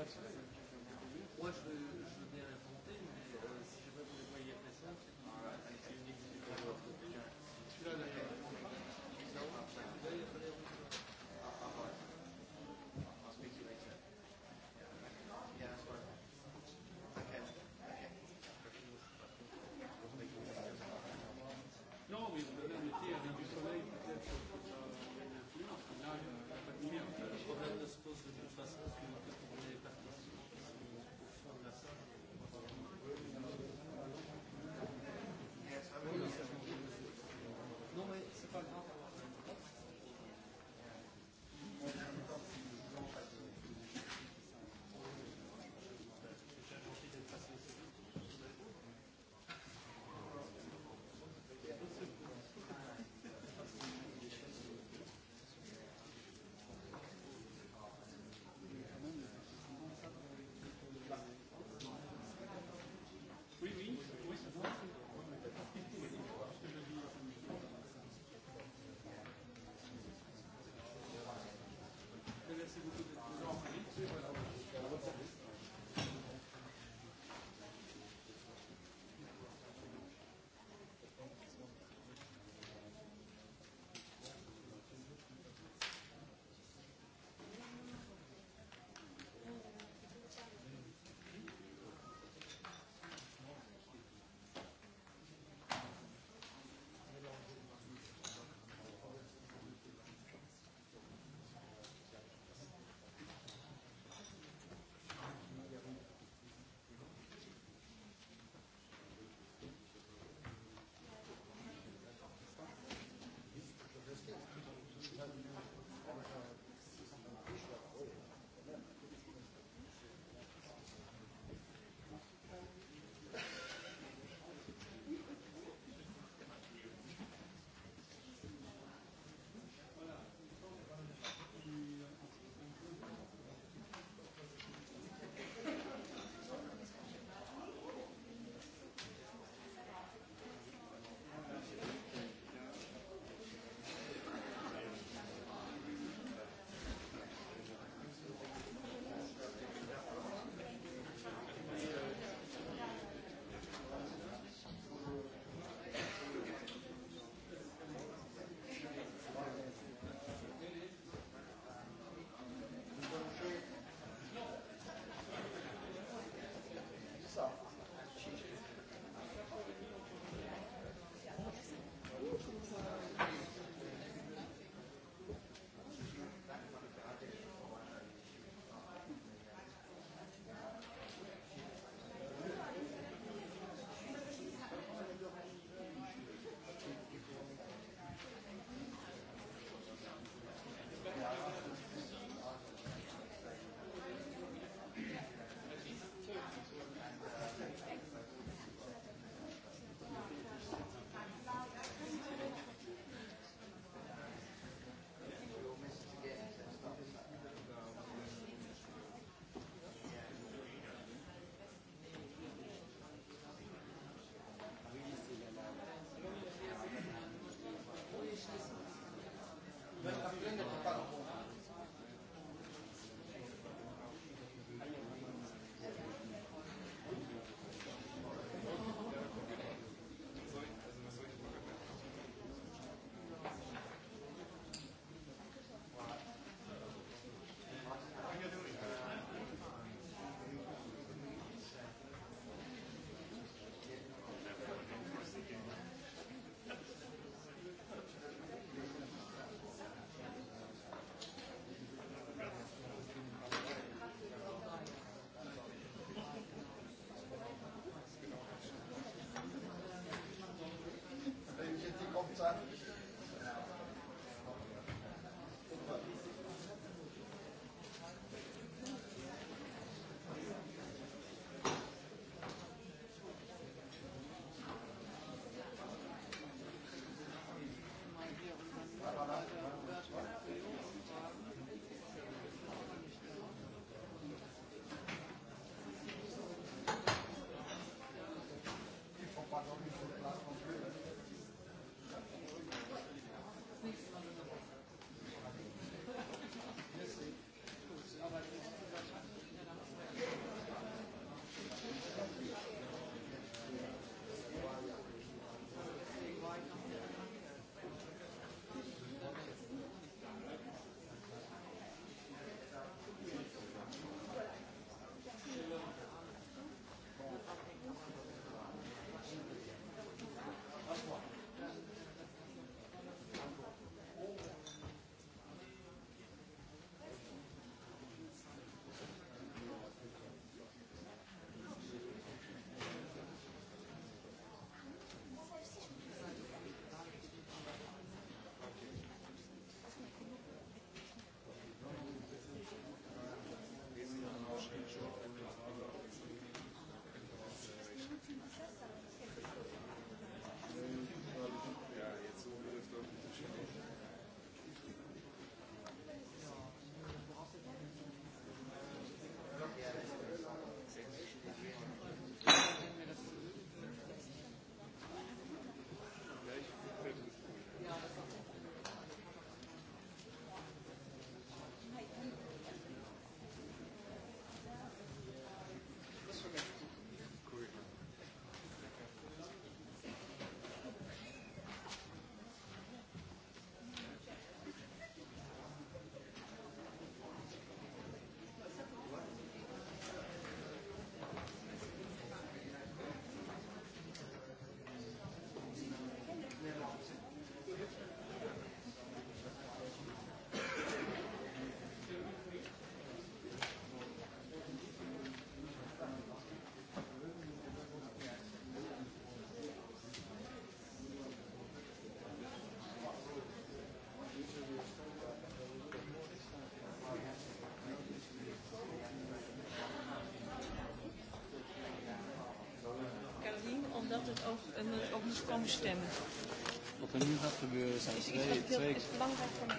Moi, je, je veux bien raconter, mais euh, si je veux vous les voyez après ça, c'est une exigence de votre côté. Celui-là, d'ailleurs, Non, mais vous avez un métier avec du soleil, peut-être. Dat het ook, ook moet komen stemmen. Wat er nu gaat gebeuren zijn twee... Het is belangrijk voor mij.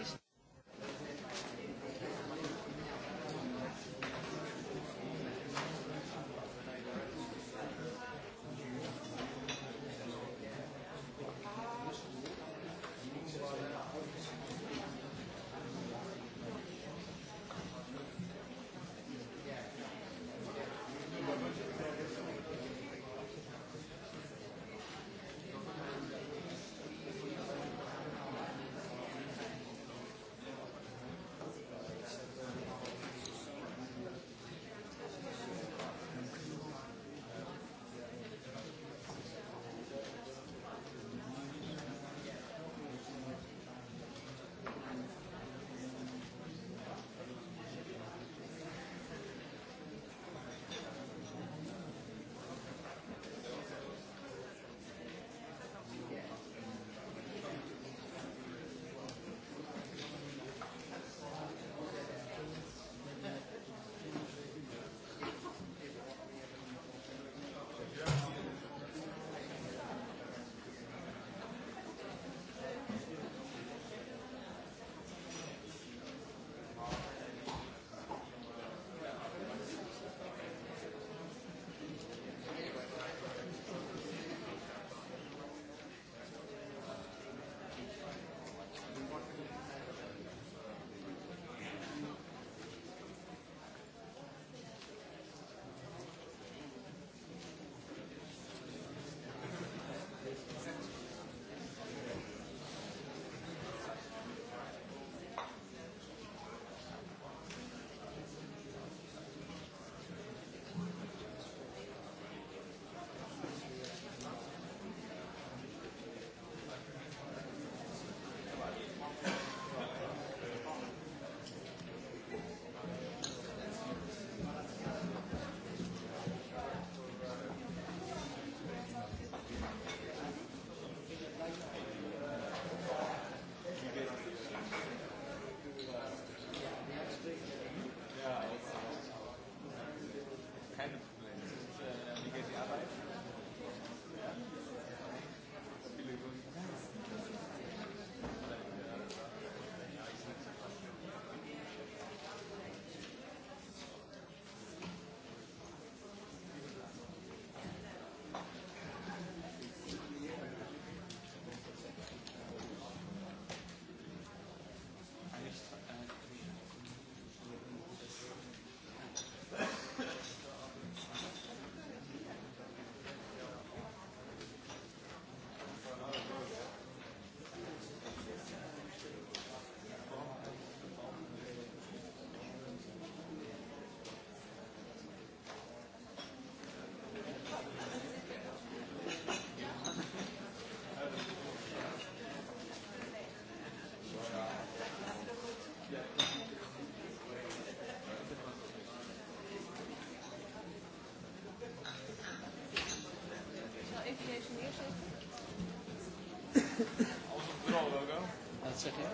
zeggen?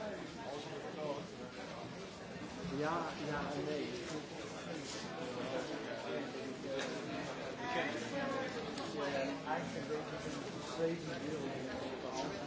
Ja, ja en nee. Eigenlijk een beetje een tweede wereld.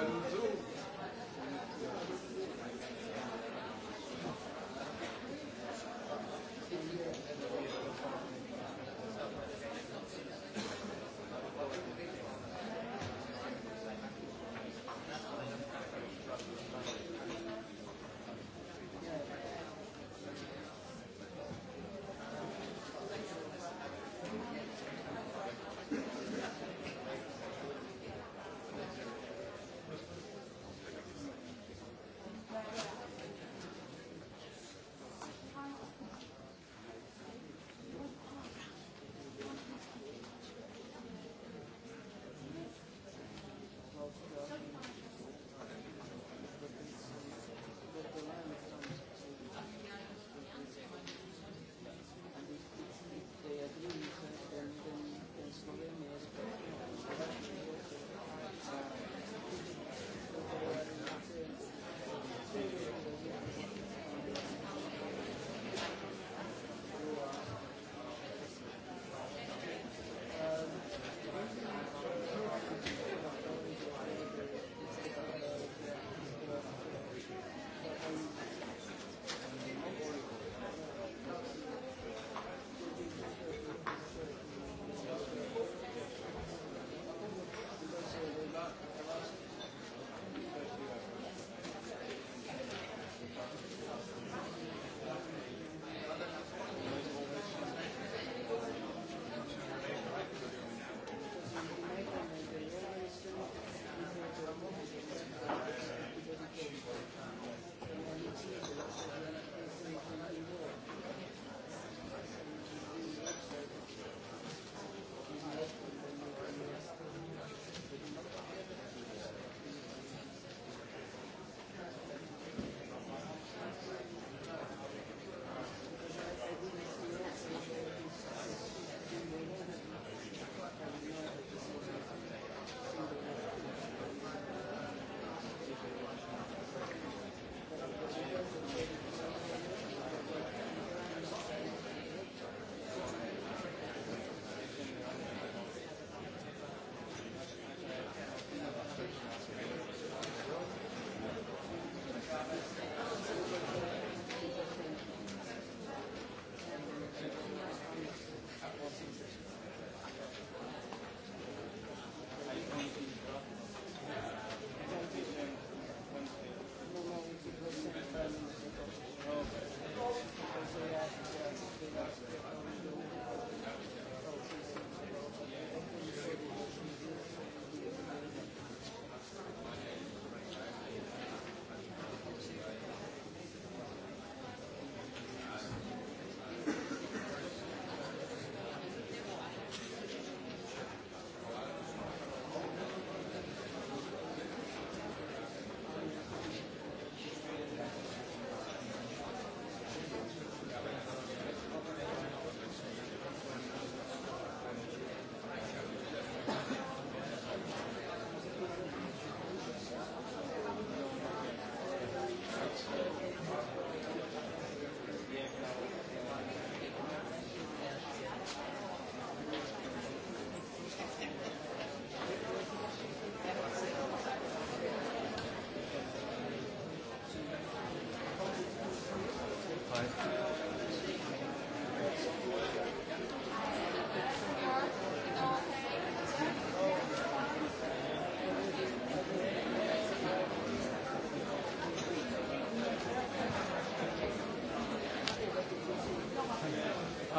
Gracias.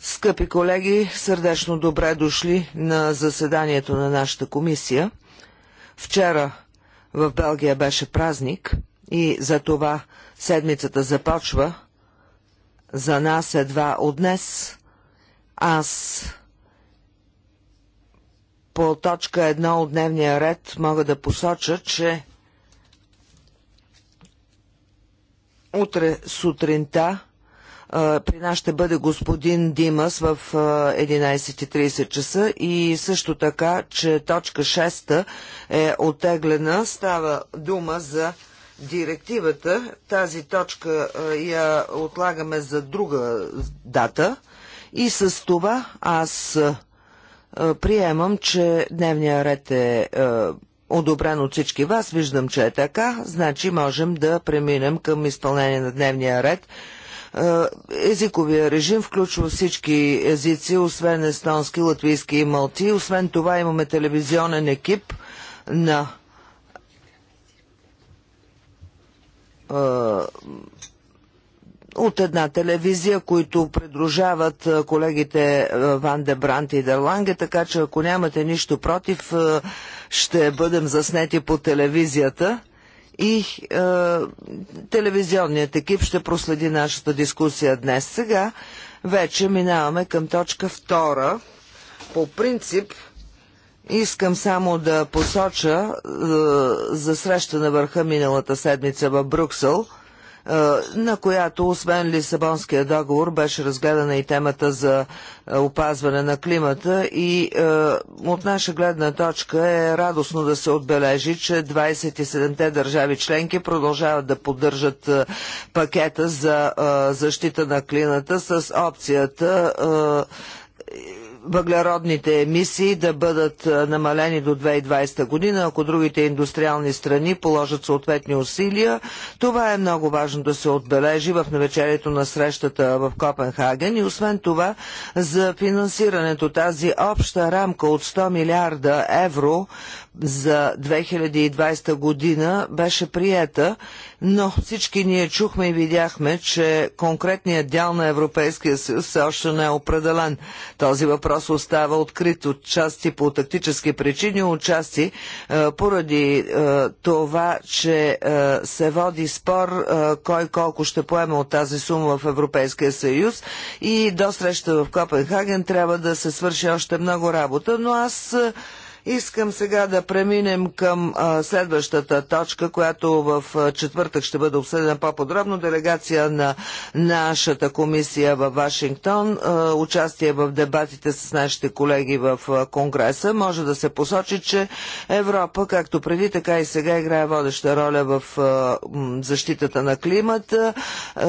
Скъпи колеги, сърдечно добре дошли на заседанието на нашата комисия. Вчера в Белгия беше празник и за това седмицата започва. За нас едва от днес. Аз по точка едно от дневния ред мога да посоча, че утре сутринта при нас ще бъде господин Димас в 11.30 часа и също така, че точка 6 е отеглена. Става дума за директивата. Тази точка я отлагаме за друга дата. И с това аз приемам, че дневния ред е, одобрен от всички вас. Виждам, че е така. Значи можем да преминем към изпълнение на дневния ред. Е, езиковия режим включва всички езици, освен естонски, латвийски и малти. Освен това имаме телевизионен екип на е, от една телевизия, които предружават е, колегите Ван де Брант и Дерланге, така че ако нямате нищо против, ще бъдем заснети по телевизията и е, телевизионният екип ще проследи нашата дискусия днес. Сега вече минаваме към точка втора. По принцип, Искам само да посоча е, за среща на върха миналата седмица в Брюксел – е, на която освен Лисабонския договор беше разгледана и темата за е, опазване на климата и е, от наша гледна точка е радостно да се отбележи, че 27-те държави членки продължават да поддържат пакета за защита на климата с опцията въглеродните емисии да бъдат намалени до 2020 година, ако другите индустриални страни положат съответни усилия. Това е много важно да се отбележи в навечерието на срещата в Копенхаген и освен това за финансирането тази обща рамка от 100 милиарда евро, за 2020 година беше приета, но всички ние чухме и видяхме, че конкретният дял на Европейския съюз все още не е определен. Този въпрос остава открит от части по тактически причини, от части е, поради е, това, че е, се води спор кой колко ще поеме от тази сума в Европейския съюз и до среща в Копенхаген трябва да се свърши още много работа, но аз Искам сега да преминем към а, следващата точка, която в а, четвъртък ще бъде обсъдена по-подробно. Делегация на нашата комисия във Вашингтон, а, участие в дебатите с нашите колеги в а, Конгреса. Може да се посочи, че Европа, както преди, така и сега играе водеща роля в а, защитата на климата. А,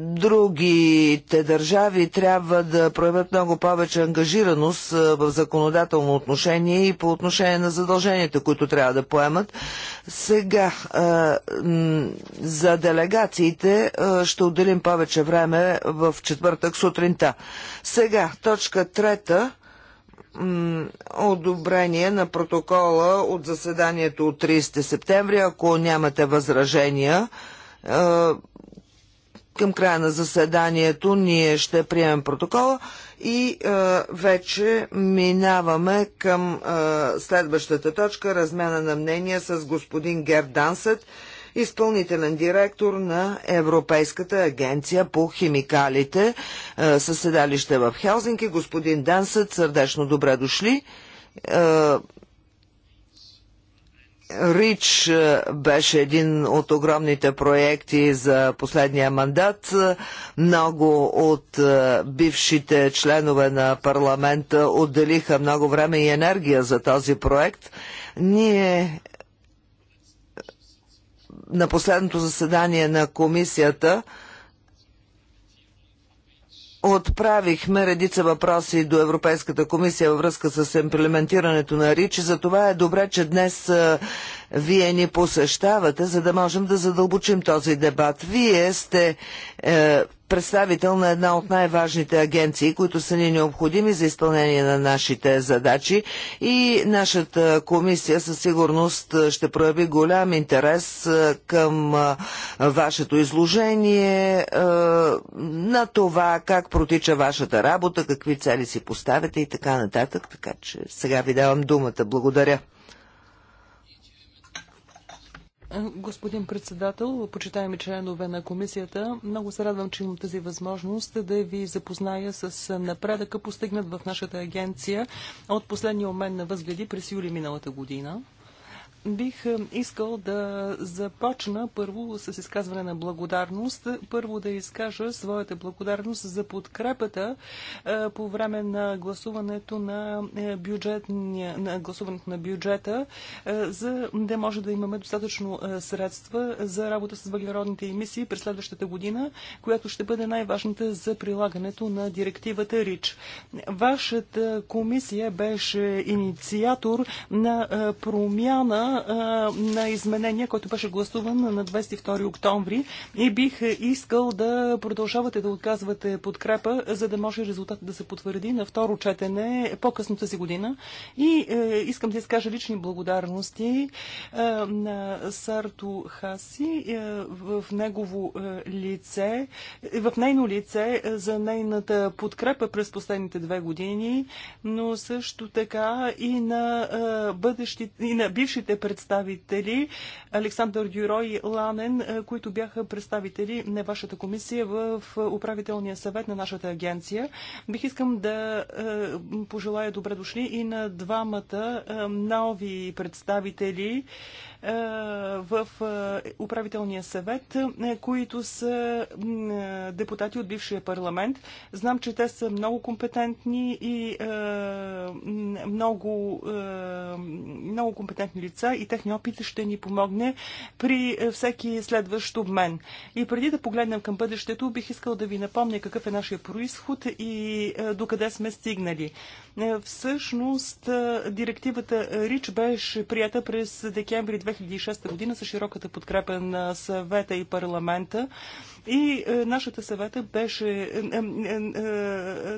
другите държави трябва да проявят много повече ангажираност а, в законодателно отношение и по отношение на задълженията, които трябва да поемат. Сега за делегациите ще отделим повече време в четвъртък сутринта. Сега, точка трета одобрение на протокола от заседанието от 30 септември, ако нямате възражения. Към края на заседанието ние ще приемем протокола. И а, е, вече минаваме към а, е, следващата точка размяна на мнения с господин Гер Дансет, изпълнителен директор на Европейската агенция по химикалите е, със седалище в Хелзинки. Господин Дансет, сърдечно добре дошли. Е, Рич е, беше един от огромните проекти за последния мандат. Много от е, бившите членове на парламента отделиха много време и енергия за този проект. Ние е, на последното заседание на комисията – Отправихме редица въпроси до Европейската комисия във връзка с имплементирането на РИЧ. и затова е добре, че днес е, вие ни посещавате, за да можем да задълбочим този дебат. Вие сте е, представител на една от най-важните агенции, които са ни необходими за изпълнение на нашите задачи и нашата комисия със сигурност ще прояви голям интерес е, към е, вашето изложение е, на това как протича вашата работа, какви цели си поставяте и така нататък. Така че сега ви давам думата. Благодаря. Господин председател, почитаеми членове на комисията, много се радвам, че имам тази възможност да ви запозная с напредъка, постигнат в нашата агенция от последния обмен на възгледи през юли миналата година. Бих искал да започна първо с изказване на благодарност. Първо да изкажа своята благодарност за подкрепата е, по време на гласуването на, е, бюджетния, на гласуването на бюджета, е, за да може да имаме достатъчно средства за работа с въглеродните емисии през следващата година, която ще бъде най-важната за прилагането на директивата РИЧ. Вашата комисия беше инициатор на промяна на изменения, който беше гласуван на 22 октомври и бих искал да продължавате да отказвате подкрепа, за да може резултатът да се потвърди на второ четене по-късно тази година. И е, искам да изкажа лични благодарности е, на Сарто Хаси е, в негово е, лице, е, в нейно лице е, за нейната подкрепа през последните две години, но също така и на, е, бъдещите, и на бившите представители Александър Дюро и Ланен, е, които бяха представители на вашата комисия в управителния съвет на нашата агенция. Бих искам да е, пожелая добре дошли и на двамата е, нови представители е, в е, управителния съвет, е, които са депутати от бившия парламент. Знам, че те са много компетентни и много, много компетентни лица и техния опит ще ни помогне при всеки следващ обмен. И преди да погледнем към бъдещето, бих искал да ви напомня какъв е нашия происход и докъде сме стигнали. Всъщност, директивата РИЧ беше прията през декември 2006 година с широката подкрепа на съвета и парламента. И е, нашата съвета беше е, е, е, е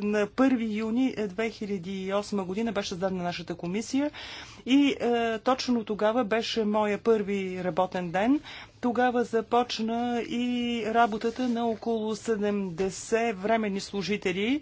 на 1 юни 2008 година беше създадена нашата комисия и е, точно тогава беше моя първи работен ден. Тогава започна и работата на около 70 временни служители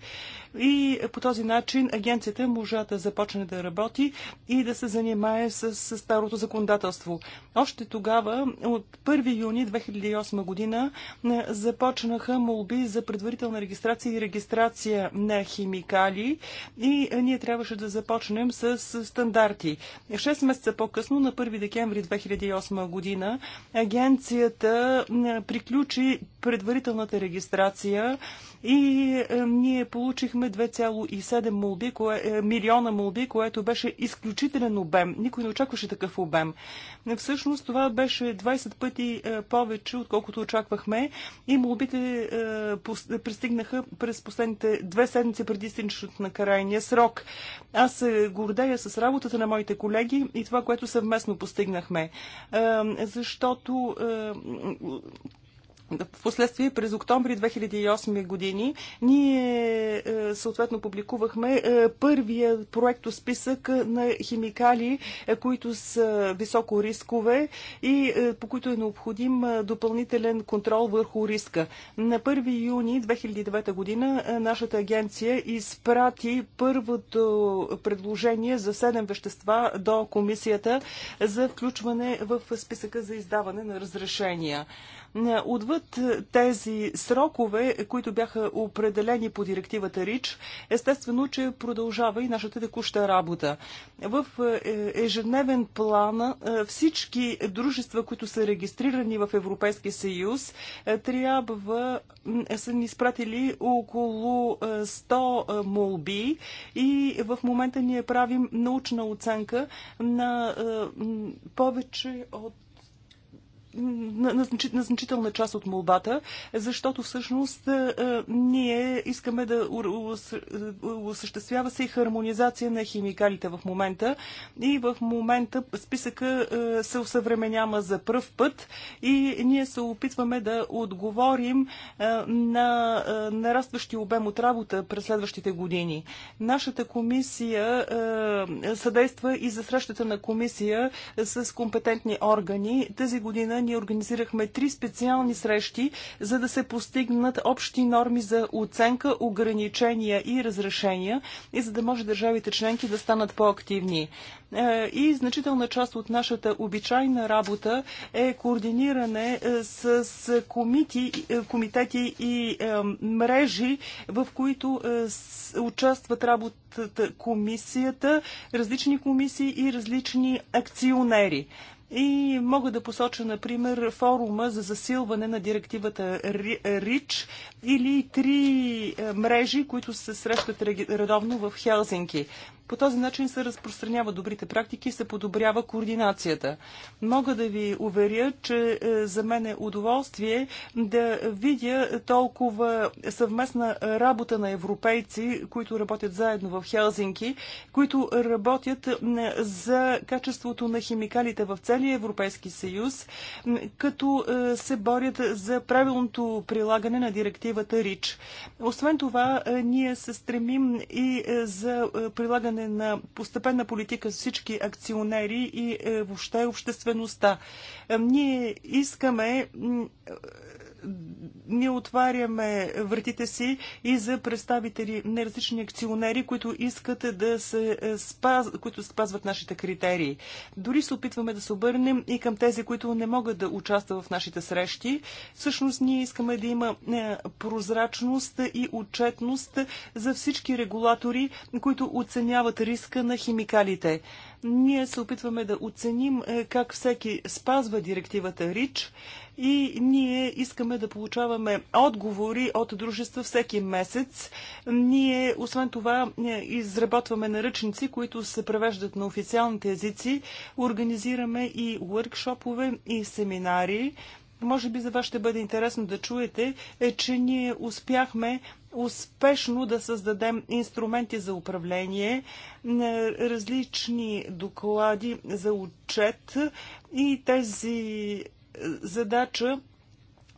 и по този начин агенцията може да започне да работи и да се занимае с, с старото законодателство. Още тогава, от 1 юни 2008 година, е, започнаха молби за предварителна регистрация и регистрация на химикали и е, ние трябваше да започнем с стандарти. 6 месеца по-късно, на 1 декември 2008 година, агенцията е, приключи предварителната регистрация и е, ние получихме 2,7 кое... Е, милиона молби, което беше изключителен обем. Никой не очакваше такъв обем. Всъщност това беше 20 пъти е, повече, отколкото очаквахме и молбите пристигнаха през последните две седмици преди изтичането на крайния срок. Аз се гордея с работата на моите колеги и това, което съвместно постигнахме. Защото в последствие през октомври 2008 години ние е, съответно публикувахме е, първия проекто списък на химикали, е, които са високо рискове и по които е необходим допълнителен контрол върху риска. На 1 юни 2009 година нашата агенция изпрати първото предложение за 7 вещества до комисията за включване в списъка за издаване на разрешения. Отвъд тези срокове, които бяха определени по директивата РИЧ, естествено, че продължава и нашата текуща работа. В е, ежедневен план е, всички дружества, които са регистрирани в Европейския съюз, е, трябва са ни изпратили около 100 молби и в момента ние правим научна оценка на повече от на, значи, на значителна част от молбата, защото всъщност е, е, ние искаме да е, осъществява се и хармонизация на химикалите в момента. И в момента списъка се усъвременява за пръв път и ние се опитваме да отговорим на нарастващи обем от работа през следващите години. Нашата комисия съдейства и за срещата на комисия с компетентни органи. Тази година ние организирахме три специални срещи, за да се постигнат общи норми за оценка, ограничения и разрешения и за да може държавите членки да станат по-активни. Е, и значителна част от нашата обичайна работа е координиране е, с комити, е, комитети и мрежи, в които участват работата комисията, различни комисии и различни акционери. И мога да посоча, например, форума за засилване на директивата РИЧ или три е, мрежи, които се срещат редовно в Хелзинки. По този начин се разпространява добрите практики и се подобрява координацията. Мога да ви уверя, че е, за мен е удоволствие да видя толкова съвместна работа на европейци, които работят заедно в Хелзинки, които работят е, за качеството на химикалите в целия Европейски съюз, като е, се борят за правилното прилагане на директивата РИЧ. Освен това, ние се стремим и за прилагане провеждане на постепенна политика с всички акционери и е, въобще обществеността. Е, ние искаме ние отваряме вратите си и за представители на различни акционери, които искат да се е, спаз... които спазват нашите критерии. Дори се опитваме да се обърнем и към тези, които не могат да участват в нашите срещи. Всъщност ние искаме да има е, прозрачност и отчетност за всички регулатори, които оценяват риска на химикалите. Ние се опитваме да оценим е, как всеки спазва директивата РИЧ и ние искаме да получаваме отговори от дружества всеки месец. Ние, освен това, изработваме наръчници, които се превеждат на официалните езици, организираме и въркшопове и семинари. Може би за вас ще бъде интересно да чуете, е, че ние успяхме успешно да създадем инструменти за управление, различни доклади за отчет и тези задача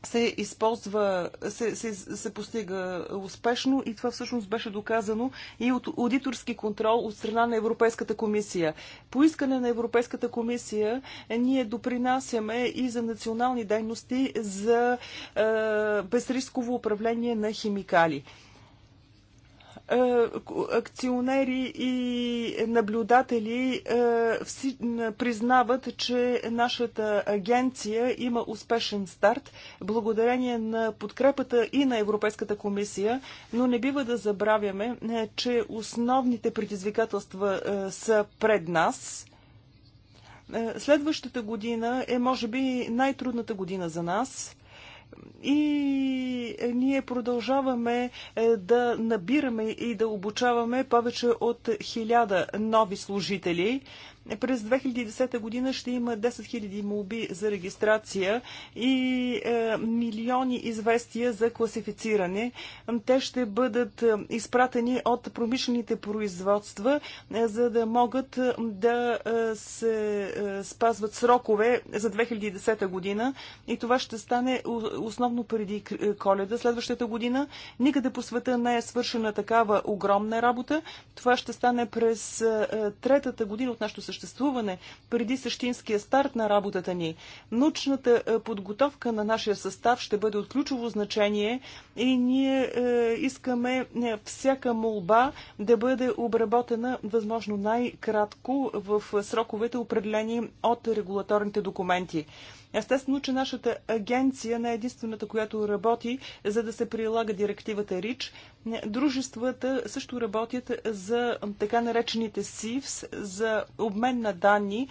се използва, се, се, се постига успешно и това всъщност беше доказано и от аудиторски контрол от страна на Европейската комисия. По искане на Европейската комисия ние допринасяме и за национални дейности за е, безрисково управление на химикали. Е, акционери и наблюдатели е, признават, че нашата агенция има успешен старт благодарение на подкрепата и на Европейската комисия, но не бива да забравяме, е, че основните предизвикателства са пред нас. Следващата година е, може би, най-трудната година за нас – и е, ние продължаваме е, да набираме и да обучаваме повече от хиляда нови служители. През 2010 година ще има 10 000 молби за регистрация и е, милиони известия за класифициране. Те ще бъдат е, изпратени от промишлените производства, е, за да могат е, да е, се е, спазват срокове за 2010 година и това ще стане основно преди е, коледа следващата година. Никъде по света не е свършена такава огромна работа. Това ще стане през третата година от нашето съществуване, преди същинския старт на работата ни. Научната е, подготовка на нашия състав ще бъде от ключово значение и ние е, искаме е, всяка молба да бъде обработена възможно най-кратко в сроковете определени от регулаторните документи. Естествено, че нашата агенция не е единствената, която работи за да се прилага директивата РИЧ. Дружествата също работят за така наречените СИВС, за обмен на данни,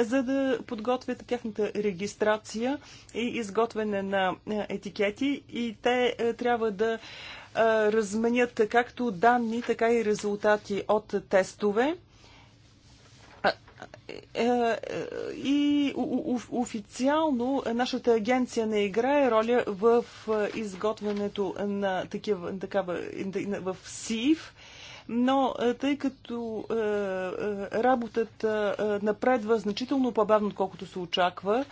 за да подготвят тяхната регистрация и изготвяне на е, етикети и те е, трябва да е, разменят както данни, така и резултати от тестове. Е, е, и официално нашата агенция не играе роля в е, изготвянето на такива, такава, в СИВ, но тъй като работата напредва значително по-бавно, отколкото се очаква,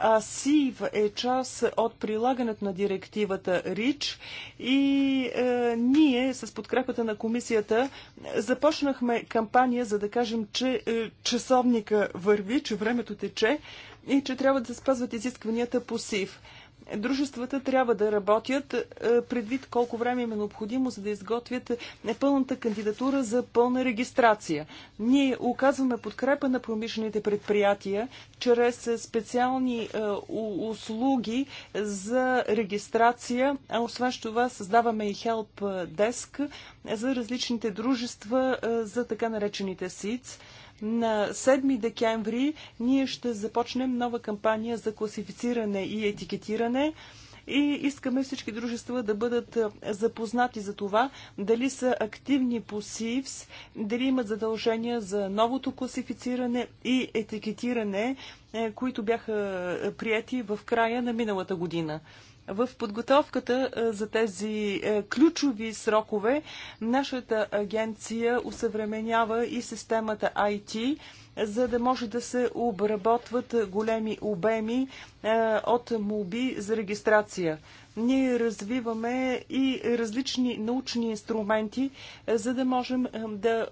а СИВ е част от прилагането на директивата РИЧ и е, ние с подкрепата на комисията започнахме кампания, за да кажем, че е, часовника върви, че времето тече и че трябва да се спазват изискванията по СИВ дружествата трябва да работят е, предвид колко време им е необходимо, за да изготвят пълната кандидатура за пълна регистрация. Ние оказваме подкрепа на промишлените предприятия чрез специални е, услуги за регистрация, а освен това създаваме и Help Desk за различните дружества е, за така наречените СИЦ. На 7 декември ние ще започнем нова кампания за класифициране и етикетиране и искаме всички дружества да бъдат запознати за това, дали са активни по СИВС, дали имат задължения за новото класифициране и етикетиране, е, които бяха прияти в края на миналата година. В подготовката е, за тези е, ключови срокове нашата агенция усъвременява и системата IT, за да може да се обработват големи обеми е, от молби за регистрация. Ние развиваме и различни научни инструменти, за да можем да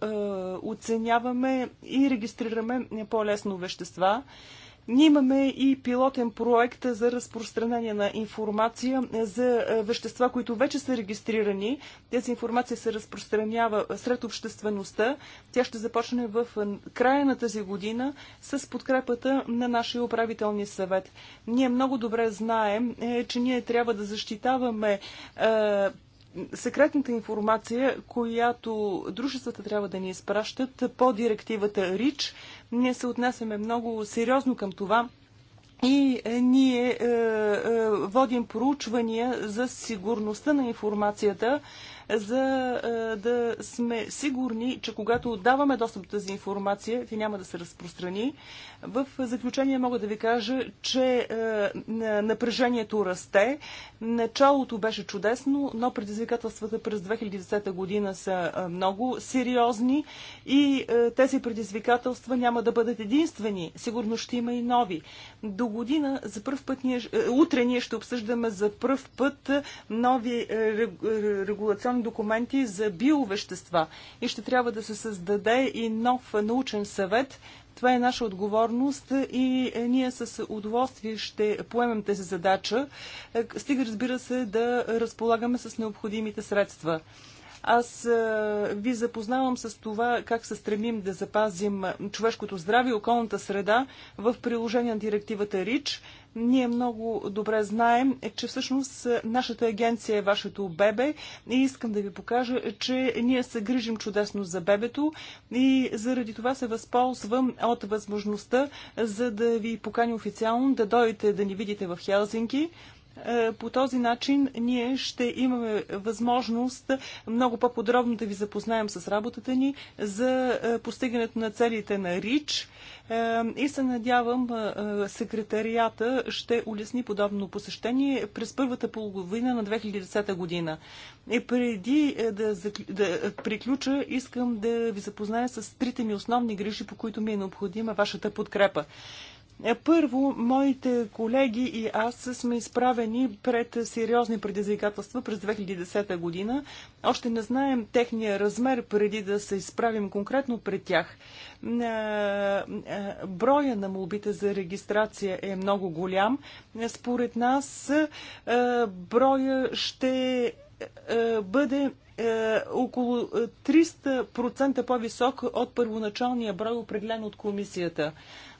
оценяваме и регистрираме по-лесно вещества. Ние имаме и пилотен проект за разпространение на информация за е, вещества, които вече са регистрирани. Тези информация се разпространява сред обществеността. Тя ще започне в е, края на тази година с подкрепата на нашия управителни съвет. Ние много добре знаем, е, че ние трябва да защитаваме секретната информация, която дружествата трябва да ни изпращат по директивата РИЧ, ние се отнасяме много сериозно към това. И е, ние е, е, водим проучвания за сигурността на информацията за е, да сме сигурни, че когато отдаваме достъп до тази информация, тя няма да се разпространи. В заключение мога да ви кажа, че е, напрежението расте. Началото беше чудесно, но предизвикателствата през 2010 година са е, много сериозни и тези предизвикателства няма да бъдат единствени. Сигурно ще има и нови. До година за първ път ние, утре ние ще обсъждаме за първ път нови регулационни електронни документи за биовещества и ще трябва да се създаде и нов научен съвет. Това е наша отговорност и ние с удоволствие ще поемем тези задача, е, стига разбира се да разполагаме с необходимите средства. Аз е, ви запознавам с това как се стремим да запазим човешкото здраве и околната среда в приложение на директивата РИЧ. Ние много добре знаем, е, че всъщност е, нашата агенция е вашето бебе и искам да ви покажа, че ние се грижим чудесно за бебето и заради това се възползвам от възможността, за да ви поканя официално да дойдете да ни видите в Хелзинки. Е, по този начин ние ще имаме възможност много по-подробно да ви запознаем с работата ни за е, постигането на целите на РИЧ е, и се надявам секретарията ще улесни подобно посещение през първата половина на 2010 година. И преди да, да приключа, искам да ви запозная с трите ми основни грижи, по които ми е необходима вашата подкрепа. Първо, моите колеги и аз сме изправени пред сериозни предизвикателства през 2010 година. Още не знаем техния размер преди да се изправим конкретно пред тях. Е, е, броя на молбите за регистрация е много голям. Според нас е, броя ще бъде около 300% по-висок от първоначалния брой, определен от комисията.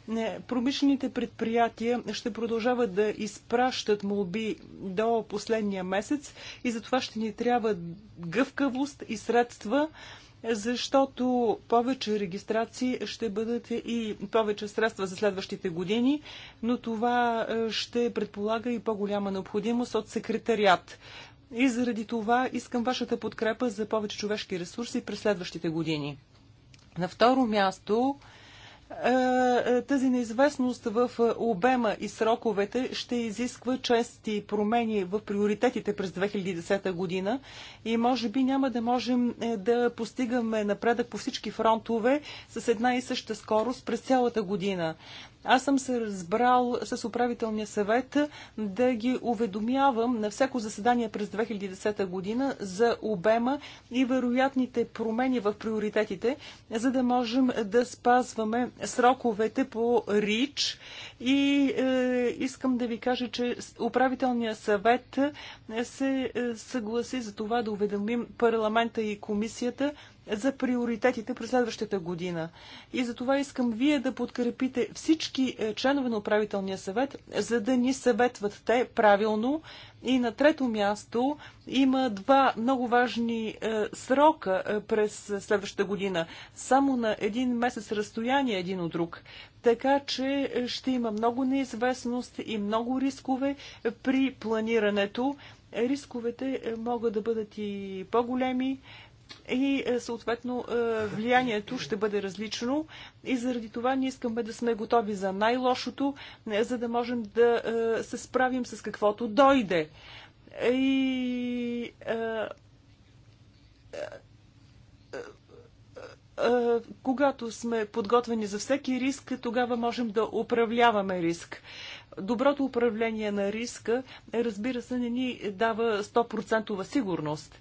Не, Промишлените предприятия ще продължават да изпращат молби до последния месец и за това ще ни трябва гъвкавост и средства, защото повече регистрации ще бъдат и повече средства за следващите години, но това е, ще предполага и по-голяма необходимост от секретариат. И заради това искам вашата подкрепа за повече човешки ресурси през следващите години. На второ място, е, е, тази неизвестност в е, обема и сроковете ще изисква чести промени в приоритетите през 2010 година и може би няма да можем да постигаме напредък по всички фронтове с една и съща скорост през цялата година. Аз съм се разбрал с управителния съвет да ги уведомявам на всяко заседание през 2010 година за обема и вероятните промени в приоритетите, за да можем да спазваме сроковете по РИЧ и е, искам да ви кажа, че управителният съвет е, се е, съгласи за това да уведомим парламента и комисията за приоритетите през следващата година. И за това искам вие да подкрепите всички е, членове на управителния съвет, за да ни съветват те правилно. И на трето място има два много важни е, срока е, през следващата година. Само на един месец разстояние един от друг. Така че е, ще има много неизвестност и много рискове при планирането рисковете могат да бъдат и по-големи и е, съответно е, влиянието ще бъде различно и заради това ние искаме да сме готови за най-лошото, е, за да можем да се справим с каквото дойде. И когато сме подготвени за всеки риск, тогава можем да управляваме риск. Доброто управление на риска, разбира се, не ни дава 100% сигурност.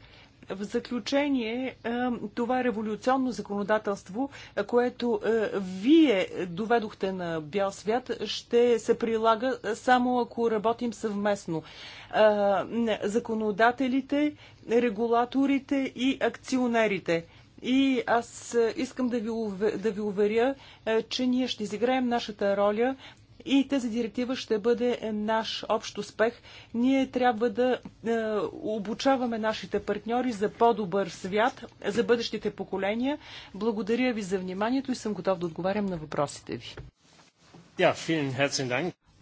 В заключение, е, това революционно законодателство, е, което е, вие доведохте на бял свят, ще се прилага само ако работим съвместно. Законодателите, регулаторите и акционерите. И аз искам да ви, да ви уверя, че ние ще изиграем нашата роля и тази директива ще бъде наш общ успех. Ние трябва да е, обучаваме нашите партньори за по-добър свят, за бъдещите поколения. Благодаря ви за вниманието и съм готов да отговарям на въпросите ви.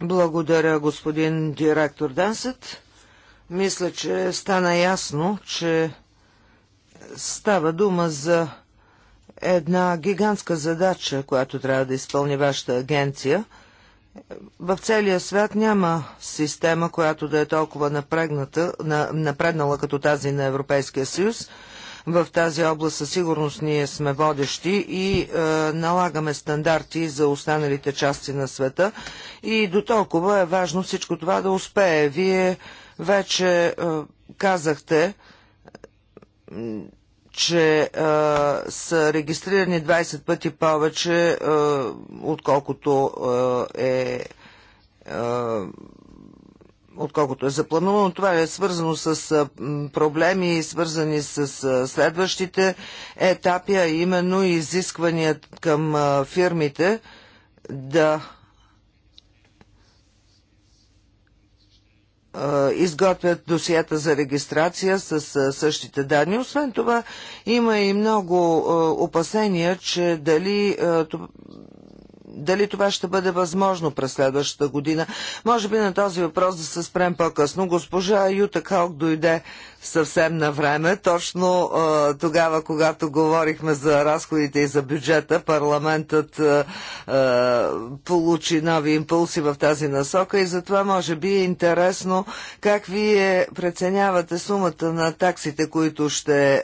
Благодаря, господин директор Дансет. Мисля, че стана ясно, че става дума за една гигантска задача, която трябва да изпълни вашата агенция – в целия свят няма система, която да е толкова напрегната, на, напреднала като тази на Европейския съюз. В тази област със сигурност ние сме водещи и е, налагаме стандарти за останалите части на света. И до толкова е важно всичко това да успее. Вие вече е, казахте, че а, са регистрирани 20 пъти повече, а, отколкото а, е. А, отколкото е заплановано. Това е свързано с проблеми, свързани с следващите етапи, а именно изисквания към фирмите да изготвят досията за регистрация с същите данни. Освен това, има и много опасения, че дали дали това ще бъде възможно през следващата година. Може би на този въпрос да се спрем по-късно. Госпожа Юта Халк дойде съвсем на време. Точно тогава, когато говорихме за разходите и за бюджета, парламентът получи нови импулси в тази насока и затова може би е интересно как вие преценявате сумата на таксите, които ще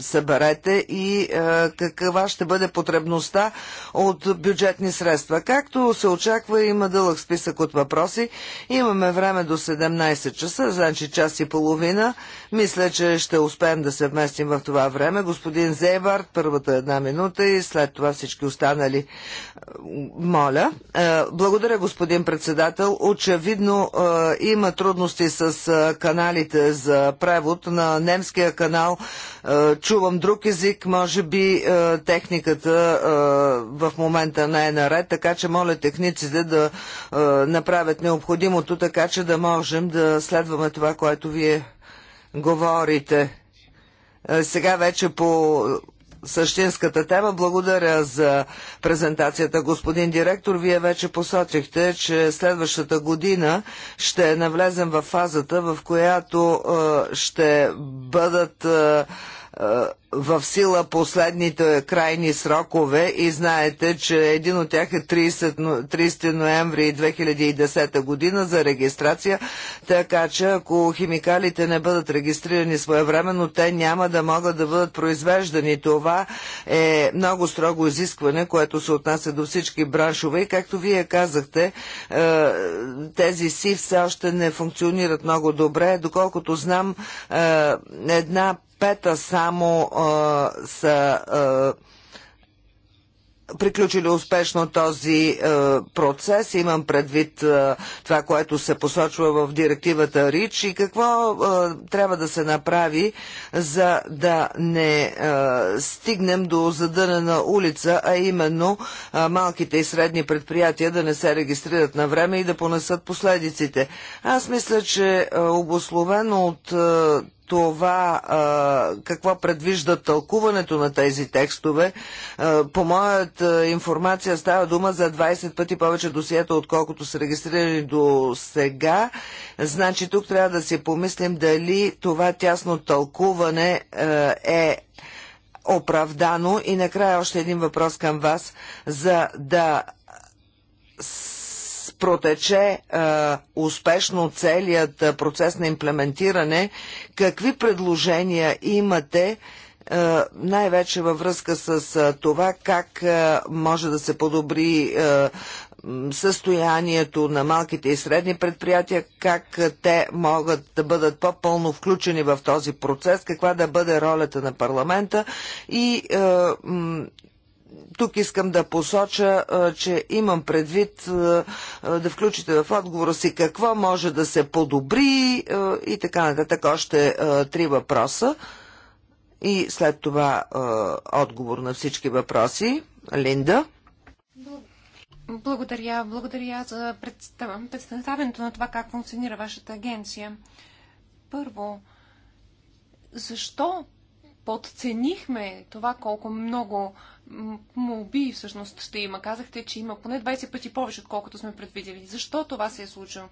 съберете и каква ще бъде потребността от бюджетни средства. Както се очаква, има дълъг списък от въпроси. Имаме време до 17 часа, значи час и половина половина. Мисля, че ще успеем да се вместим в това време. Господин Зейбард, първата една минута и след това всички останали. Моля. Е, благодаря, господин председател. Очевидно е, има трудности с е, каналите за превод на немския канал. Чувам друг език. Може би техниката в момента не е наред, така че моля техниците да направят необходимото, така че да можем да следваме това, което вие говорите. Е, сега вече по същинската тема. Благодаря за презентацията, господин директор. Вие вече посочихте, че следващата година ще навлезем в фазата, в която е, ще бъдат е, в сила последните крайни срокове и знаете, че един от тях е 30, 30 ноември 2010 година за регистрация, така че ако химикалите не бъдат регистрирани своевременно, те няма да могат да бъдат произвеждани. Това е много строго изискване, което се отнася до всички браншове и както вие казахте, е, тези си все още не функционират много добре. Доколкото знам, е, една пета само а, са а, приключили успешно този е, процес. Имам предвид е, това, което се посочва в директивата РИЧ и какво е, трябва да се направи, за да не е, стигнем до задънена улица, а именно е, малките и средни предприятия да не се регистрират на време и да понесат последиците. Аз мисля, че е, обословено от това а, какво предвижда тълкуването на тези текстове. А, по моята информация става дума за 20 пъти повече досиета, отколкото са регистрирани до сега. Значи тук трябва да си помислим дали това тясно тълкуване а, е оправдано. И накрая още един въпрос към вас, за да протече а, е, успешно целият е, процес на имплементиране, какви предложения имате е, най-вече във връзка с това как може да се подобри състоянието на малките и средни предприятия, как те могат да бъдат по-пълно включени в този процес, каква да бъде ролята на парламента и тук искам да посоча, че имам предвид да включите в отговора си какво може да се подобри и така нататък. Още три въпроса и след това отговор на всички въпроси. Линда. Благодаря. Благодаря за представенето на това как функционира вашата агенция. Първо, защо подценихме това колко много молби всъщност ще има. Казахте, че има поне 20 пъти повече, отколкото сме предвидели. Защо това се е случило?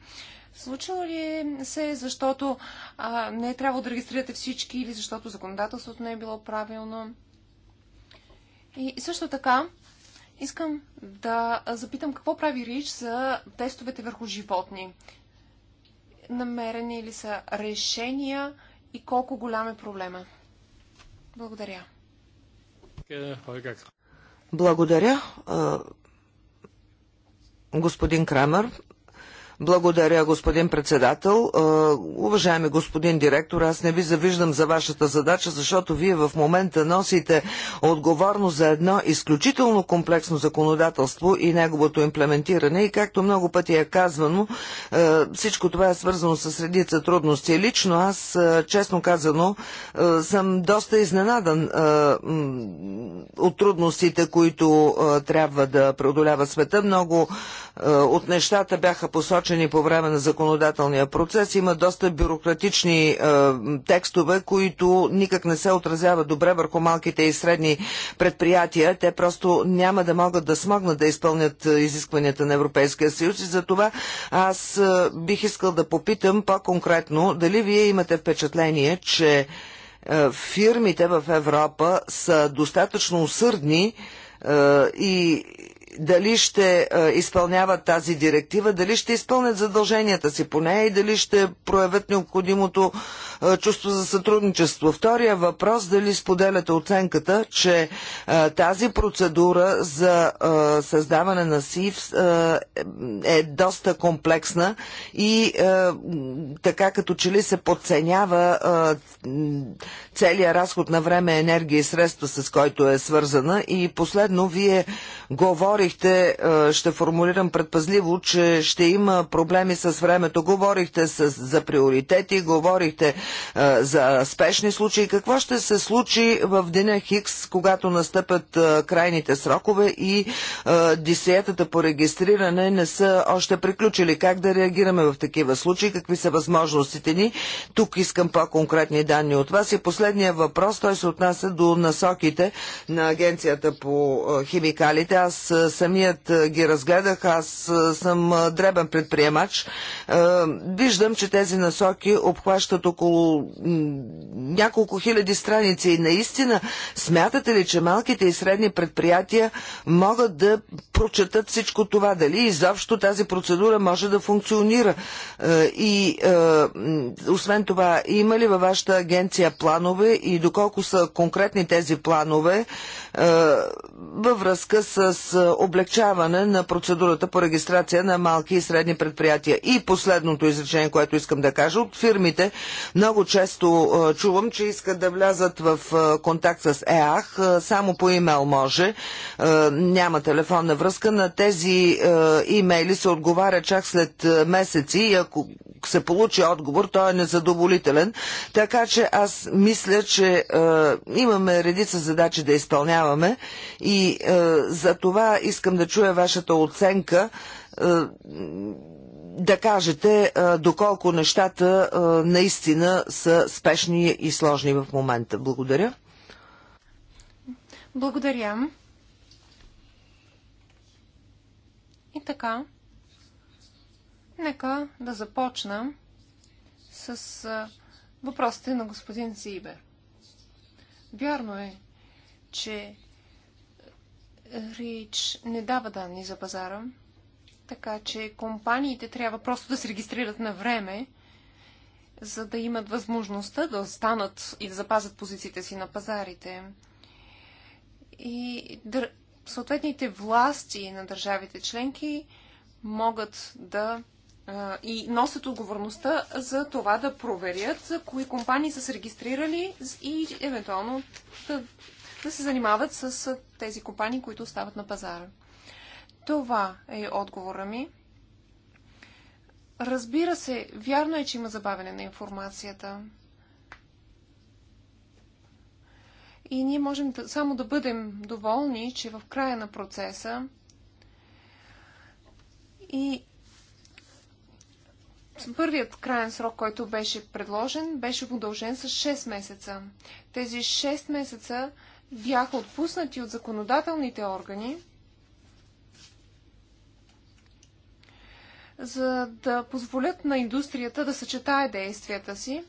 Случило ли е се, защото а, не е трябвало да регистрирате всички или защото законодателството не е било правилно? И също така, искам да запитам какво прави Рич за тестовете върху животни. Намерени ли са решения и колко голям е проблема? Благодаря. Благодаря. Господин Крамер, благодаря, господин председател. Е, уважаеми господин директор, аз не ви завиждам за вашата задача, защото вие в момента носите отговорност за едно изключително комплексно законодателство и неговото имплементиране. И както много пъти е казвано, е, всичко това е свързано с редица трудности. Лично аз, е, честно казано, съм доста изненадан от трудностите, които трябва да преодолява света. Много от нещата бяха посочени насочени по време на законодателния процес. Има доста бюрократични е, текстове, които никак не се отразяват добре върху малките и средни предприятия. Те просто няма да могат да смогнат да изпълнят е, изискванията на Европейския съюз и затова аз е, бих искал да попитам по-конкретно дали вие имате впечатление, че е, фирмите в Европа са достатъчно усърдни е, и дали ще изпълняват тази директива, дали ще изпълнят задълженията си по нея и дали ще проявят необходимото чувство за сътрудничество. Втория въпрос, дали споделяте оценката, че тази процедура за създаване на СИВ е доста комплексна и така като че ли се подценява целият разход на време, енергия и средства, с който е свързана. И последно, вие говорите говорихте, е, ще формулирам предпазливо, че ще има проблеми с времето. Говорихте с, за приоритети, говорихте е, за спешни случаи. Какво ще се случи в деня Хикс, когато настъпят е, крайните срокове и дисиетата по регистриране не са още приключили? Как да реагираме в такива случаи? Какви са възможностите ни? Тук искам по-конкретни данни от вас. И последния въпрос, той се отнася до насоките на Агенцията по химикалите. Аз самият ги разгледах. Аз съм дребен предприемач. Виждам, че тези насоки обхващат около няколко хиляди страници и наистина смятате ли, че малките и средни предприятия могат да прочетат всичко това? Дали изобщо тази процедура може да функционира? И освен това, има ли във вашата агенция планове и доколко са конкретни тези планове във връзка с облегчаване на процедурата по регистрация на малки и средни предприятия. И последното изречение, което искам да кажа, от фирмите много често чувам, че искат да влязат в контакт с ЕАХ, само по имейл може, няма телефонна връзка. На тези имейли се отговаря чак след месеци и ако се получи отговор, той е незадоволителен. Така че аз мисля, че имаме редица задачи да изпълняваме и за това и искам да чуя вашата оценка, е, да кажете е, доколко нещата е, наистина са спешни и сложни в момента. Благодаря. Благодаря. И така, нека да започна с въпросите на господин Зибер. Вярно е, че Рич не дава данни за пазара, така че компаниите трябва просто да се регистрират на време, за да имат възможността да останат и да запазят позициите си на пазарите. И дър... съответните власти на държавите членки могат да и носят отговорността за това да проверят за кои компании са се регистрирали и евентуално да да се занимават с тези компании, които остават на пазара. Това е отговора ми. Разбира се, вярно е, че има забавене на информацията. И ние можем да, само да бъдем доволни, че в края на процеса и първият крайен срок, който беше предложен, беше удължен с 6 месеца. Тези 6 месеца бяха отпуснати от законодателните органи, за да позволят на индустрията да съчетае действията си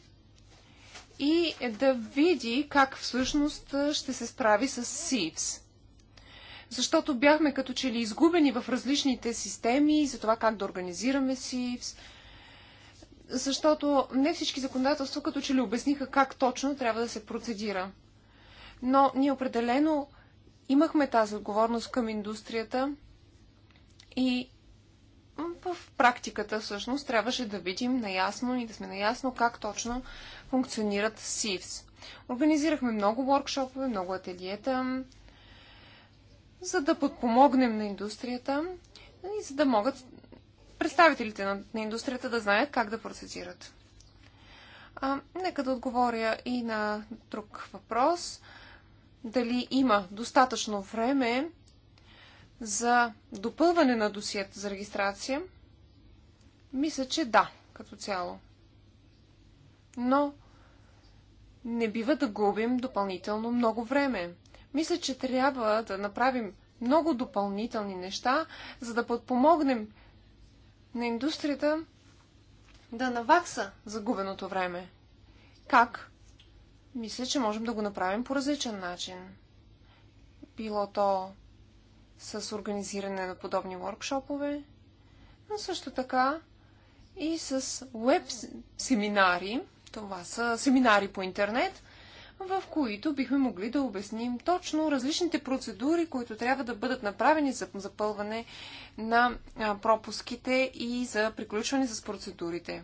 и да види как всъщност ще се справи с СИВС. Защото бяхме като че ли изгубени в различните системи за това как да организираме СИВС, защото не всички законодателства като че ли обясниха как точно трябва да се процедира. Но ние определено имахме тази отговорност към индустрията и в практиката всъщност трябваше да видим наясно и да сме наясно как точно функционират СИВС. Организирахме много воркшопове, много ателиета, за да подпомогнем на индустрията и за да могат представителите на, на индустрията да знаят как да процедират. А, нека да отговоря и на друг въпрос – дали има достатъчно време за допълване на досието за регистрация, мисля, че да, като цяло. Но не бива да губим допълнително много време. Мисля, че трябва да направим много допълнителни неща, за да подпомогнем на индустрията да навакса загубеното време. Как? мисля, че можем да го направим по различен начин. Било то с организиране на подобни воркшопове, но също така и с веб семинари. Това са семинари по интернет, в които бихме могли да обясним точно различните процедури, които трябва да бъдат направени за запълване на пропуските и за приключване с процедурите.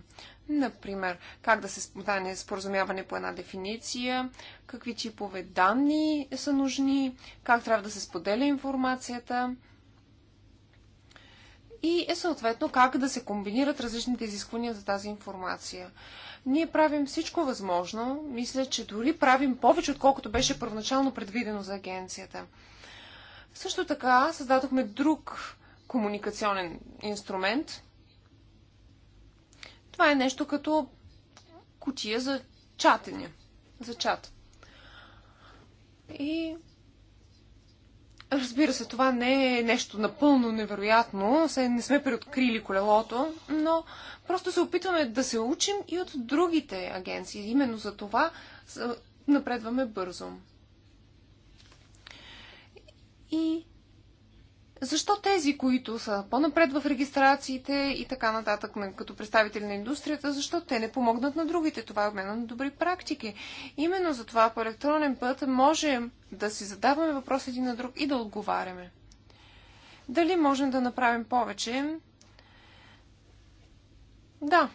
Например, как да се стане споразумяване по една дефиниция, какви типове данни са нужни, как трябва да се споделя информацията – и е съответно как да се комбинират различните изисквания за тази информация. Ние правим всичко възможно, мисля, че дори правим повече, отколкото беше първоначално предвидено за агенцията. Също така създадохме друг комуникационен инструмент. Това е нещо като кутия за чатене, за чат. И Разбира се, това не е нещо напълно невероятно. Не сме преоткрили колелото, но просто се опитваме да се учим и от другите агенции. Именно за това напредваме бързо. И защо тези, които са по-напред в регистрациите и така нататък, като представители на индустрията, защо те не помогнат на другите? Това е обмена на добри практики. Именно за това по електронен път можем да си задаваме въпрос един на друг и да отговаряме. Дали можем да направим повече? Да.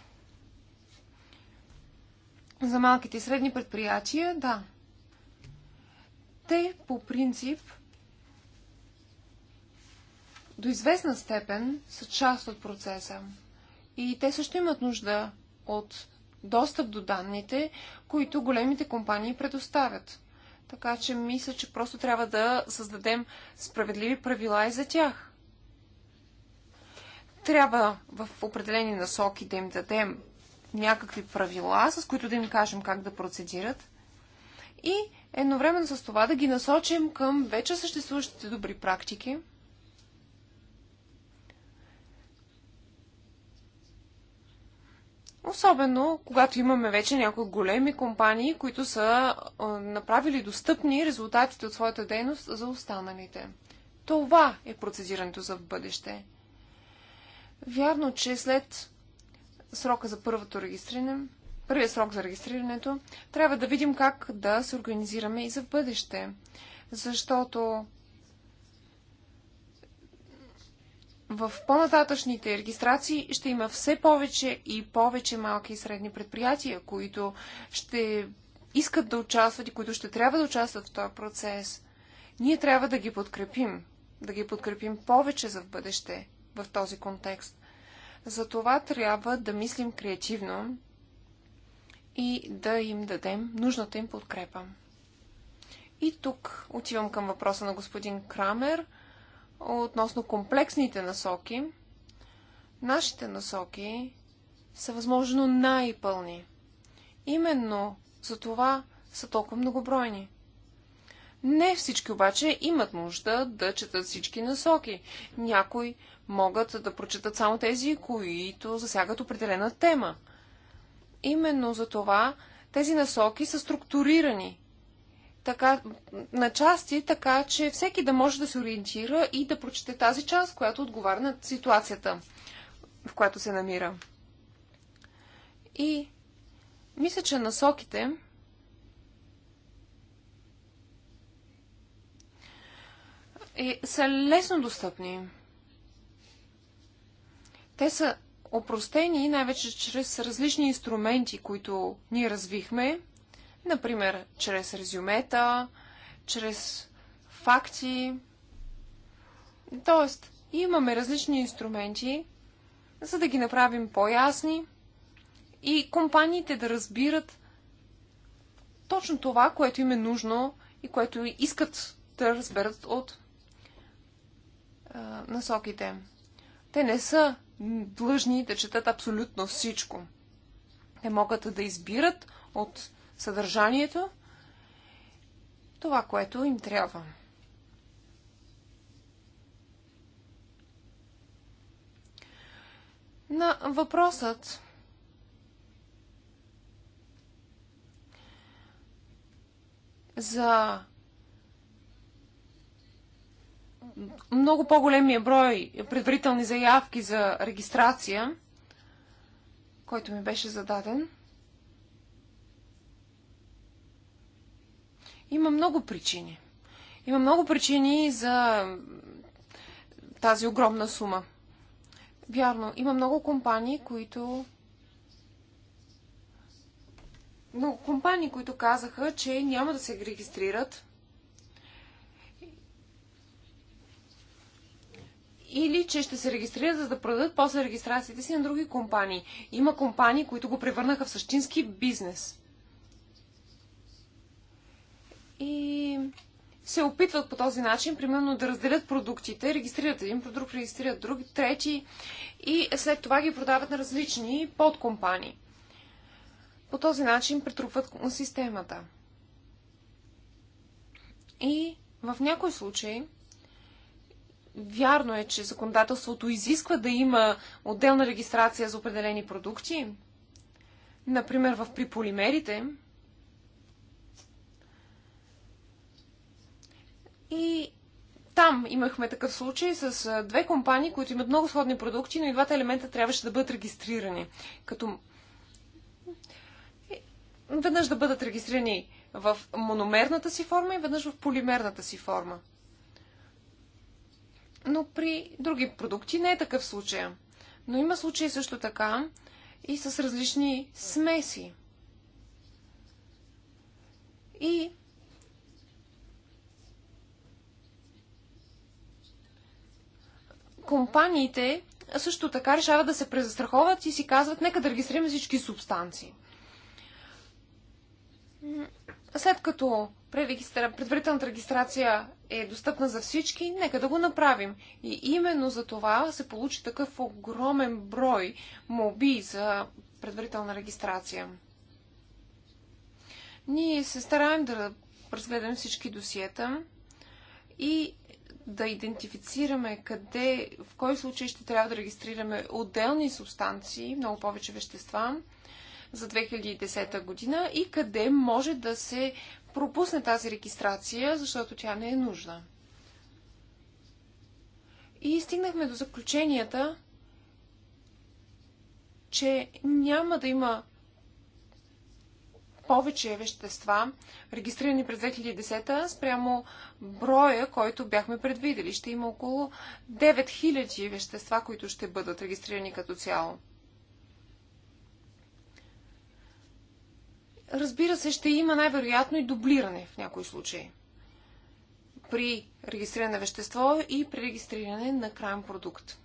За малките и средни предприятия, да. Те по принцип до известна степен са част от процеса. И те също имат нужда от достъп до данните, които големите компании предоставят. Така че мисля, че просто трябва да създадем справедливи правила и за тях. Трябва в определени насоки да им дадем някакви правила, с които да им кажем как да процедират и едновременно с това да ги насочим към вече съществуващите добри практики – Особено, когато имаме вече някои големи компании, които са направили достъпни резултатите от своята дейност за останалите. Това е процедирането за в бъдеще. Вярно, че след срока за първото регистриране, първият срок за регистрирането, трябва да видим как да се организираме и за в бъдеще. Защото в по-нататъчните регистрации ще има все повече и повече малки и средни предприятия, които ще искат да участват и които ще трябва да участват в този процес. Ние трябва да ги подкрепим, да ги подкрепим повече за в бъдеще в този контекст. За това трябва да мислим креативно и да им дадем нужната им подкрепа. И тук отивам към въпроса на господин Крамер – относно комплексните насоки, нашите насоки са възможно най-пълни. Именно за това са толкова многобройни. Не всички обаче имат нужда да четат всички насоки. Някои могат да прочитат само тези, които засягат определена тема. Именно за това тези насоки са структурирани така, на части, така че всеки да може да се ориентира и да прочете тази част, която отговаря на ситуацията, в която се намира. И мисля, че насоките е, са лесно достъпни. Те са опростени най-вече чрез различни инструменти, които ние развихме – Например, чрез резюмета, чрез факти. Тоест, имаме различни инструменти, за да ги направим по-ясни и компаниите да разбират точно това, което им е нужно и което искат да разберат от а, насоките. Те не са длъжни да четат абсолютно всичко. Те могат да избират от съдържанието, това, което им трябва. На въпросът за много по-големия брой предварителни заявки за регистрация, който ми беше зададен, Има много причини. Има много причини за тази огромна сума. Вярно, има много компании, които. Но компании, които казаха, че няма да се регистрират. Или че ще се регистрират, за да продадат после регистрациите си на други компании. Има компании, които го превърнаха в същински бизнес и се опитват по този начин, примерно, да разделят продуктите, регистрират един продукт, регистрират друг, трети и след това ги продават на различни подкомпании. По този начин претрупват системата. И в някои случаи, вярно е, че законодателството изисква да има отделна регистрация за определени продукти. Например, в при полимерите, И там имахме такъв случай с две компании, които имат много сходни продукти, но и двата елемента трябваше да бъдат регистрирани. Като веднъж да бъдат регистрирани в мономерната си форма и веднъж в полимерната си форма. Но при други продукти не е такъв случай. Но има случаи също така и с различни смеси. И компаниите също така решават да се презастраховат и си казват, нека да регистрираме всички субстанции. След като предварителната регистрация е достъпна за всички, нека да го направим. И именно за това се получи такъв огромен брой моби за предварителна регистрация. Ние се стараем да разгледам всички досиета и да идентифицираме къде, в кой случай ще трябва да регистрираме отделни субстанции, много повече вещества за 2010 година и къде може да се пропусне тази регистрация, защото тя не е нужна. И стигнахме до заключенията, че няма да има повече вещества, регистрирани през 2010 спрямо броя, който бяхме предвидели. Ще има около 9000 вещества, които ще бъдат регистрирани като цяло. Разбира се, ще има най-вероятно и дублиране в някои случаи. При регистриране на вещество и при регистриране на крайен продукт.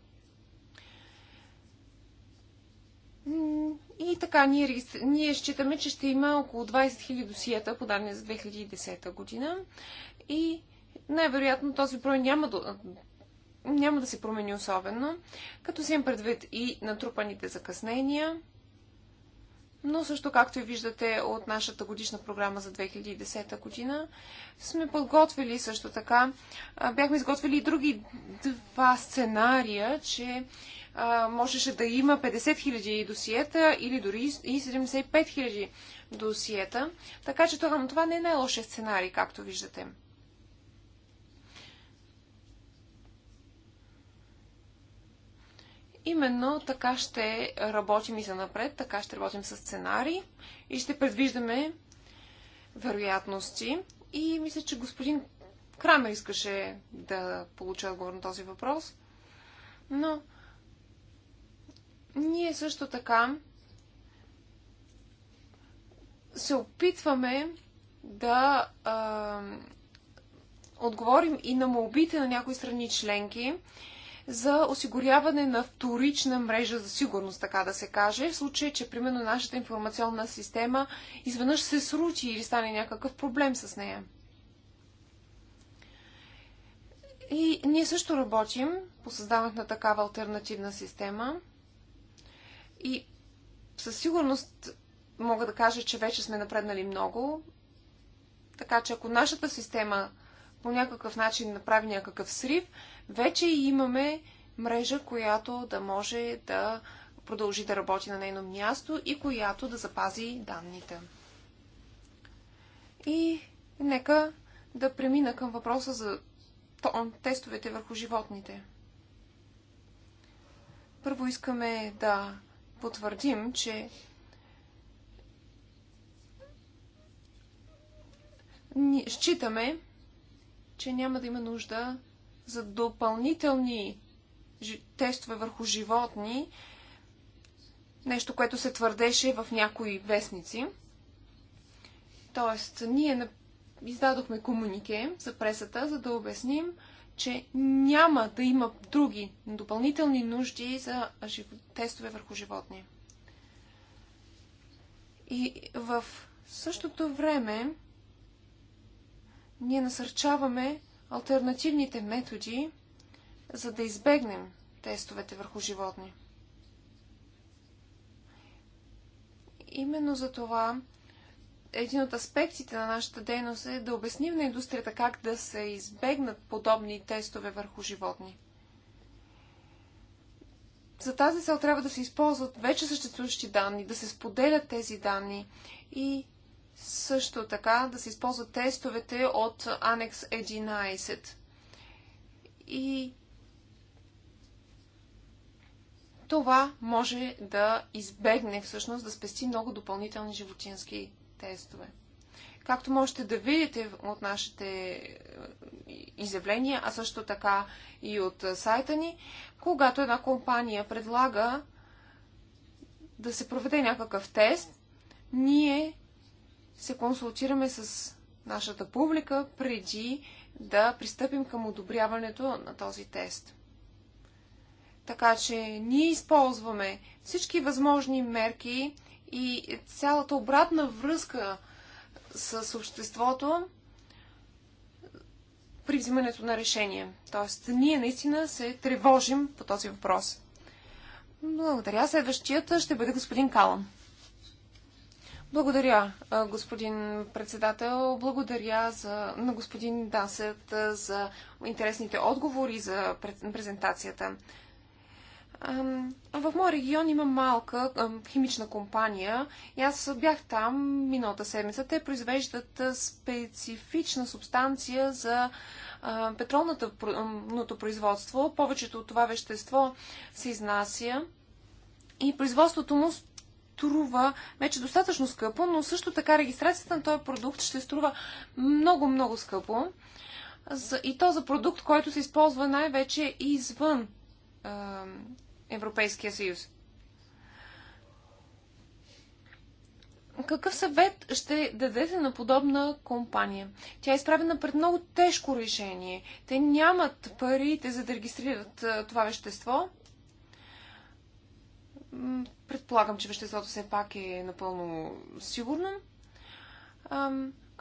И така, ние, ние считаме, че ще има около 20 000 досията по данни за 2010 година и най-вероятно този брой няма да, няма да се промени особено, като си им предвид и натрупаните закъснения, но също както и виждате от нашата годишна програма за 2010 година, сме подготвили също така, бяхме изготвили и други два сценария, че а, можеше да има 50 000 досиета или дори и 75 000 досиета. Така че това, това не е най-лошия сценарий, както виждате. Именно така ще работим и за напред, така ще работим с сценарии и ще предвиждаме вероятности. И мисля, че господин Крамер искаше да получи отговор на този въпрос. Но ние също така се опитваме да а, отговорим и на молбите на някои страни членки за осигуряване на вторична мрежа за сигурност, така да се каже, в случай, че примерно нашата информационна система изведнъж се срути или стане някакъв проблем с нея. И ние също работим по създаването на такава альтернативна система – и със сигурност мога да кажа, че вече сме напреднали много. Така че ако нашата система по някакъв начин направи някакъв срив, вече имаме мрежа, която да може да продължи да работи на нейно място и която да запази данните. И нека да премина към въпроса за тестовете върху животните. Първо искаме да потвърдим, че считаме, че няма да има нужда за допълнителни тестове върху животни, нещо, което се твърдеше в някои вестници. Тоест, ние издадохме комунике за пресата, за да обясним, че няма да има други допълнителни нужди за тестове върху животни. И в същото време ние насърчаваме альтернативните методи, за да избегнем тестовете върху животни. Именно за това един от аспектите на нашата дейност е да обясним на индустрията как да се избегнат подобни тестове върху животни. За тази цел трябва да се използват вече съществуващи данни, да се споделят тези данни и също така да се използват тестовете от Анекс 11. И това може да избегне всъщност да спести много допълнителни животински тестове. Както можете да видите от нашите е, изявления, а също така и от е, сайта ни, когато една компания предлага да се проведе някакъв тест, ние се консултираме с нашата публика преди да пристъпим към одобряването на този тест. Така че ние използваме всички възможни мерки и цялата обратна връзка с обществото при взимането на решение. Тоест, ние наистина се тревожим по този въпрос. Благодаря. Следващият ще бъде господин Калан. Благодаря, господин председател. Благодаря за, на господин Дасет за интересните отговори за презентацията. В моя регион има малка химична компания и аз бях там миналата седмица. Те произвеждат специфична субстанция за петролното производство. Повечето от това вещество се изнася и производството му струва вече достатъчно скъпо, но също така регистрацията на този продукт ще струва много-много скъпо. И то за продукт, който се използва най-вече извън Европейския съюз. Какъв съвет ще дадете на подобна компания? Тя е изправена пред много тежко решение. Те нямат парите за да регистрират това вещество. Предполагам, че веществото все пак е напълно сигурно.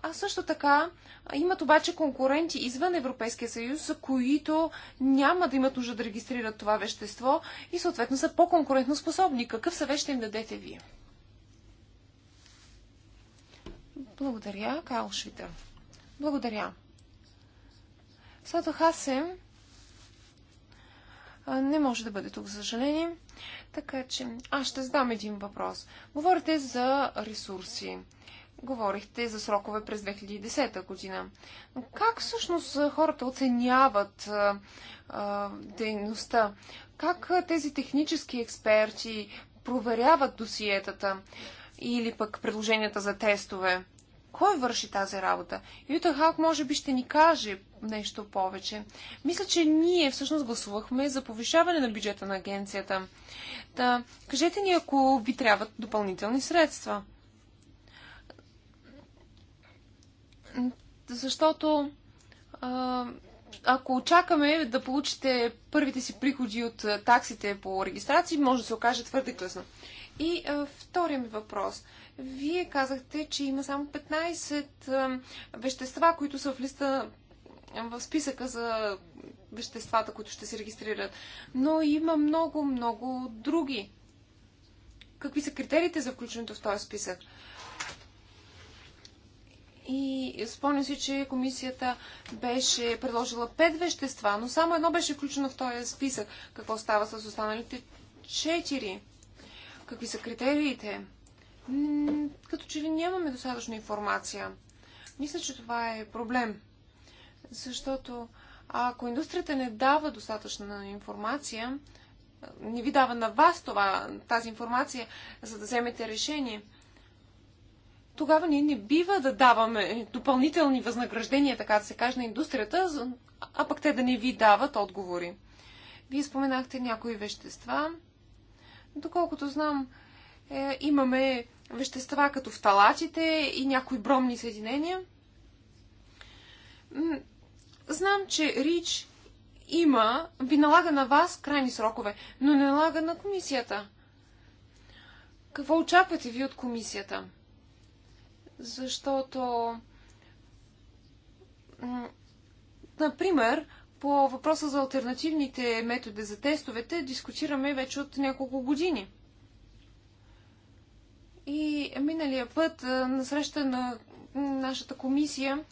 А също така имат обаче конкуренти извън Европейския съюз, за които няма да имат нужда да регистрират това вещество и съответно са по-конкурентно способни. Какъв съвет ще им дадете вие? Благодаря, Карл Швитър. Благодаря. Сато Хасем не може да бъде тук, за съжаление. Така че аз ще задам един въпрос. Говорите за ресурси говорихте за срокове през 2010 година. Но как всъщност хората оценяват а, а, дейността? Как тези технически експерти проверяват досиетата или пък предложенията за тестове? Кой върши тази работа? Юта Халк може би ще ни каже нещо повече. Мисля, че ние всъщност гласувахме за повишаване на бюджета на агенцията. Та, кажете ни, ако ви трябват допълнителни средства. защото ако очакаме да получите първите си приходи от таксите по регистрации, може да се окаже твърде късно. И вторият втория ми въпрос. Вие казахте, че има само 15 вещества, които са в листа в списъка за веществата, които ще се регистрират. Но има много, много други. Какви са критериите за включването в този списък? И спомням си, че комисията беше предложила пет вещества, но само едно беше включено в този списък. Какво става с останалите четири? Какви са критериите? Като че ли нямаме достатъчно информация. Мисля, че това е проблем. Защото ако индустрията не дава достатъчна информация, не ви дава на вас това, тази информация, за да вземете решение – тогава ние не бива да даваме допълнителни възнаграждения, така да се каже, на индустрията, а пък те да не ви дават отговори. Вие споменахте някои вещества. Доколкото знам, е, имаме вещества като фталатите и някои бромни съединения. Знам, че Рич има, ви налага на вас крайни срокове, но не налага на комисията. Какво очаквате ви от комисията? защото, например, по въпроса за альтернативните методи за тестовете дискутираме вече от няколко години. И миналия път на среща на нашата комисия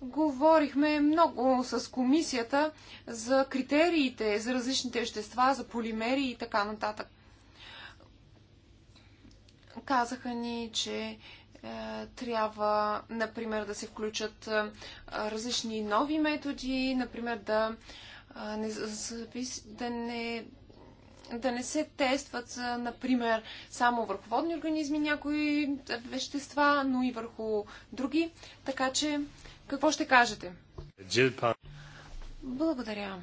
говорихме много с комисията за критериите, за различните вещества, за полимери и така нататък. Казаха ни, че е, трябва, например, да се включат е, различни нови методи, например, да е, не, да не, да не се тестват, например, само върху водни организми някои вещества, но и върху други. Така че, какво ще кажете? Благодаря.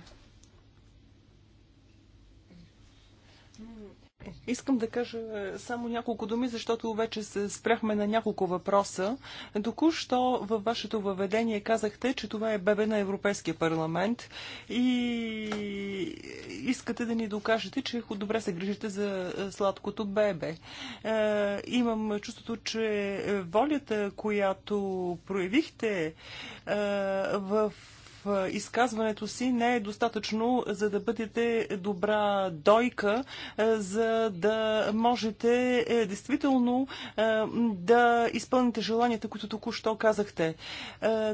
Искам да кажа е, само няколко думи, защото вече се спряхме на няколко въпроса. Току-що във вашето въведение казахте, че това е бебе на Европейския парламент и искате да ни докажете, че добре се грижите за е, сладкото бебе. Е, имам чувството, че волята, която проявихте в изказването си не е достатъчно, за да бъдете добра дойка, е, за да можете е, действително е, да изпълните желанията, които току-що казахте.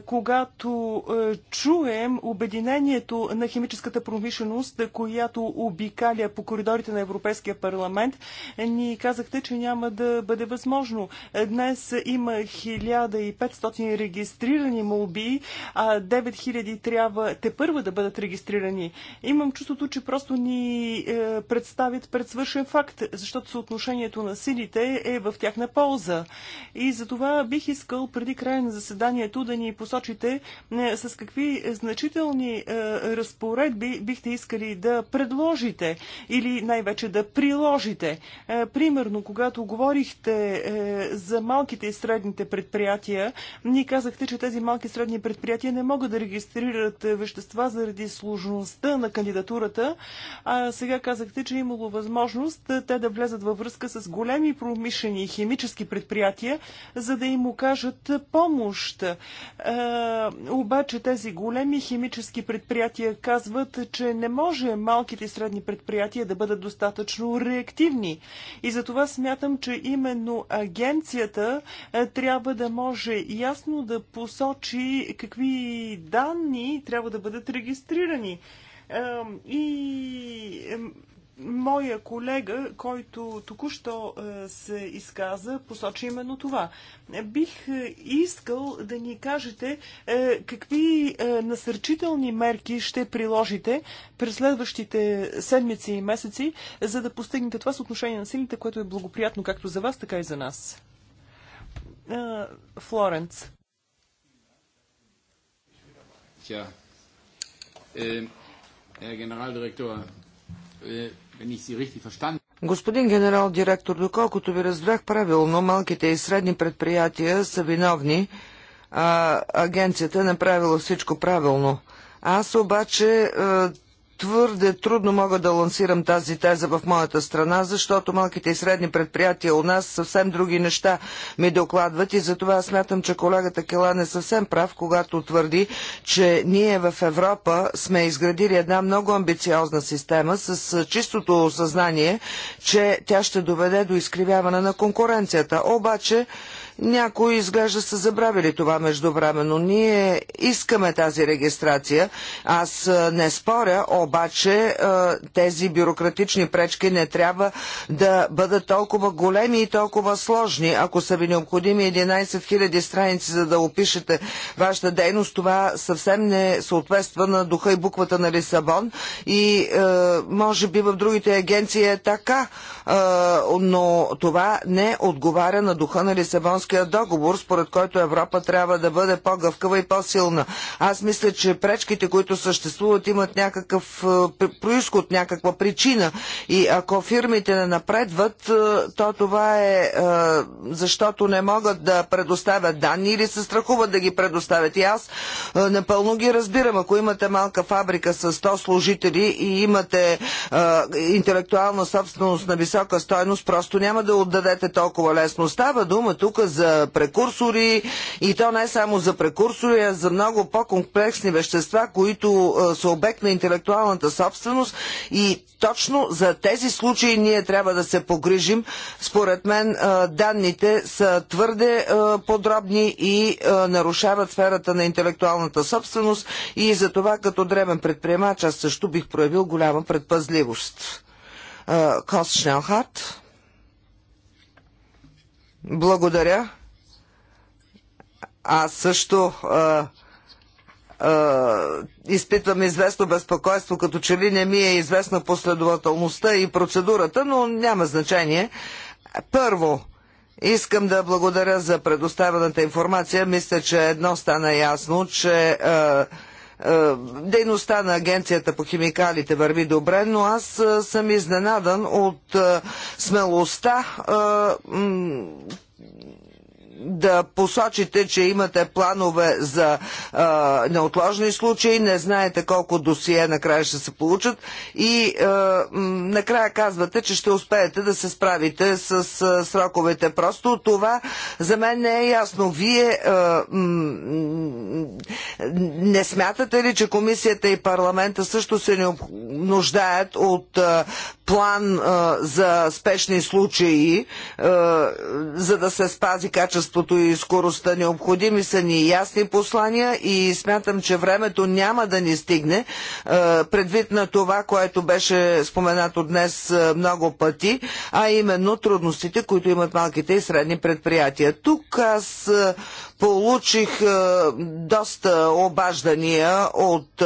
Когато чуем обединението на химическата промишленост, която обикаля по коридорите на Европейския парламент, ни казахте, че няма да бъде възможно. Днес има 1500 регистрирани молби, а 9000 трябва те първа да бъдат регистрирани. Имам чувството, че просто ни е, представят пред свършен факт, защото съотношението на силите е в тяхна полза. И за това бих искал преди края на заседанието да ни посочите е, с какви значителни е, разпоредби бихте искали да предложите или най-вече да приложите. Е, примерно, когато говорихте е, за малките и средните предприятия, ни казахте, че тези малки и средни предприятия не могат да регистрират концентрират вещества заради сложността на кандидатурата. А сега казахте, че е имало възможност те да влезат във връзка с големи промишлени химически предприятия, за да им окажат помощ. А, обаче тези големи химически предприятия казват, че не може малките и средни предприятия да бъдат достатъчно реактивни. И за това смятам, че именно агенцията трябва да може ясно да посочи какви данни данни трябва да бъдат регистрирани. И моя колега, който току-що е, се изказа, посочи именно това. Бих е, искал да ни кажете е, какви насърчителни мерки ще приложите през следващите седмици и месеци, за да постигнете това съотношение на силите, което е благоприятно както за вас, така и за нас. Флоренц. Tja, ähm, Herr Generaldirektor, äh, wenn ich Sie richtig verstanden Господин генерал директор, доколкото ви разбрах правилно, малките и средни предприятия са виновни, а агенцията е направила всичко правилно. Аз обаче твърде трудно мога да лансирам тази теза в моята страна, защото малките и средни предприятия у нас съвсем други неща ми докладват и затова смятам, че колегата Келан е съвсем прав, когато твърди, че ние в Европа сме изградили една много амбициозна система с чистото осъзнание, че тя ще доведе до изкривяване на конкуренцията. Обаче, някои изглежда са забравили това междувременно. Ние искаме тази регистрация. Аз не споря, обаче тези бюрократични пречки не трябва да бъдат толкова големи и толкова сложни. Ако са ви необходими 11 000 страници, за да опишете вашата дейност, това съвсем не съответства на духа и буквата на Лисабон. И може би в другите агенции е така, но това не отговаря на духа на Лисабонска Лисабонския договор, според който Европа трябва да бъде по-гъвкава и по-силна. Аз мисля, че пречките, които съществуват, имат някакъв е, происход, някаква причина. И ако фирмите не напредват, е, то това е, е защото не могат да предоставят данни или се страхуват да ги предоставят. И аз напълно ги разбирам. Ако имате малка фабрика с 100 служители и имате интелектуална собственост на висока стойност, просто няма да отдадете толкова лесно. Става дума тук за за прекурсори и то не само за прекурсори, а за много по-комплексни вещества, които са обект на интелектуалната собственост и точно за тези случаи ние трябва да се погрижим. Според мен данните са твърде подробни и нарушават сферата на интелектуалната собственост и за това като древен предприемач аз също бих проявил голяма предпазливост. Кост Шнелхарт. Благодаря. Аз също а, изпитвам известно безпокойство, като че ли не ми е известна последователността и процедурата, но няма значение. Първо, искам да благодаря за предоставената информация. Мисля, че едно стана ясно, че а, е, дейността на агенцията по химикалите върви добре, но аз е, съм изненадан от е, смелостта да посочите, че имате планове за а, неотложни случаи, не знаете колко досие накрая ще се получат и а, накрая казвате, че ще успеете да се справите с а, сроковете. Просто това за мен не е ясно. Вие а, не смятате ли, че комисията и парламента също се нуждаят от а, план а, за спешни случаи, а, за да се спази качеството качеството и скоростта. Необходими са ни ясни послания и смятам, че времето няма да ни стигне е, предвид на това, което беше споменато днес е, много пъти, а именно трудностите, които имат малките и средни предприятия. Тук аз е, Получих е, доста обаждания от е,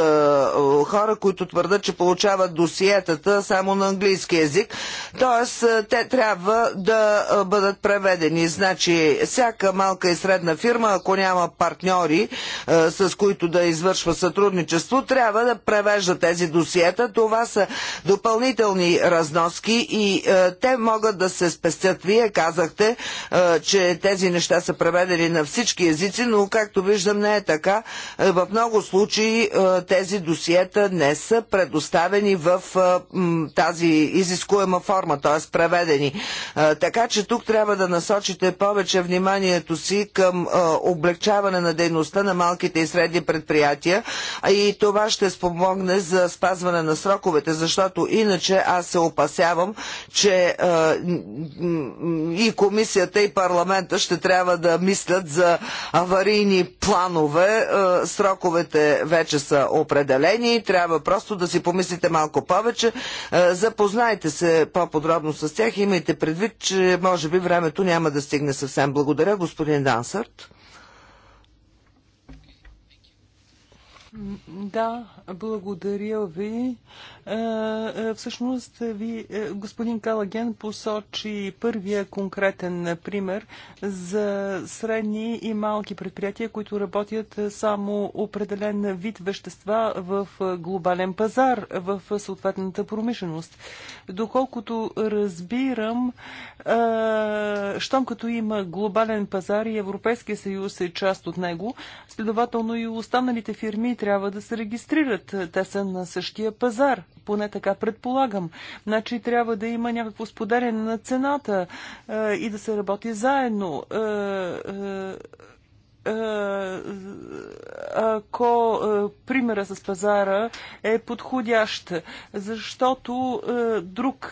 хора, които твърдят, че получават досиетата само на английски язик. Тоест, е, те трябва да бъдат преведени. Значи, всяка малка и средна фирма, ако няма партньори, с които да извършва сътрудничество, трябва да превежда тези досиета. Това са допълнителни разноски и те могат да се спестят. Вие казахте, че тези неща са преведени на всички езици, но както виждам не е така. Е, в много случаи е, тези досиета не са предоставени в е, тази изискуема форма, т.е. преведени. Така че тук трябва да насочите повече вниманието си към облегчаване на дейността на малките и средни предприятия и това ще спомогне за спазване на сроковете, защото иначе аз се опасявам, че и комисията и парламента ще трябва да мислят за аварийни планове. Е, сроковете вече са определени. Трябва просто да си помислите малко повече. Е, запознайте се по-подробно с тях. Имайте предвид, че може би времето няма да стигне съвсем. Благодаря, господин Дансърт. Да, благодаря ви. Е, е, всъщност, ви, е, господин Калаген посочи първия конкретен пример за средни и малки предприятия, които работят само определен вид вещества в глобален пазар, в съответната промишленост. Доколкото разбирам, щом като има глобален пазар и Европейския съюз е част от него, следователно и останалите фирми трябва да се регистрират. Те са на същия пазар. Поне така предполагам. Значи трябва да има някакво споделяне на цената е, и да се работи заедно. Е, е, е, е, ако е, примера с пазара е подходящ, защото друг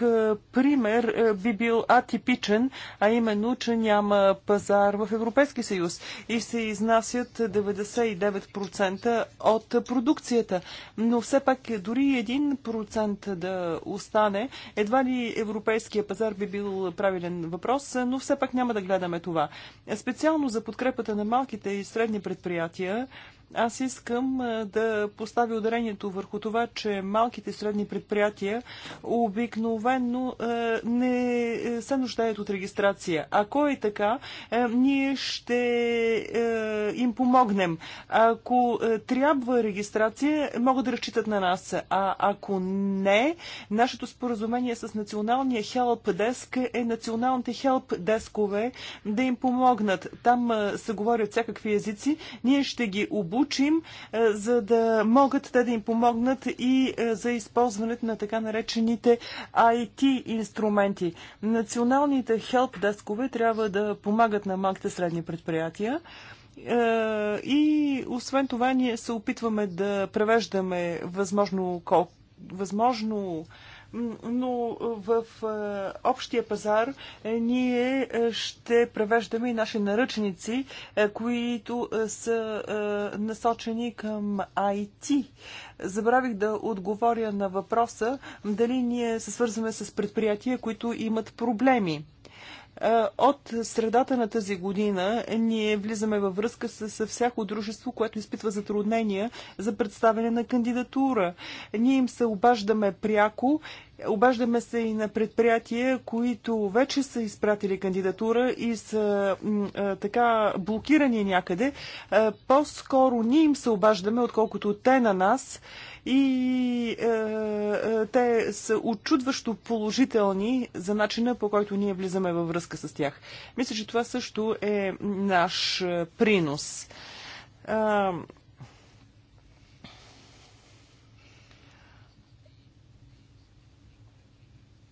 пример би бил атипичен, а именно, че няма пазар в Европейски съюз и се изнасят 99% от продукцията. Но все пак дори 1% да остане, едва ли европейския пазар би бил правилен въпрос, но все пак няма да гледаме това. Специално за подкрепата на малките малките и средни предприятия аз искам да поставя ударението върху това, че малките и средни предприятия обикновено не е, се нуждаят от регистрация. Ако е така, ние ще им помогнем. Ако трябва регистрация, могат да разчитат на нас. А ако не, нашето споразумение с националния Help Desk е националните Help Дескове да им помогнат. Там се говорят всякакви езици. Ние ще ги обучим учим, е, за да могат те да им помогнат и е, за използването на така наречените IT инструменти. Националните хелп дескове трябва да помагат на малките средни предприятия. Е, и освен това ние се опитваме да превеждаме възможно, възможно но в общия пазар е, ние ще превеждаме и наши наръчници, които са насочени към IT. Забравих да отговоря на въпроса дали ние се свързваме с предприятия, които имат проблеми. Е, от средата на тази година ние влизаме във връзка с всяко дружество, което изпитва затруднения за представяне на кандидатура. Ние им се обаждаме пряко Обаждаме се и на предприятия, които вече са изпратили кандидатура и са така блокирани някъде. По-скоро ние им се обаждаме, отколкото те на нас и те са очудващо положителни за начина по който ние влизаме във връзка с тях. Мисля, че това също е наш принос.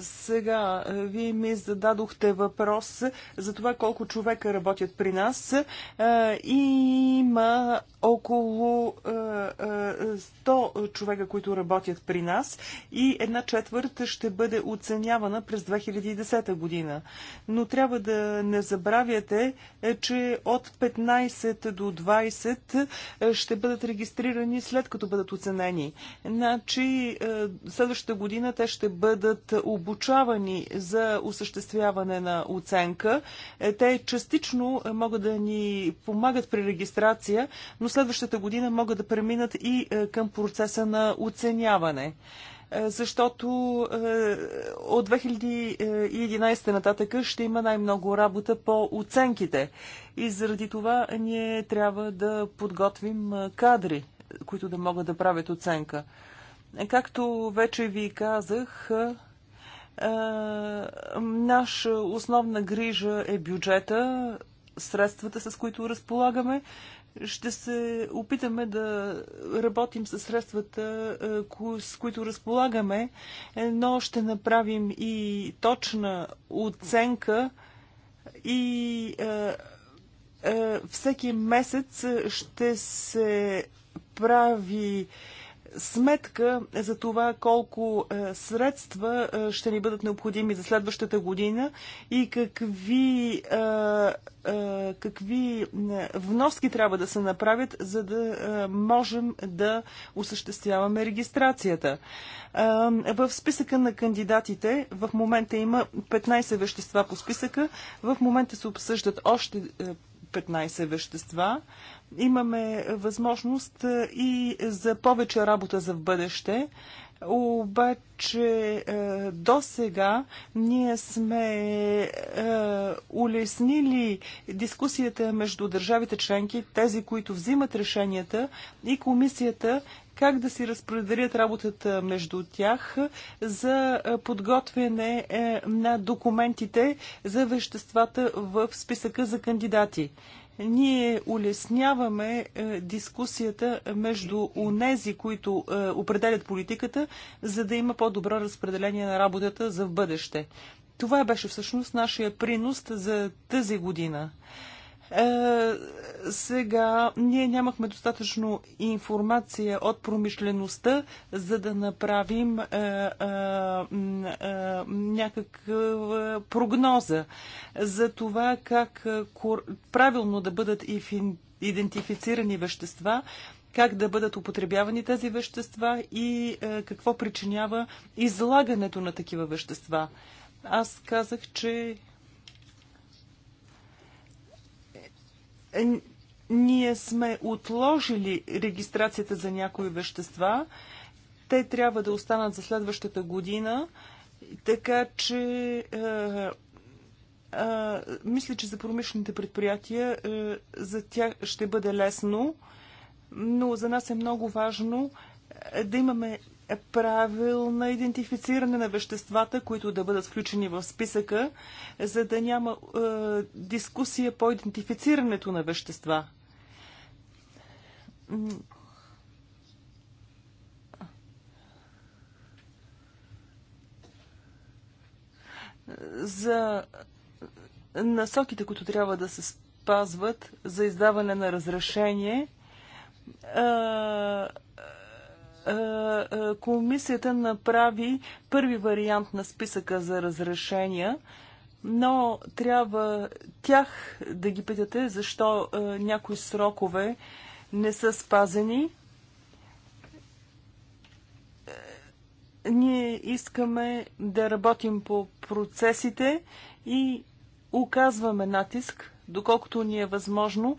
Сега, вие ми зададохте въпрос за това колко човека работят при нас. Има около 100 човека, които работят при нас и една четвърта ще бъде оценявана през 2010 година. Но трябва да не забравяте, е, че от 15 до 20 е, ще бъдат регистрирани след като бъдат оценени. Значи, е, следващата година те ще бъдат обучавани за осъществяване на оценка. Е, те частично могат да ни помагат при регистрация, но следващата година могат да преминат и е, към процеса на оценяване е, защото от 2011 нататък ще има най-много работа по оценките. И заради това ние трябва да подготвим кадри, които да могат да правят оценка. Както вече ви казах, е, Наша основна грижа е бюджета, средствата, с които разполагаме. Ще се опитаме да работим с средствата, е, с които разполагаме, но ще направим и точна оценка и е, всеки месец ще се прави сметка за това колко е, средства е, ще ни бъдат необходими за следващата година и какви, е, какви вноски трябва да се направят, за да можем да осъществяваме регистрацията. В списъка на кандидатите в момента има 15 вещества по списъка. В момента се обсъждат още 15 вещества. Имаме възможност е, и за повече работа за в бъдеще. Обаче е, до сега ние сме е, улеснили дискусията между държавите членки, тези, които взимат решенията и комисията как да си разпределят работата между тях за подготвяне е, на документите за веществата в списъка за кандидати ние улесняваме е, дискусията между онези, които е, определят политиката, за да има по-добро разпределение на работата за в бъдеще. Това беше всъщност нашия принос за тази година. Е, сега ние нямахме достатъчно информация от промишлеността, за да направим е, е, е, някаква е, прогноза за това как е, правилно да бъдат идентифицирани вещества, как да бъдат употребявани тези вещества и какво причинява излагането на такива вещества. Аз казах, че Е, ние сме отложили регистрацията за някои вещества. Те трябва да останат за следващата година, така че а, е, а, е, мисля, че за промишлените предприятия а, за тях ще бъде лесно, но за нас е много важно да имаме на идентифициране на веществата, които да бъдат включени в списъка, за да няма е, дискусия по идентифицирането на вещества. За насоките, които трябва да се спазват за издаване на разрешение, е, е, е, комисията направи първи вариант на списъка за разрешения, но трябва тях да ги питате защо е, някои срокове не са спазени. Ние искаме да работим по процесите и оказваме натиск, доколкото ни е възможно,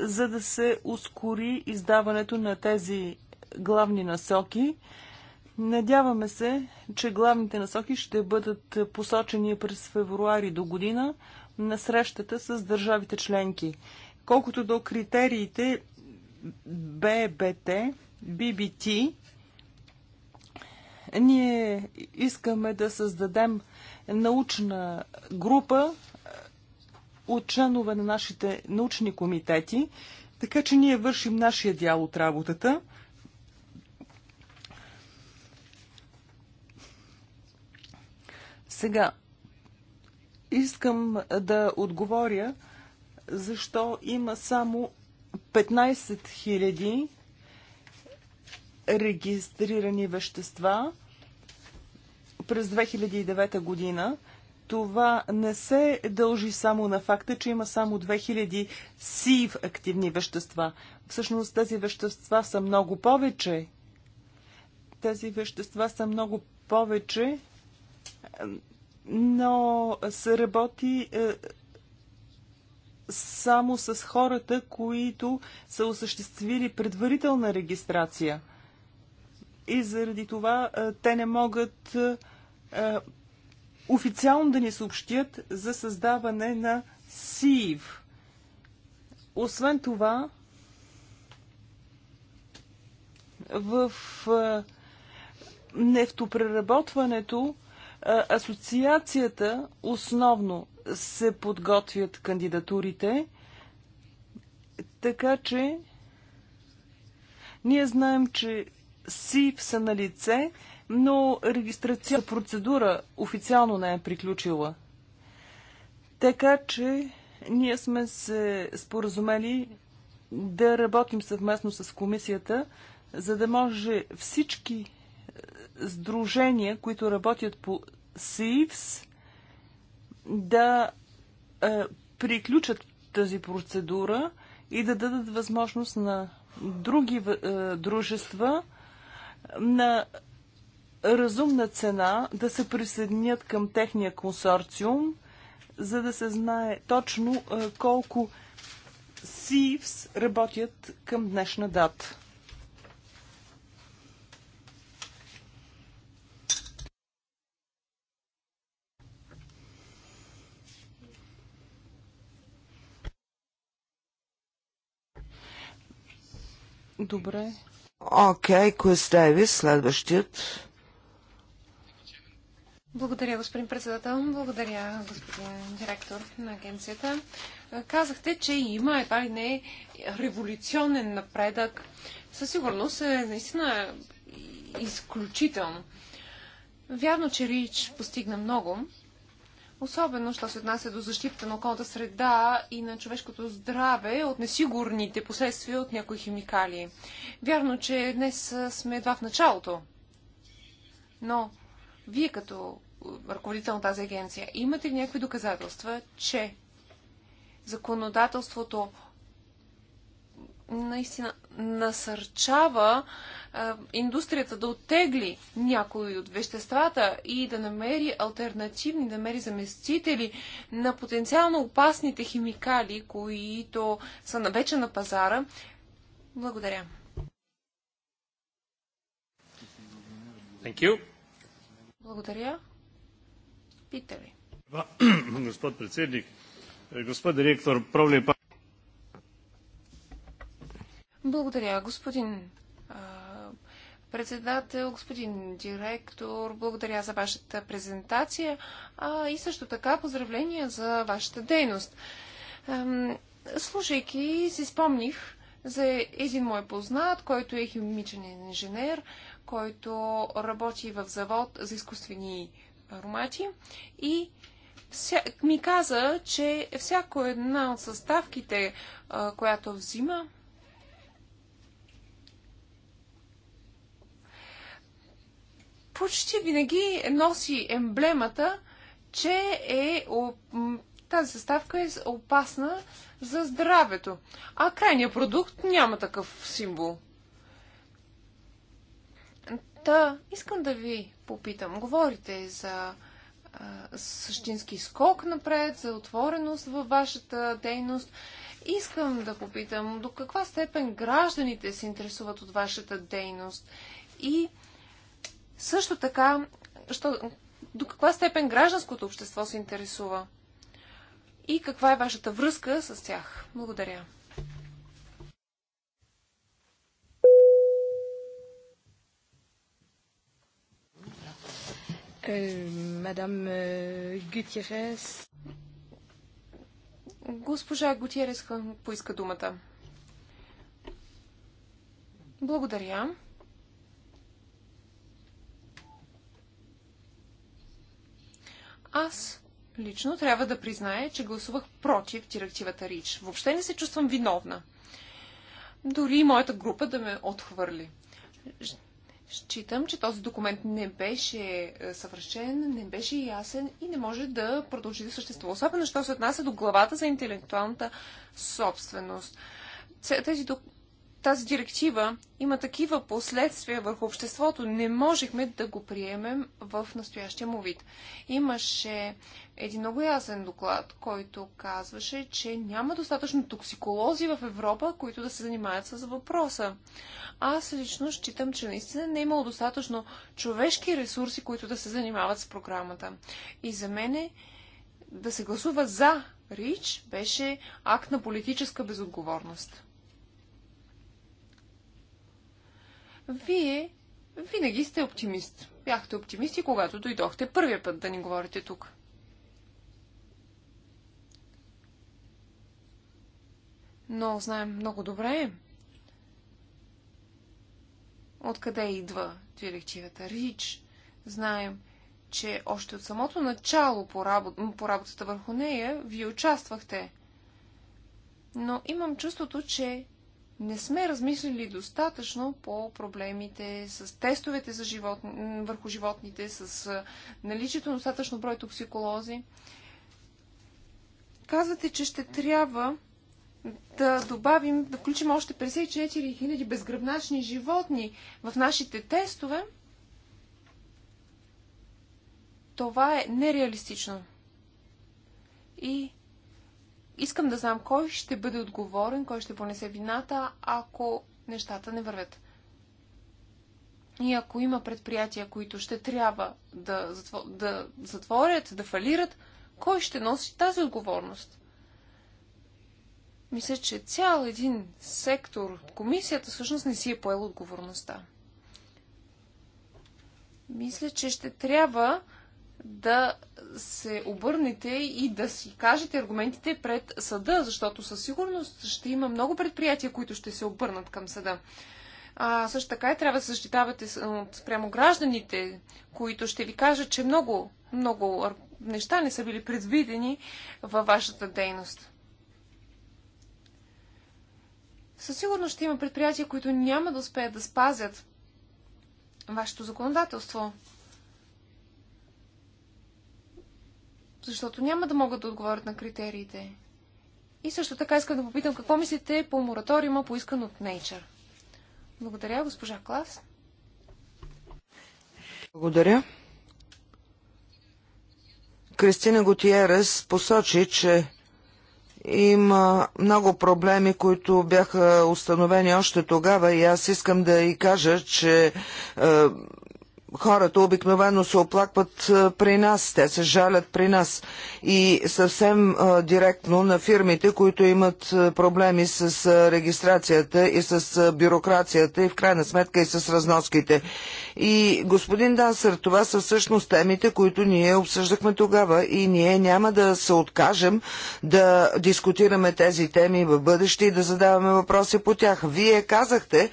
за да се ускори издаването на тези главни насоки. Надяваме се, че главните насоки ще бъдат посочени през февруари до година на срещата с държавите членки. Колкото до критериите ББТ, ББТ, ние искаме да създадем научна група от членове на нашите научни комитети, така че ние вършим нашия дял от работата – Сега, искам да отговоря защо има само 15 000 регистрирани вещества през 2009 година. Това не се дължи само на факта, че има само 2000 сив активни вещества. Всъщност тези вещества са много повече. Тези вещества са много повече но се работи е, само с хората, които са осъществили предварителна регистрация. И заради това е, те не могат е, официално да ни съобщят за създаване на СИВ. Освен това, в нефтопреработването Асоциацията основно се подготвят кандидатурите, така че ние знаем, че СИВ са на лице, но регистрационната процедура официално не е приключила. Така че ние сме се споразумели да работим съвместно с комисията, за да може всички е, сдружения, които работят по Сейвс да е, приключат тази процедура и да дадат възможност на други е, дружества на разумна цена да се присъединят към техния консорциум, за да се знае точно е, колко СИВС работят към днешна дата. Добре. Окей, okay, Куес следващият. Благодаря, господин председател. Благодаря, господин директор на агенцията. Казахте, че има едва ли не революционен напредък. Със сигурност е наистина изключително. Вярно, че Рич постигна много, особено, що се отнася до защита на околната среда и на човешкото здраве от несигурните последствия от някои химикали. Вярно, че днес сме едва в началото, но вие като ръководител на тази агенция, имате ли някакви доказателства, че законодателството наистина насърчава а, индустрията да оттегли някои от веществата и да намери альтернативни, да намери заместители на потенциално опасните химикали, които са вече на пазара. Благодаря. Thank you. Благодаря. Питали. Господ председник, господ директор, правле е благодаря, господин а, председател, господин директор. Благодаря за вашата презентация а, и също така поздравления за вашата дейност. слушайки, си спомних за един мой познат, който е химичен инженер, който работи в завод за изкуствени аромати и вся... ми каза, че всяко една от съставките, която взима, почти винаги носи емблемата, че е, тази съставка е опасна за здравето. А крайният продукт няма такъв символ. Та, искам да ви попитам. Говорите за а, същински скок напред, за отвореност във вашата дейност. Искам да попитам до каква степен гражданите се интересуват от вашата дейност и също така, що, до каква степен гражданското общество се интересува и каква е вашата връзка с тях? Благодаря. Е, мадам е, Гутиерес. Госпожа Гутиерес поиска думата. Благодаря. Аз лично трябва да призная, че гласувах против директивата РИЧ. Въобще не се чувствам виновна. Дори моята група да ме отхвърли. Считам, че този документ не беше е, съвършен, не беше ясен и не може да продължи да съществува. Особено, що се отнася до главата за интелектуалната собственост. Тези тази директива има такива последствия върху обществото. Не можехме да го приемем в настоящия му вид. Имаше един много ясен доклад, който казваше, че няма достатъчно токсиколози в Европа, които да се занимаят с въпроса. Аз лично считам, че наистина не е имало достатъчно човешки ресурси, които да се занимават с програмата. И за мене да се гласува за РИЧ беше акт на политическа безотговорност. Вие винаги сте оптимист. Бяхте оптимисти, когато дойдохте първия път да ни говорите тук. Но знаем много добре откъде идва директивата РИЧ. Знаем, че още от самото начало по, работ... по работата върху нея вие участвахте. Но имам чувството, че не сме размислили достатъчно по проблемите с тестовете за живот... върху животните, с наличието на достатъчно брой токсиколози. Казвате, че ще трябва да добавим, да включим още 54 000 безгръбначни животни в нашите тестове. Това е нереалистично. И искам да знам кой ще бъде отговорен, кой ще понесе вината, ако нещата не вървят. И ако има предприятия, които ще трябва да, затво, да затворят, да фалират, кой ще носи тази отговорност? Мисля, че цял един сектор, комисията всъщност не си е поела отговорността. Мисля, че ще трябва да се обърнете и да си кажете аргументите пред съда, защото със сигурност ще има много предприятия, които ще се обърнат към съда. А, също така и трябва да защитавате спрямо гражданите, които ще ви кажат, че много, много неща не са били предвидени във вашата дейност. Със сигурност ще има предприятия, които няма да успеят да спазят вашето законодателство. защото няма да могат да отговорят на критериите. И също така искам да попитам какво мислите по мораториума, поискан от Nature. Благодаря, госпожа Клас. Благодаря. Кристина Готиерес посочи, че има много проблеми, които бяха установени още тогава и аз искам да и кажа, че е, хората обикновено се оплакват при нас, те се жалят при нас и съвсем директно на фирмите, които имат проблеми с регистрацията и с бюрокрацията и в крайна сметка и с разноските. И господин Дансър, това са всъщност темите, които ние обсъждахме тогава и ние няма да се откажем да дискутираме тези теми в бъдеще и да задаваме въпроси по тях. Вие казахте,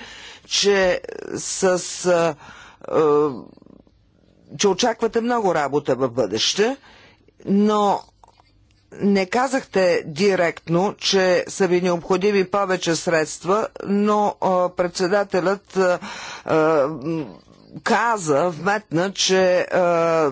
че с е, че очаквате много работа в бъдеще, но не казахте директно, че са ви необходими повече средства, но е, председателят а, е, каза, вметна, че е,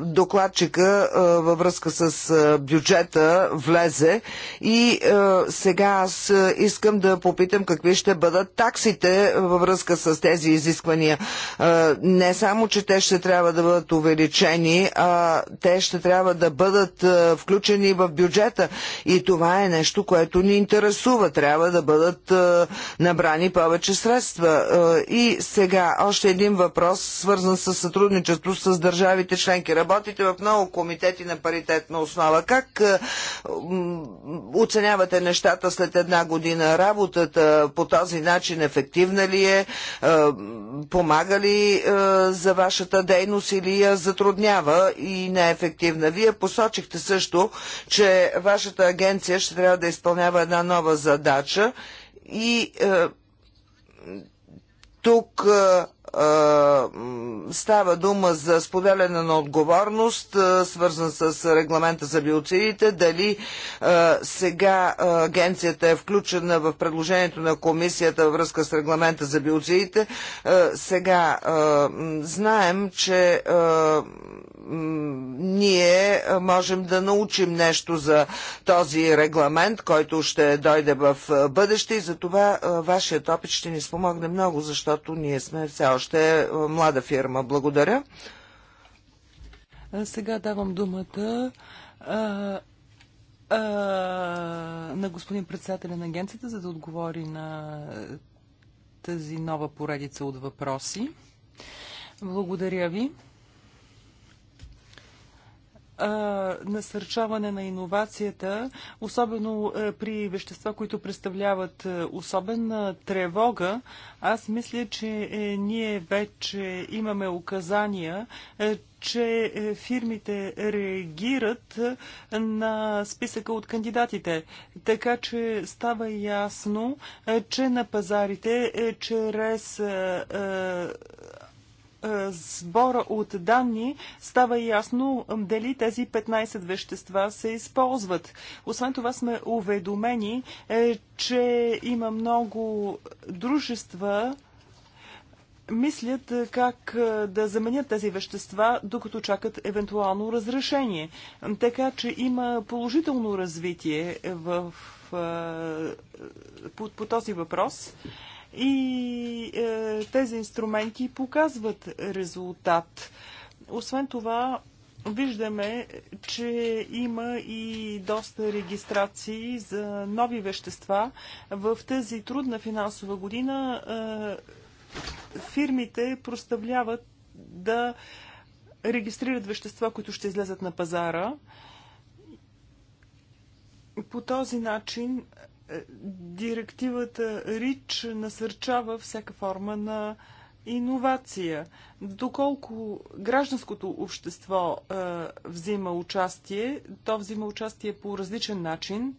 докладчика е, във връзка с е, бюджета влезе и е, сега аз е, искам да попитам какви ще бъдат таксите във връзка с тези изисквания. Е, не само, че те ще трябва да бъдат увеличени, а те ще трябва да бъдат е, включени в бюджета и това е нещо, което ни интересува. Трябва да бъдат е, набрани повече средства. Е, и сега още един въпрос, свързан с сътрудничество с държавите членки. Работите в много комитети на паритетна основа. Как е, оценявате нещата след една година? Работата по този начин ефективна ли е? е помага ли е, за вашата дейност или я затруднява и не е ефективна? Вие посочихте също, че вашата агенция ще трябва да изпълнява една нова задача и тук става дума за споделяне на отговорност, свързан с регламента за биоцидите, дали сега агенцията е включена в предложението на комисията във връзка с регламента за биоцидите. Сега знаем, че ние можем да научим нещо за този регламент, който ще дойде в бъдеще и за това вашият опит ще ни спомогне много, защото ние сме все още млада фирма. Благодаря. Сега давам думата а, а, на господин председателя на агенцията, за да отговори на тази нова поредица от въпроси. Благодаря ви насърчаване на иновацията, особено е, при вещества, които представляват е, особена тревога. Аз мисля, че е, ние вече имаме указания, че фирмите реагират на списъка от кандидатите. Така че става ясно, че на пазарите чрез е, сбора от данни става ясно дали тези 15 вещества се използват. Освен това сме уведомени, е, че има много дружества, мислят е, как да заменят тези вещества, докато чакат евентуално разрешение. Така че има положително развитие в, по, по този въпрос и е, тези инструменти показват резултат. Освен това, виждаме, че има и доста регистрации за нови вещества. В тази трудна финансова година е, фирмите проставляват да регистрират вещества, които ще излезат на пазара. По този начин е, директивата РИЧ насърчава всяка форма на иновация. Доколко гражданското общество е, взима участие, то взима участие по различен начин.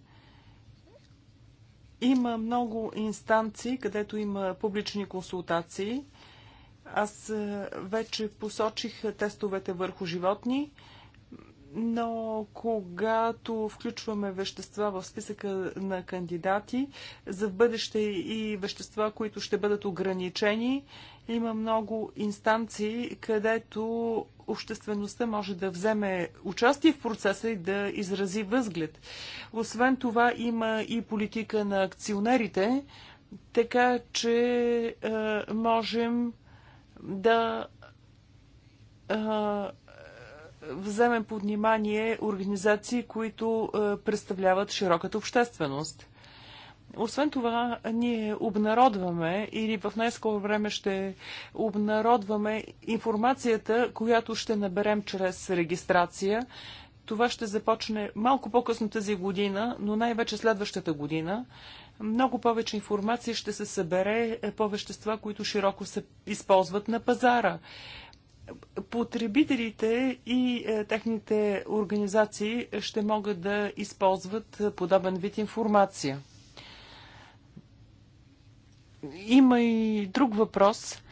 Има много инстанции, където има публични консултации. Аз е, вече посочих тестовете върху животни. Е, но когато включваме вещества в списъка на кандидати за бъдеще и вещества, които ще бъдат ограничени, има много инстанции, където обществеността може да вземе участие в процеса и да изрази възглед. Освен това има и политика на акционерите, така че е, можем да е, вземем под внимание организации, които е, представляват широката общественост. Освен това, ние обнародваме или в най-скоро време ще обнародваме информацията, която ще наберем чрез регистрация. Това ще започне малко по-късно тази година, но най-вече следващата година. Много повече информация ще се събере е, по вещества, които широко се използват на пазара потребителите и е, техните организации ще могат да използват е, подобен вид информация. Има и друг въпрос.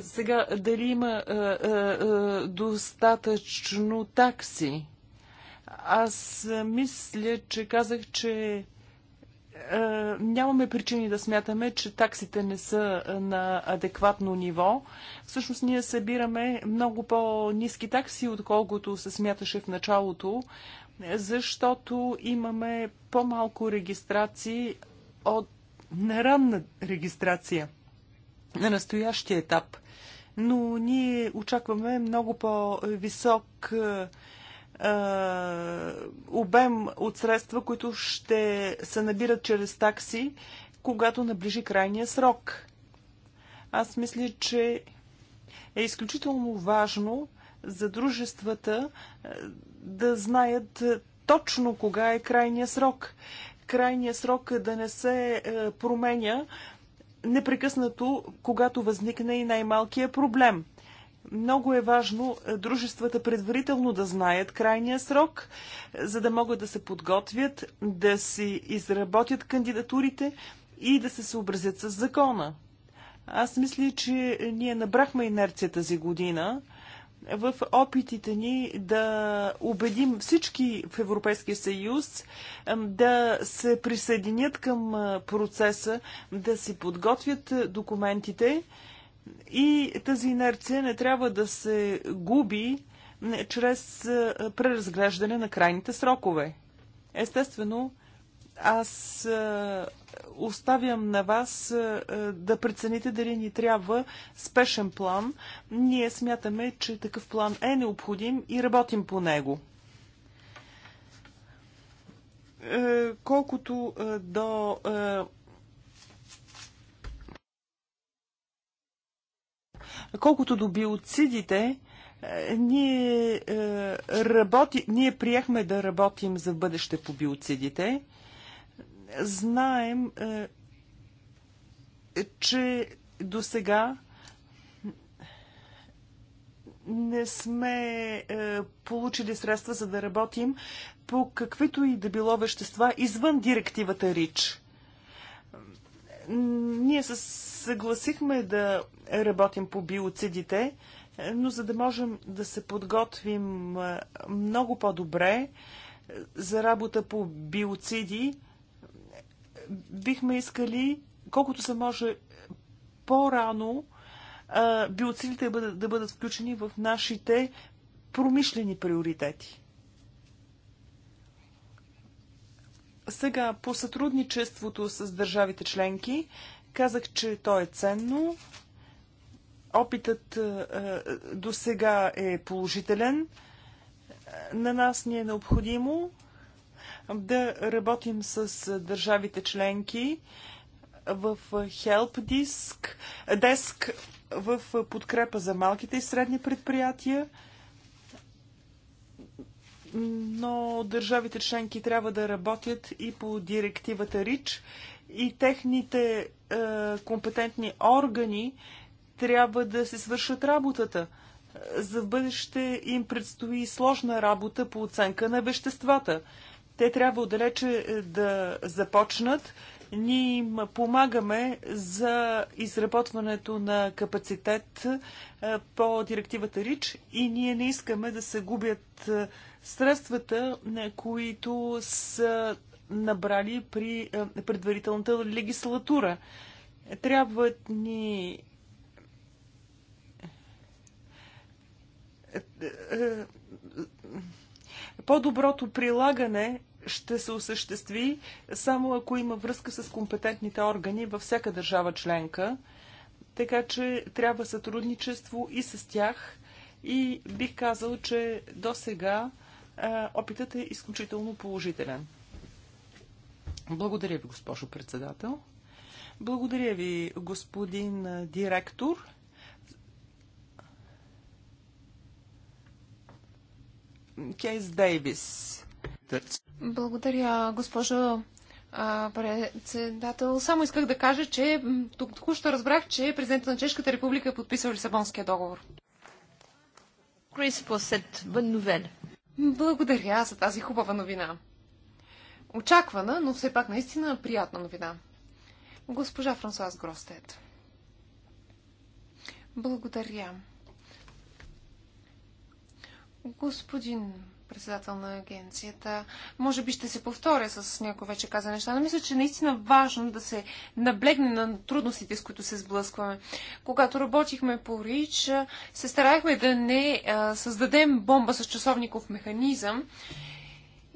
Сега, дали има е, достатъчно такси? Аз мисля, че казах, че е, нямаме причини да смятаме, че таксите не са е, на адекватно ниво. Всъщност ние събираме много по-низки такси, отколкото се смяташе в началото, защото имаме по-малко регистрации от неранна регистрация на настоящия етап. Но ние очакваме много по-висок е, е, обем от средства, които ще се набират чрез такси, когато наближи крайния срок. Аз мисля, че е изключително важно за дружествата е, да знаят е, точно кога е крайния срок. Крайният срок да не се променя непрекъснато, когато възникне и най-малкия проблем. Много е важно е, дружествата предварително да знаят крайния срок, е, за да могат да се подготвят, да си изработят кандидатурите и да се съобразят с закона. Аз мисля, че ние набрахме инерция тази година в опитите ни да убедим всички в Европейския съюз да се присъединят към е, процеса, да си подготвят документите и тази инерция не трябва да се губи чрез преразглеждане на крайните срокове. Естествено, аз оставям на вас да прецените дали ни трябва спешен план. Ние смятаме, че такъв план е необходим и работим по него. Е, колкото е, до е, Колкото до биоцидите, е, ние, е, работи, ние приехме да работим за бъдеще по биоцидите. Знаем, е, че до сега не сме получили средства за да работим по каквито и да било вещества извън директивата РИЧ. Ние се съгласихме да работим по биоцидите, но за да можем да се подготвим много по-добре за работа по биоциди, бихме искали колкото се може по-рано биоцидите да бъдат, включени в нашите промишлени приоритети. Сега, по сътрудничеството с държавите членки, казах, че то е ценно. Опитът е, е, до сега е положителен. На нас ни е необходимо да работим с държавите членки в Help Desk в подкрепа за малките и средни предприятия, но държавите членки трябва да работят и по директивата РИЧ и техните е, компетентни органи трябва да се свършат работата. За бъдеще им предстои сложна работа по оценка на веществата. Те трябва отдалече е, да започнат. Ние им помагаме за изработването на капацитет е, по директивата РИЧ и ние не искаме да се губят е, средствата, е, които са набрали при е, предварителната легислатура. Трябва ни е, по-доброто прилагане ще се осъществи само ако има връзка с компетентните органи във всяка държава членка, така че трябва сътрудничество и с тях. И бих казал, че до сега е, опитът е изключително положителен. Благодаря ви, госпожо председател. Благодаря ви, господин е, директор. Кейс Дейвис. Благодаря, госпожо председател. Само исках да кажа, че тук току-що разбрах, че президентът на Чешката република е подписал Лисабонския договор. Крис Посет, бън новел. Благодаря за тази хубава новина. Очаквана, но все пак наистина приятна новина. Госпожа Франсуаз Гростет. Благодаря. Господин председател на агенцията. Може би ще се повторя с някои вече каза неща, но мисля, че наистина е важно да се наблегне на трудностите, с които се сблъскваме. Когато работихме по РИЧ, се старахме да не създадем бомба с часовников механизъм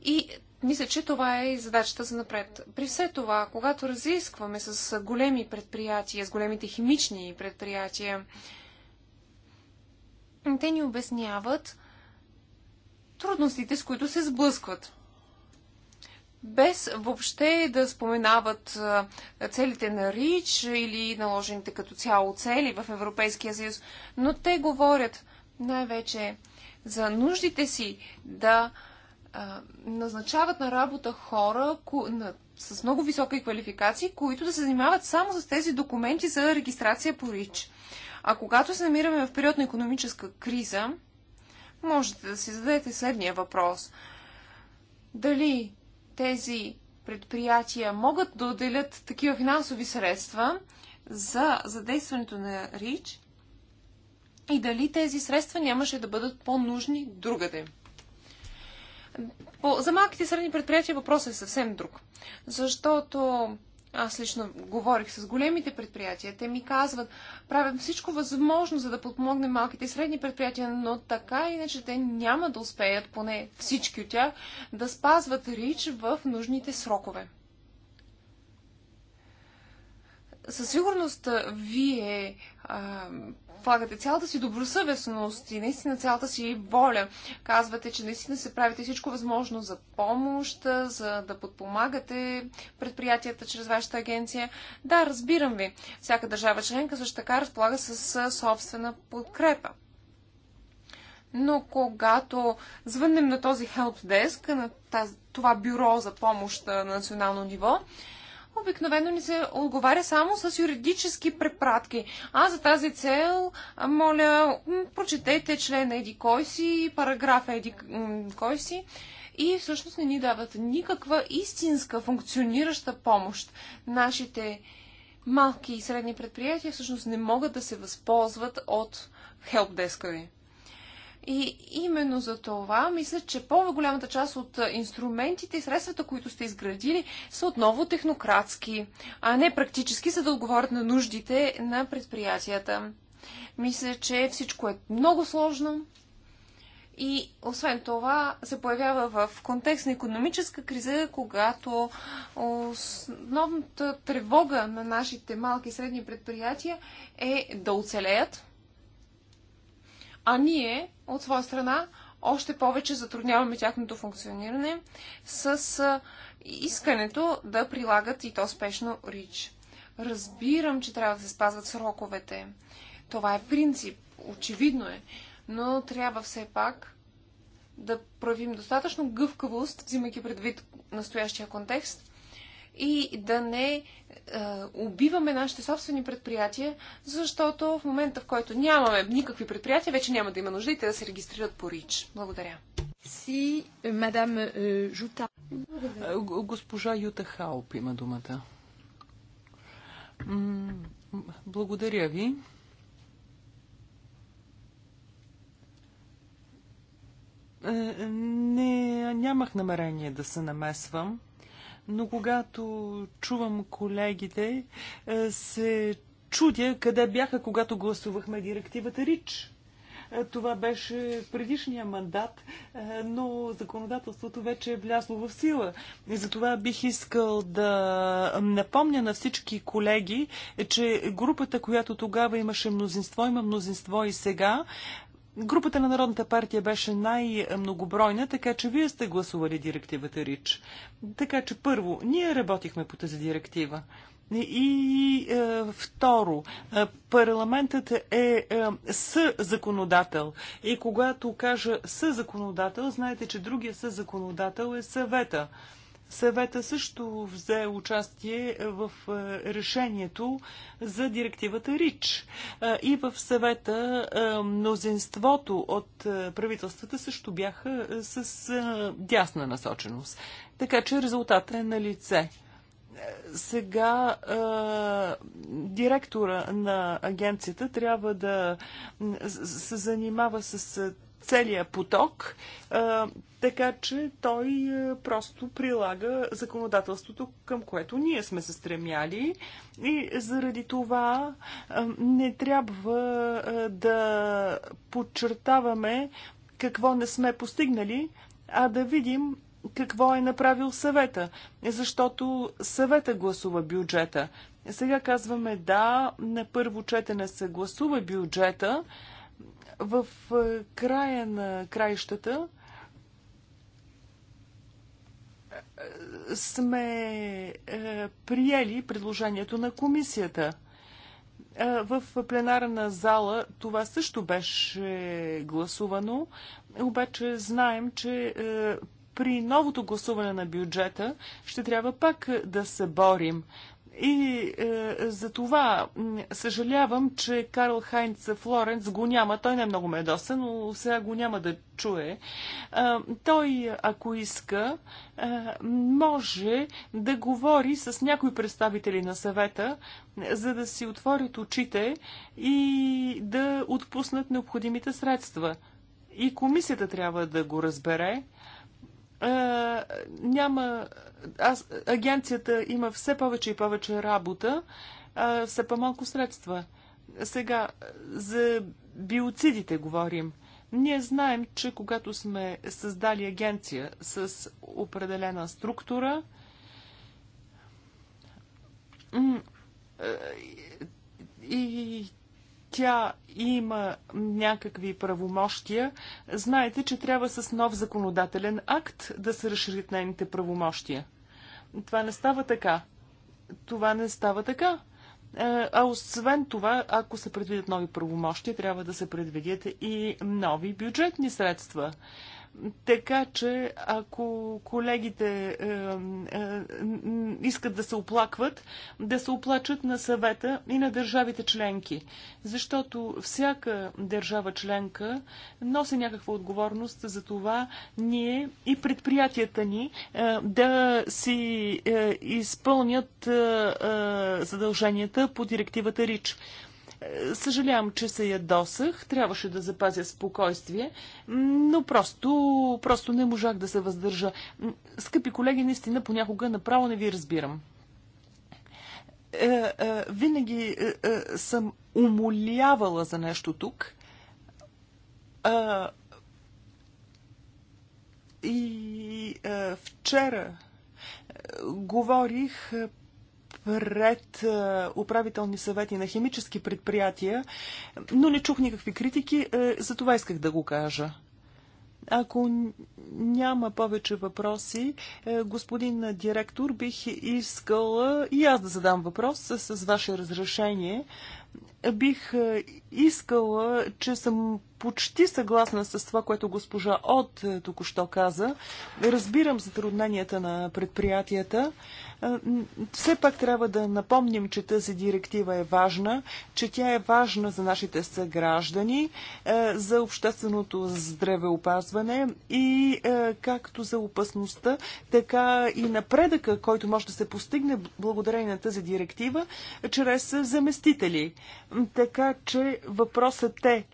и мисля, че това е и задачата за напред. При все това, когато разискваме с големи предприятия, с големите химични предприятия, те ни обясняват, трудностите, с които се сблъскват. Без въобще да споменават целите на РИЧ или наложените като цяло цели в Европейския съюз, но те говорят най-вече за нуждите си да а, назначават на работа хора ко, на, с много високи квалификации, които да се занимават само с тези документи за регистрация по РИЧ. А когато се намираме в период на економическа криза, можете да си зададете следния въпрос. Дали тези предприятия могат да отделят такива финансови средства за задействането на РИЧ и дали тези средства нямаше да бъдат по-нужни другаде. За малките и средни предприятия въпросът е съвсем друг, защото аз лично говорих с големите предприятия. Те ми казват, правим всичко възможно, за да подпомогнем малките и средни предприятия, но така иначе те няма да успеят, поне всички от тях, да спазват рич в нужните срокове. Със сигурност вие а, полагате цялата си добросъвестност и наистина цялата си воля. Казвате, че наистина се правите всичко възможно за помощ, за да подпомагате предприятията чрез вашата агенция. Да, разбирам ви. Всяка държава членка също така разполага с собствена подкрепа. Но когато звъннем на този help desk, на това бюро за помощ на национално ниво, обикновено ни се отговаря само с юридически препратки. А за тази цел, моля, прочетете член Еди кой си, параграф Еди кой си и всъщност не ни дават никаква истинска функционираща помощ. Нашите малки и средни предприятия всъщност не могат да се възползват от хелпдеска ви. И именно за това мисля, че по-голямата част от инструментите и средствата, които сте изградили, са отново технократски, а не практически, за да отговорят на нуждите на предприятията. Мисля, че всичко е много сложно. И освен това се появява в контекст на економическа криза, когато основната тревога на нашите малки и средни предприятия е да оцелеят – а ние, от своя страна, още повече затрудняваме тяхното функциониране с искането да прилагат и то спешно РИЧ. Разбирам, че трябва да се спазват сроковете. Това е принцип, очевидно е, но трябва все пак да правим достатъчно гъвкавост, взимайки предвид настоящия контекст, и да не е, убиваме нашите собствени предприятия, защото в момента, в който нямаме никакви предприятия, вече няма да има нужда и те да се регистрират по РИЧ. Благодаря. Си, е, мадам е, Жута. Госпожа Юта Хауп има думата. Благодаря ви. Не, нямах намерение да се намесвам но когато чувам колегите, е, се чудя къде бяха, когато гласувахме директивата РИЧ. Е, това беше предишния мандат, е, но законодателството вече е влязло в сила. И затова бих искал да напомня на всички колеги, че групата, която тогава имаше мнозинство, има мнозинство и сега групата на Народната партия беше най-многобройна, така че вие сте гласували директивата РИЧ. Така че първо, ние работихме по тази директива. И е, второ, е, парламентът е, е съзаконодател. И когато кажа съзаконодател, знаете, че другия съзаконодател е съвета. Съвета също взе участие в е, решението за директивата РИЧ. Е, и в съвета е, мнозинството от правителствата също бяха с дясна насоченост. Така че резултатът е на лице. Сега директора на агенцията трябва да се занимава с целия поток, така че той просто прилага законодателството, към което ние сме се стремяли и заради това не трябва да подчертаваме какво не сме постигнали, а да видим какво е направил съвета, защото съвета гласува бюджета. Сега казваме да, на първо четене се гласува бюджета, в е, края на краищата е, сме е, приели предложението на комисията. В пленарна зала това също беше гласувано, обаче знаем, че при новото гласуване на бюджета ще трябва пак да се борим. И е, за това съжалявам, че Карл Хайнц Флоренц го няма. Той не е много доса, но сега го няма да чуе. Е, той, ако иска, е, може да говори с някои представители на съвета, за да си отворят очите и да отпуснат необходимите средства. И комисията трябва да го разбере а, няма. Аз, агенцията има все повече и повече работа, а, все по-малко средства. Сега, за биоцидите говорим. Ние знаем, че когато сме създали агенция с определена структура, и тя има някакви правомощия, знаете, че трябва с нов законодателен акт да се разширят нейните правомощия. Това не става така. Това не става така. Е, а освен това, ако се предвидят нови правомощи, трябва да се предвидят и нови бюджетни средства. Така че, ако колегите е, е, искат да се оплакват, да се оплачат на съвета и на държавите членки. Защото всяка държава членка носи някаква отговорност за това ние и предприятията ни е, да си е, изпълнят е, е задълженията по директивата РИЧ. Съжалявам, че се ядосах. Трябваше да запазя спокойствие, но просто, просто не можах да се въздържа. Скъпи колеги, наистина понякога направо не ви разбирам. Е, е, винаги е, съм умолявала за нещо тук. И вчера говорих пред е, управителни съвети на химически предприятия, но не чух никакви критики, е, за това исках да го кажа. Ако няма повече въпроси, е, господин директор, бих искала и аз да задам въпрос с ваше разрешение. Бих искала, че съм почти съгласна с това, което госпожа От е, току-що каза. Разбирам затрудненията на предприятията. Е, все пак трябва да напомним, че тази директива е важна, че тя е важна за нашите съграждани, е, за общественото здравеопазване и както за опасността, така и напредъка, който може да се постигне благодарение на тази директива, чрез заместители. Така че въпросът е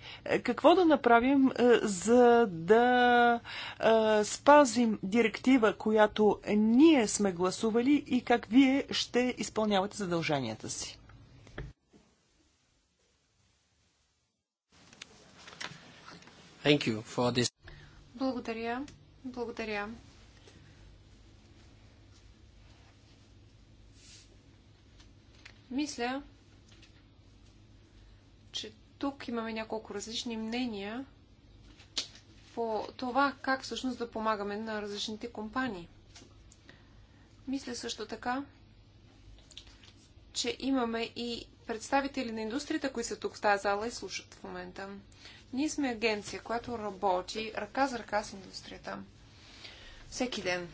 какво да направим, е, за да е, спазим директива, която ние сме гласували и как вие ще изпълнявате задълженията си? Thank you for this. Благодаря. Благодаря. Мисля, тук имаме няколко различни мнения по това как всъщност да помагаме на различните компании. Мисля също така, че имаме и представители на индустрията, които са тук в тази зала и слушат в момента. Ние сме агенция, която работи ръка за ръка с индустрията. Всеки ден.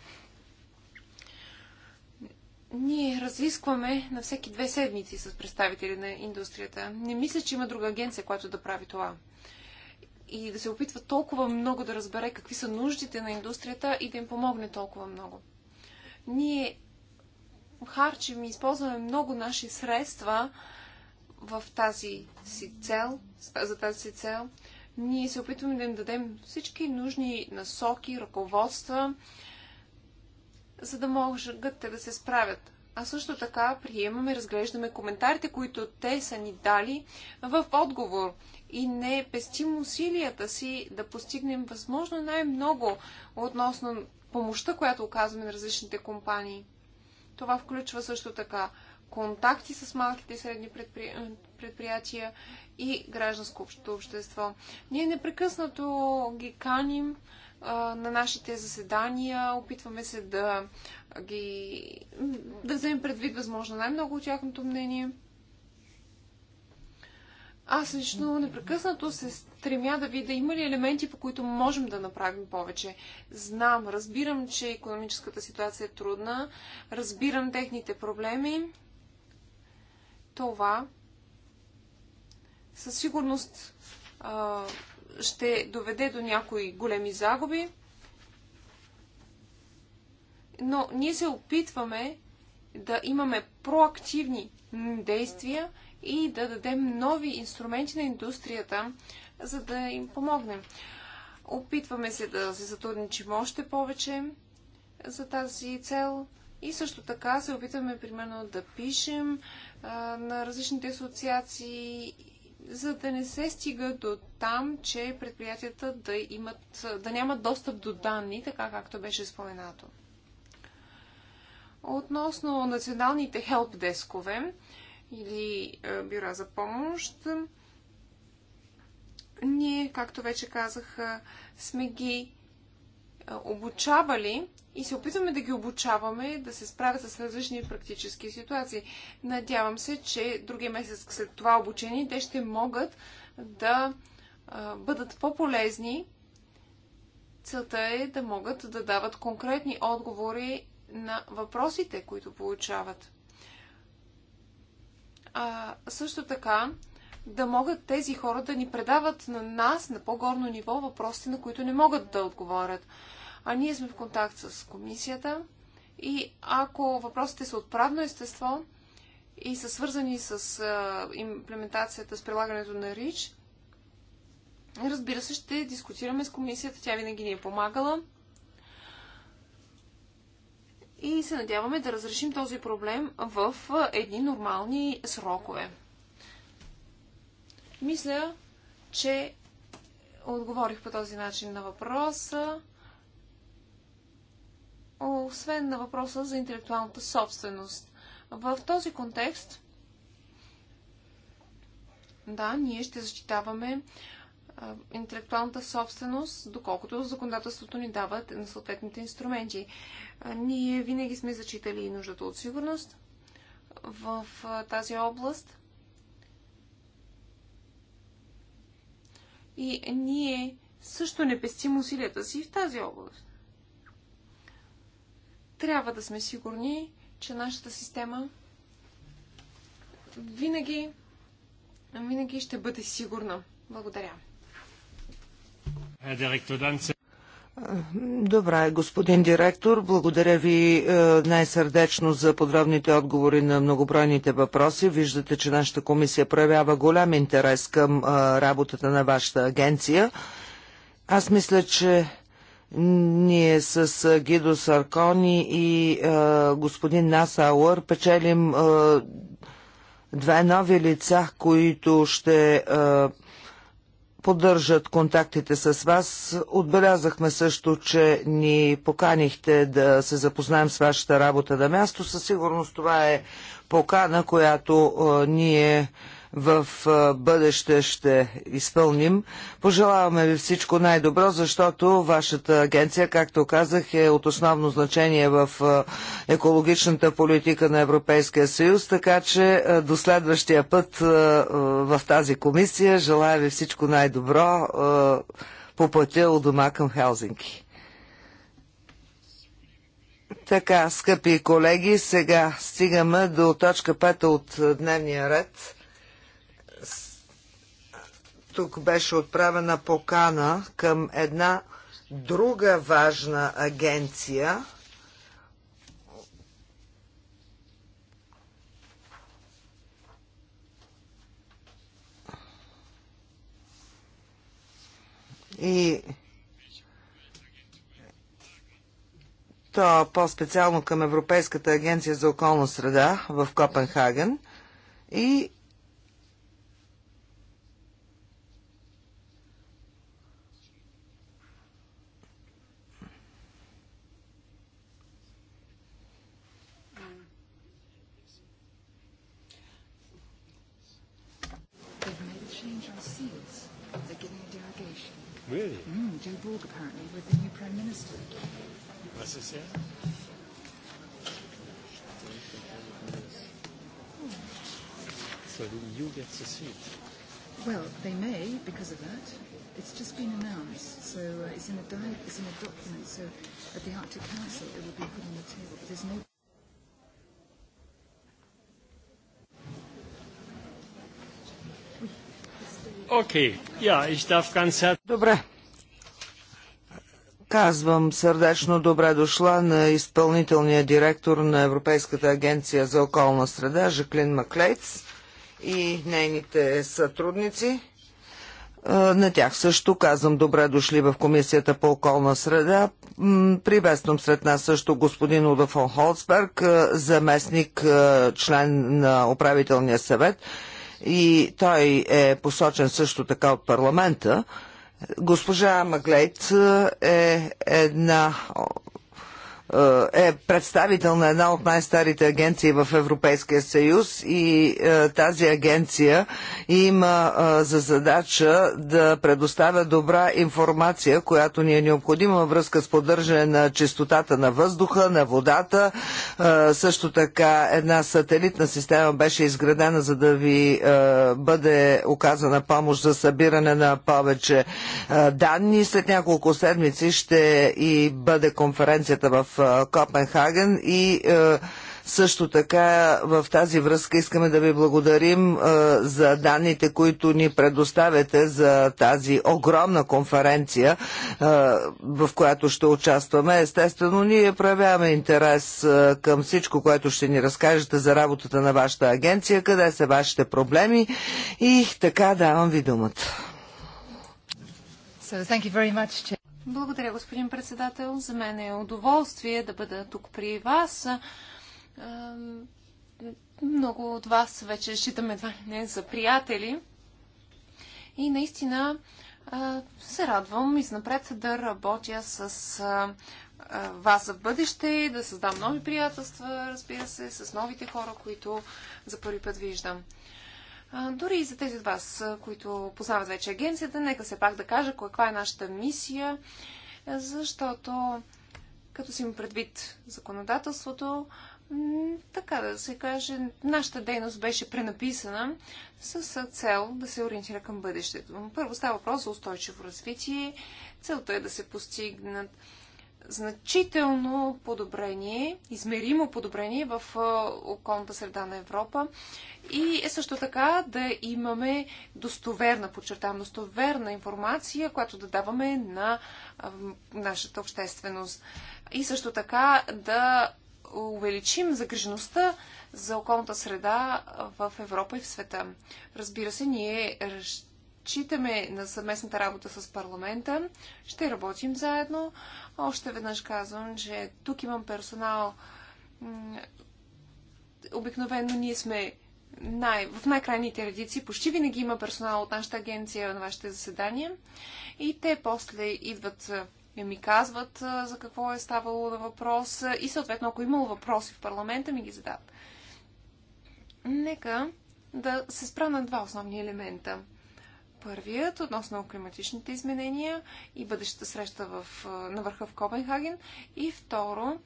Ние разискваме на всеки две седмици с представители на индустрията. Не мисля, че има друга агенция, която да прави това. И да се опитва толкова много да разбере какви са нуждите на индустрията и да им помогне толкова много. Ние харчим и използваме много наши средства в тази си цел, за тази си цел. Ние се опитваме да им дадем всички нужни насоки, ръководства, за да могат те да се справят. А също така приемаме, разглеждаме коментарите, които те са ни дали в отговор и не пестим усилията си да постигнем възможно най-много относно помощта, която оказваме на различните компании. Това включва също така контакти с малките и средни предпри... предприятия и гражданско общество. Ние непрекъснато ги каним на нашите заседания. Опитваме се да ги да вземем предвид възможно най-много от тяхното мнение. Аз лично непрекъснато се стремя да видя има ли елементи, по които можем да направим повече. Знам, разбирам, че економическата ситуация е трудна, разбирам техните проблеми. Това със сигурност ще доведе до някои големи загуби, но ние се опитваме да имаме проактивни действия и да дадем нови инструменти на индустрията, за да им помогнем. Опитваме се да се сътрудничим още повече за тази цел и също така се опитваме примерно да пишем а, на различните асоциации за да не се стига до там, че предприятията да, имат, да нямат достъп до данни, така както беше споменато. Относно националните хелпдескове или е, бюра за помощ, ние, както вече казах, сме ги обучавали и се опитваме да ги обучаваме да се справят с различни практически ситуации. Надявам се, че другия месец след това обучение те ще могат да бъдат по-полезни. Целта е да могат да дават конкретни отговори на въпросите, които получават. А, също така, да могат тези хора да ни предават на нас на по-горно ниво въпросите, на които не могат да отговорят. А ние сме в контакт с комисията и ако въпросите са от правно естество и са свързани с имплементацията, с прилагането на РИЧ, разбира се, ще дискутираме с комисията. Тя винаги ни е помагала. И се надяваме да разрешим този проблем в едни нормални срокове. Мисля, че отговорих по този начин на въпроса освен на въпроса за интелектуалната собственост. В този контекст, да, ние ще защитаваме интелектуалната собственост, доколкото законодателството ни дава на съответните инструменти. Ние винаги сме зачитали и нуждата от сигурност в тази област. И ние също не пестим усилията си в тази област трябва да сме сигурни, че нашата система винаги, винаги ще бъде сигурна. Благодаря. Добре, господин директор, благодаря ви е, най-сърдечно за подробните отговори на многобройните въпроси. Виждате, че нашата комисия проявява голям интерес към е, работата на вашата агенция. Аз мисля, че ние с Гидо Саркони и а, господин Насауър печелим а, две нови лица, които ще а, поддържат контактите с вас. Отбелязахме също, че ни поканихте да се запознаем с вашата работа на място. Със сигурност това е покана, която а, ние в бъдеще ще изпълним. Пожелаваме ви всичко най-добро, защото вашата агенция, както казах, е от основно значение в екологичната политика на Европейския съюз, така че до следващия път в тази комисия желая ви всичко най-добро по пътя от дома към Хелзинки. Така, скъпи колеги, сега стигаме до точка 5 от дневния ред тук беше отправена покана към една друга важна агенция, И то по-специално към Европейската агенция за околна среда в Копенхаген. И talk apparently with the new Prime Minister. Was ist er? So the EU gets a seat. Well, they may because of that. It's just been announced, so uh, it's in a di- it's in a document. So at the Arctic Council, it will be put on the table. But there's no. Okay. Yeah, ich darf ganz herzlich. Казвам сърдечно добре дошла на изпълнителния директор на Европейската агенция за околна среда Жаклин Маклейц и нейните сътрудници. Е, на тях също казвам добре дошли в Комисията по околна среда. Приветствам сред нас също господин Удафон Холцберг, е, заместник е, член на управителния съвет и той е посочен също така от парламента. Госпожа Маглет е една е представител на една от най-старите агенции в Европейския съюз и е, тази агенция има е, за задача да предоставя добра информация, която ни е необходима във връзка с поддържане на чистотата на въздуха, на водата. Е, също така една сателитна система беше изградена, за да ви е, бъде оказана помощ за събиране на повече е, данни. След няколко седмици ще и бъде конференцията в Копенхаген и също така в тази връзка искаме да ви благодарим за данните, които ни предоставяте за тази огромна конференция, в която ще участваме. Естествено, ние проявяваме интерес към всичко, което ще ни разкажете за работата на вашата агенция, къде са вашите проблеми и така давам ви думата. So, thank you very much, благодаря, господин председател. За мен е удоволствие да бъда тук при вас. Много от вас вече считаме едва ли не за приятели. И наистина се радвам изнапред да работя с вас за бъдеще, да създам нови приятелства, разбира се, с новите хора, които за първи път виждам. Дори и за тези от вас, които познават вече агенцията, нека се пак да кажа каква е нашата мисия, защото като си им предвид законодателството, така да се каже, нашата дейност беше пренаписана с цел да се ориентира към бъдещето. Първо става въпрос за устойчиво развитие. Целта е да се постигнат значително подобрение, измеримо подобрение в околната среда на Европа и е също така да имаме достоверна, подчертавам, достоверна информация, която да даваме на нашата общественост. И също така да увеличим загрижеността за околната среда в Европа и в света. Разбира се, ние разчитаме на съвместната работа с парламента, ще работим заедно. Още веднъж казвам, че тук имам персонал. Обикновено ние сме най, в най-крайните редици. Почти винаги има персонал от нашата агенция на вашите заседания. И те после идват и ми казват за какво е ставало на въпрос. И съответно, ако е имало въпроси в парламента, ми ги задават. Нека да се спра на два основни елемента – Първият относно климатичните изменения и бъдещата среща в, на върха в Копенхаген. И второ,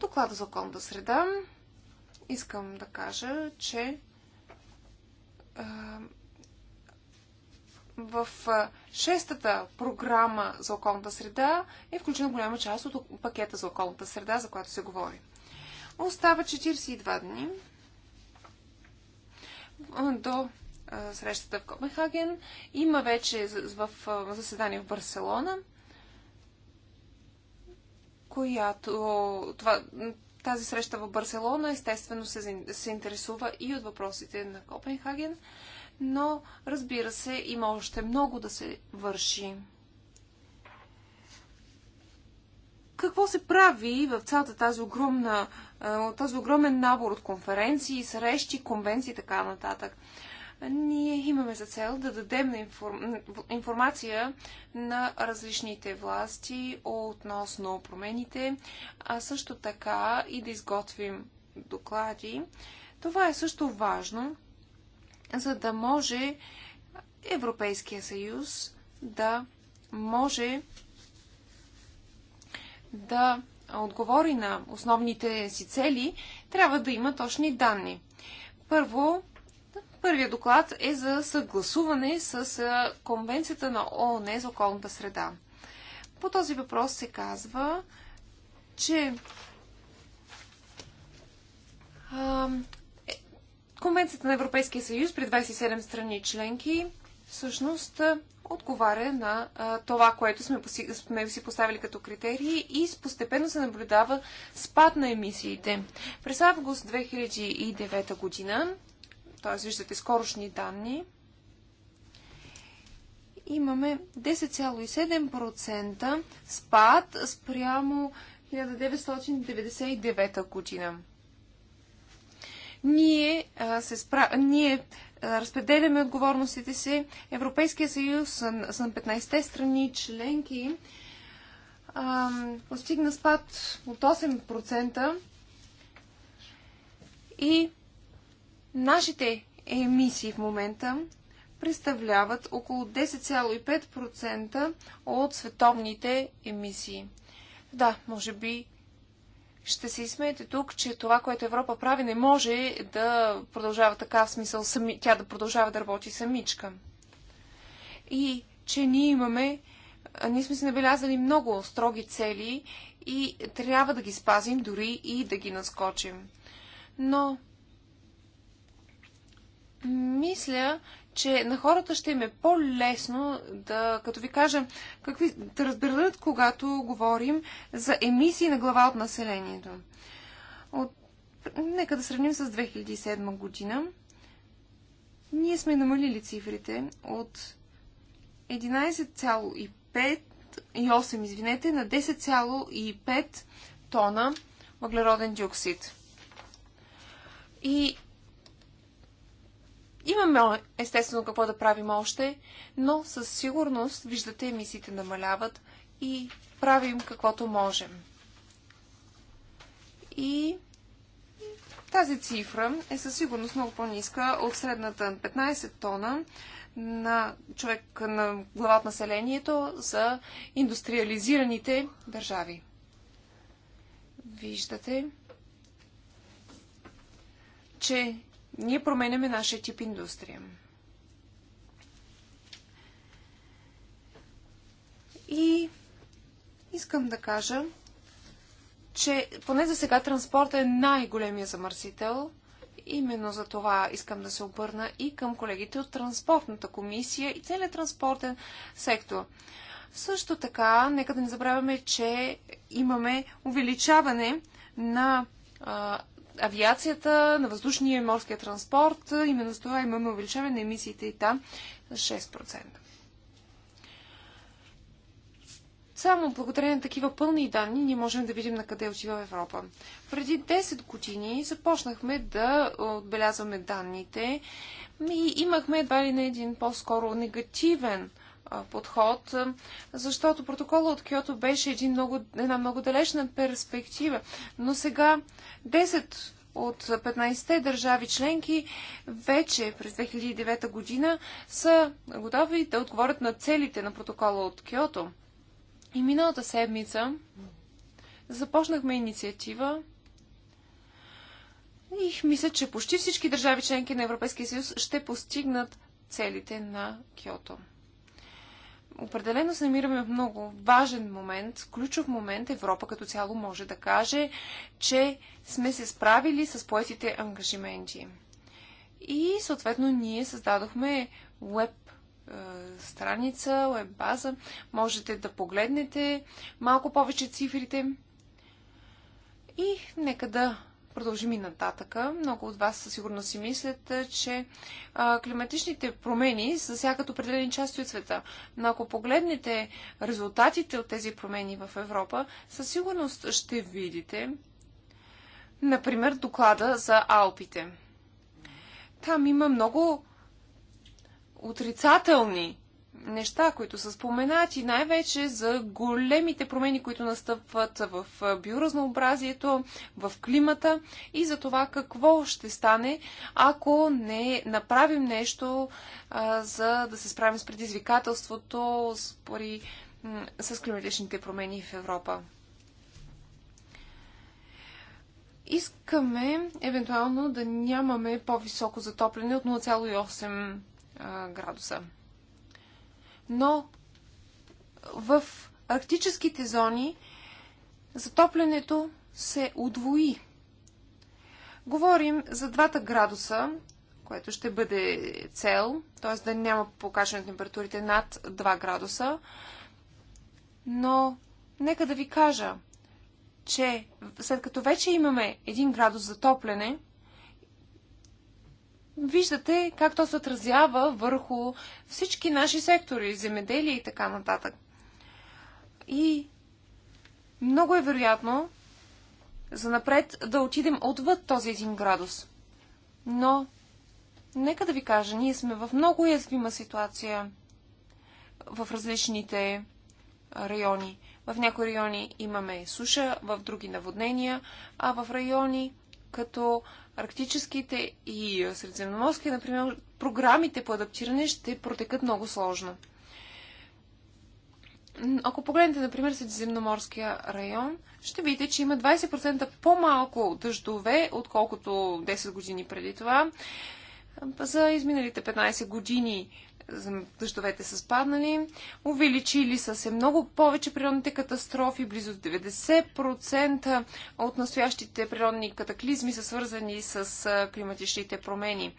доклада за околната среда. Искам да кажа, че в шестата програма за околната среда е включена голяма част от пакета за околната среда, за която се говори. Остава 42 дни до срещата в Копенхаген. Има вече в заседание в Барселона, която това, тази среща в Барселона естествено се, се интересува и от въпросите на Копенхаген, но разбира се, има още много да се върши. Какво се прави в цялата тази огромна, този огромен набор от конференции, срещи, конвенции и така нататък? ние имаме за цел да дадем информ... информация на различните власти относно промените, а също така и да изготвим доклади. Това е също важно, за да може Европейския съюз да може да отговори на основните си цели, трябва да има точни данни. Първо, Първият доклад е за съгласуване с Конвенцията на ООН за околната среда. По този въпрос се казва, че а, е, Конвенцията на Европейския съюз при 27 страни членки всъщност отговаря на а, това, което сме, сме си поставили като критерии и постепенно се наблюдава спад на емисиите. През август 2009 година т.е. виждате скорошни данни, имаме 10,7% спад спрямо 1999 година. Ние, а, се спра... Ние а, разпределяме отговорностите си. Европейския съюз с 15-те страни членки а, постигна спад от 8% и Нашите емисии в момента представляват около 10,5% от световните емисии. Да, може би ще се изсмеете тук, че това, което Европа прави, не може да продължава така, в смисъл сами, тя да продължава да работи самичка. И че ние имаме, ние сме си набелязали много строги цели и трябва да ги спазим, дори и да ги наскочим. Но мисля, че на хората ще им е по-лесно да, като ви кажа, какви, да разберат, когато говорим за емисии на глава от населението. От, нека да сравним с 2007 година. Ние сме намалили цифрите от 11,5 и 8, извинете, на 10,5 тона въглероден диоксид. И Имаме естествено какво да правим още, но със сигурност виждате емисиите намаляват и правим каквото можем. И тази цифра е със сигурност много по-ниска от средната 15 тона на човек на глава от населението за индустриализираните държави. Виждате, че ние променяме нашия тип индустрия. И искам да кажа, че поне за сега транспорта е най-големия замърсител. Именно за това искам да се обърна и към колегите от Транспортната комисия и целият транспортен сектор. Също така, нека да не забравяме, че имаме увеличаване на авиацията, на въздушния и морския транспорт. Именно с това имаме увеличаване на емисиите и там на 6%. Само благодарение на такива пълни данни ние можем да видим на къде отива Европа. Преди 10 години започнахме да отбелязваме данните и имахме едва ли на един по-скоро негативен подход, защото протокола от Киото беше един много, една много далечна перспектива. Но сега 10 от 15-те държави членки вече през 2009 година са готови да отговорят на целите на протокола от Киото. И миналата седмица започнахме инициатива и мисля, че почти всички държави членки на Европейския съюз ще постигнат целите на Киото определено се намираме в много важен момент, ключов момент. Европа като цяло може да каже, че сме се справили с поетите ангажименти. И съответно ние създадохме веб е, страница, веб база. Можете да погледнете малко повече цифрите. И нека да продължим и нататъка. Много от вас със сигурност си мислят, е, че а, климатичните промени засягат определени части от света. Но ако погледнете резултатите от тези промени в Европа, със сигурност ще видите, например, доклада за Алпите. Там има много отрицателни неща, които са споменати, най-вече за големите промени, които настъпват в биоразнообразието, в климата и за това какво ще стане, ако не направим нещо а, за да се справим с предизвикателството с, с климатичните промени в Европа. Искаме евентуално да нямаме по-високо затопляне от 0,8 градуса но в арктическите зони затоплянето се удвои. Говорим за двата градуса, което ще бъде цел, т.е. да няма покачване на температурите над 2 градуса. Но нека да ви кажа, че след като вече имаме 1 градус затопляне, виждате как то се отразява върху всички наши сектори, земеделие и така нататък. И много е вероятно за напред да отидем отвъд този един градус. Но, нека да ви кажа, ние сме в много язвима ситуация в различните райони. В някои райони имаме суша, в други наводнения, а в райони като арктическите и средиземноморски, например, програмите по адаптиране ще протекат много сложно. Ако погледнете, например, Средиземноморския район, ще видите, че има 20% по-малко дъждове, отколкото 10 години преди това. За изминалите 15 години дъждовете са спаднали. Увеличили са се много повече природните катастрофи. Близо 90% от настоящите природни катаклизми са свързани с климатичните промени.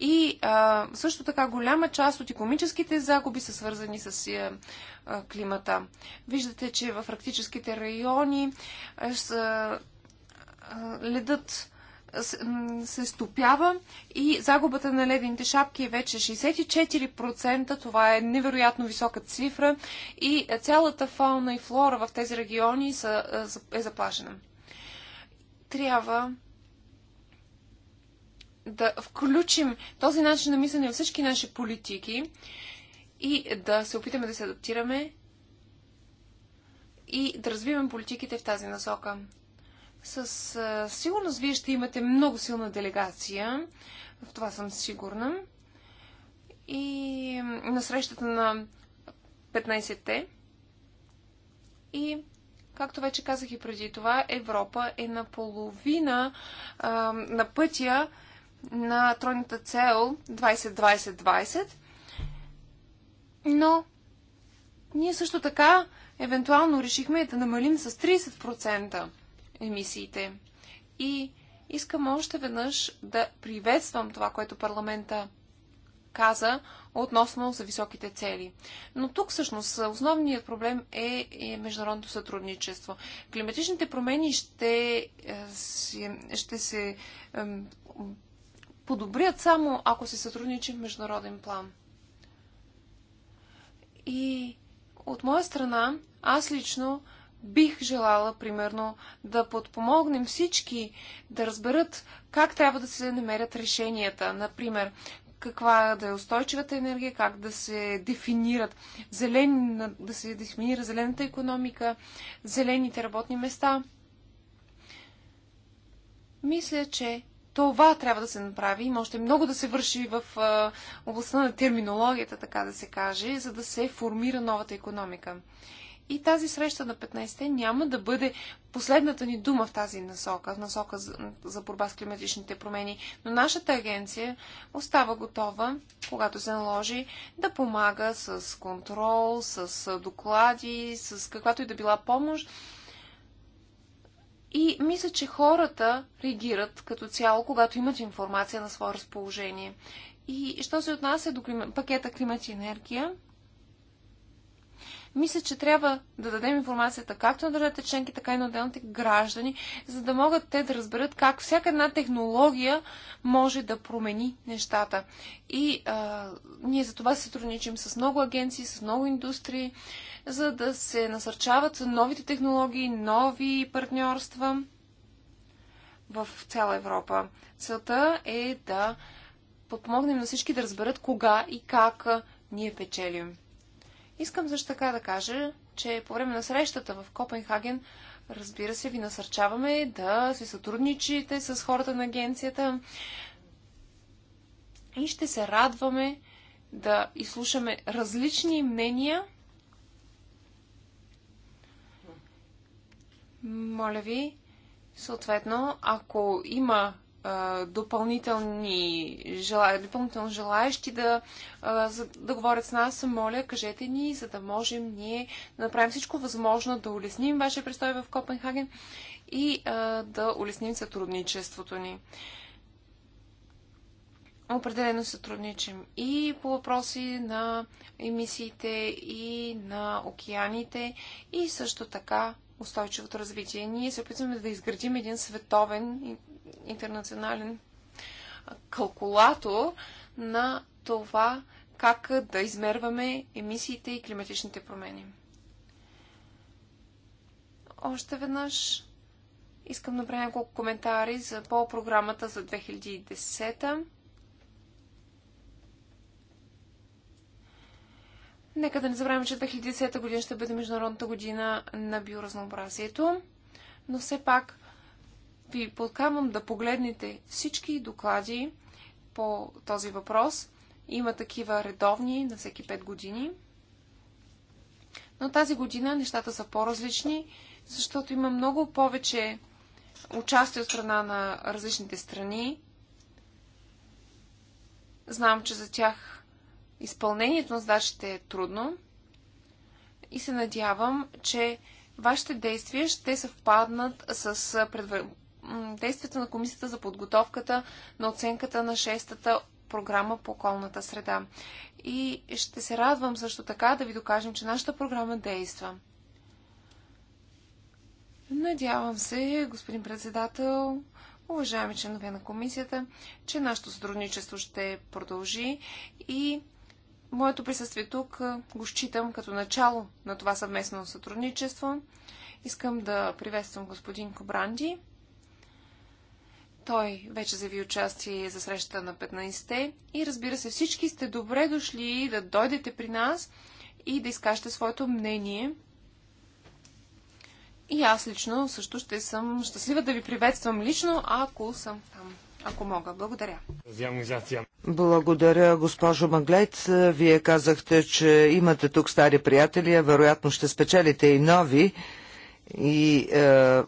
И а, също така голяма част от економическите загуби са свързани с а, климата. Виждате, че в арктическите райони а, ледът се стопява и загубата на ледените шапки е вече 64%. Това е невероятно висока цифра и цялата фауна и флора в тези региони са, е, е заплашена. Трябва да включим този начин на мислене във всички наши политики и да се опитаме да се адаптираме и да развиваме политиките в тази насока. Със а, сигурност вие ще имате много силна делегация, в това съм сигурна. И на срещата на 15-те. И, както вече казах и преди това, Европа е наполовина а, на пътя на тройната цел 20-20-20. Но ние също така евентуално решихме да намалим с 30% емисиите. И искам още веднъж да приветствам това, което парламента каза относно за високите цели. Но тук всъщност основният проблем е, е международното сътрудничество. Климатичните промени ще, е, ще се подобрят само ако се сътрудничи в международен план. И от моя страна, аз лично бих желала, примерно, да подпомогнем всички да разберат как трябва да се намерят решенията. Например, каква да е устойчивата енергия, как да се дефинират зелен, да се дефинира зелената економика, зелените работни места. Мисля, че това трябва да се направи. Може още много да се върши в областта на терминологията, така да се каже, за да се формира новата економика. И тази среща на 15-те няма да бъде последната ни дума в тази насока, в насока за, за борба с климатичните промени. Но нашата агенция остава готова, когато се наложи, да помага с контрол, с доклади, с каквато и да била помощ. И мисля, че хората реагират като цяло, когато имат информация на свое разположение. И що се отнася до пакета климат и енергия, мисля, че трябва да дадем информацията както на държавите членки, така и на отделните граждани, за да могат те да разберат как всяка една технология може да промени нещата. И а, ние за това се сътрудничим с много агенции, с много индустрии, за да се насърчават новите технологии, нови партньорства в цяла Европа. Целта е да подпомогнем на всички да разберат кога и как ние печелим. Искам също така да кажа, че по време на срещата в Копенхаген, разбира се, ви насърчаваме да се сътрудничите с хората на агенцията и ще се радваме да изслушаме различни мнения. Моля ви, съответно, ако има допълнителни, жела... допълнително желаящи да, за, да говорят с нас, моля, кажете ни, за да можем ние да направим всичко възможно да улесним вашия престой в Копенхаген и а, да улесним сътрудничеството ни определено сътрудничим и по въпроси на емисиите и на океаните и също така устойчивото развитие. Ние се опитваме да изградим един световен интернационален калкулатор на това как да измерваме емисиите и климатичните промени. Още веднъж искам да направя няколко коментари за, по програмата за 2010 Нека да не забравим, че 2010 година ще бъде Международната година на биоразнообразието, но все пак ви подкамвам да погледнете всички доклади по този въпрос. Има такива редовни на всеки 5 години. Но тази година нещата са по-различни, защото има много повече участие от страна на различните страни. Знам, че за тях Изпълнението на задачите е трудно и се надявам, че вашите действия ще съвпаднат с предвър... действията на Комисията за подготовката на оценката на шестата програма по околната среда. И ще се радвам също така да ви докажем, че нашата програма действа. Надявам се, господин председател, уважаеми членове на комисията, че нашето сътрудничество ще продължи и Моето присъствие тук го считам като начало на това съвместно сътрудничество. Искам да приветствам господин Кобранди. Той вече заяви участие за срещата на 15-те и разбира се всички сте добре дошли да дойдете при нас и да изкажете своето мнение. И аз лично също ще съм щастлива да ви приветствам лично, ако съм там ако мога. Благодаря. Благодаря, госпожо Маглет. Вие казахте, че имате тук стари приятели, а вероятно ще спечелите и нови. И е,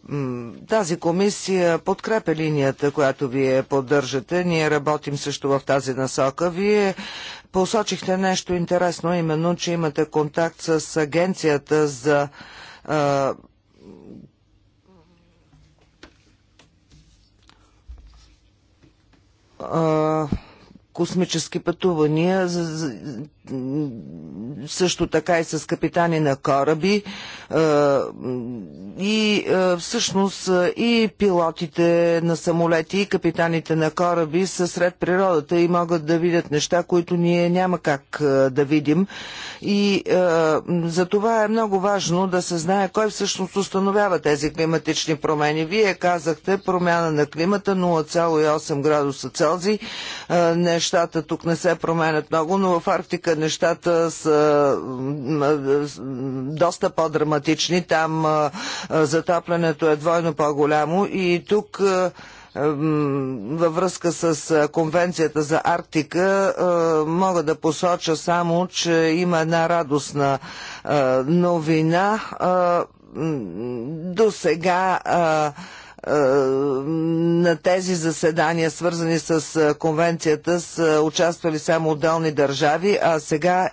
тази комисия подкрепя линията, която вие поддържате. Ние работим също в тази насока. Вие посочихте нещо интересно, именно, че имате контакт с агенцията за е, космически пътувания за за също така и с капитани на кораби е, и е, всъщност е, и пилотите на самолети и капитаните на кораби са сред природата и могат да видят неща, които ние няма как да видим и за това е много важно да се знае кой всъщност установява тези климатични промени. Вие казахте промяна на климата 0,8 градуса Целзий. Нещата тук не се променят много, но в Арктика нещата са доста по-драматични. Там затаплянето е двойно по-голямо и тук във връзка с Конвенцията за Арктика мога да посоча само, че има една радостна новина. До сега е, на тези заседания, свързани с е, конвенцията, са участвали само отделни държави, а сега е,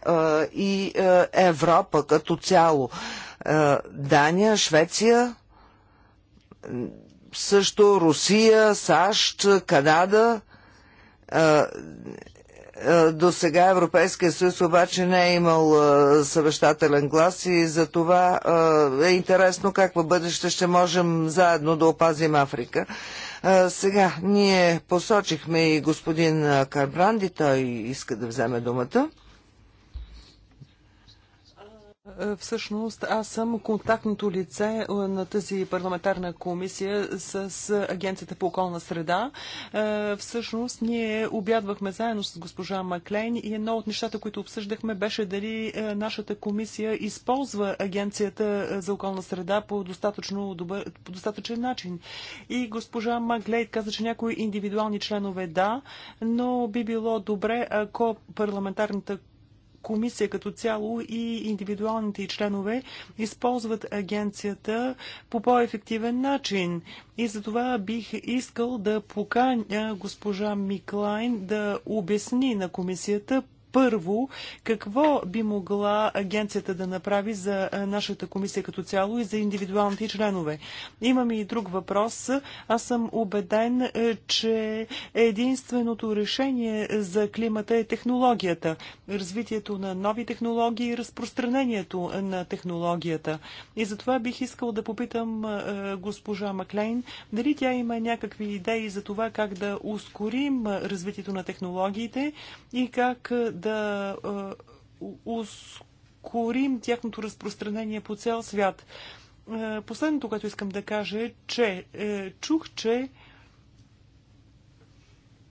и Европа като цяло. Дания, Швеция, също Русия, САЩ, Канада е, до сега Европейския съюз обаче не е имал е, съвещателен глас и за това е, е интересно как в бъдеще ще можем заедно да опазим Африка. Сега ние посочихме и господин Карбранди, той иска да вземе думата. Е, всъщност аз съм контактното лице е, на тази парламентарна комисия с Агенцията по околна среда. Е, всъщност ние обядвахме заедно с госпожа Маклейн и едно от нещата, които обсъждахме, беше дали нашата комисия използва Агенцията за околна среда по, достатъчно добър, по достатъчен начин. И госпожа Маклейн каза, че някои индивидуални членове да, но би било добре, ако парламентарната комисия комисия като цяло и индивидуалните членове използват агенцията по по-ефективен начин. И за това бих искал да поканя госпожа Миклайн да обясни на комисията първо, какво би могла агенцията да направи за нашата комисия като цяло и за индивидуалните членове? Имам и друг въпрос. Аз съм убеден, че единственото решение за климата е технологията. Развитието на нови технологии и разпространението на технологията. И затова бих искал да попитам госпожа Маклейн, дали тя има някакви идеи за това как да ускорим развитието на технологиите и как да ускорим тяхното разпространение по цял свят. Последното, което искам да кажа е, че е, чух, че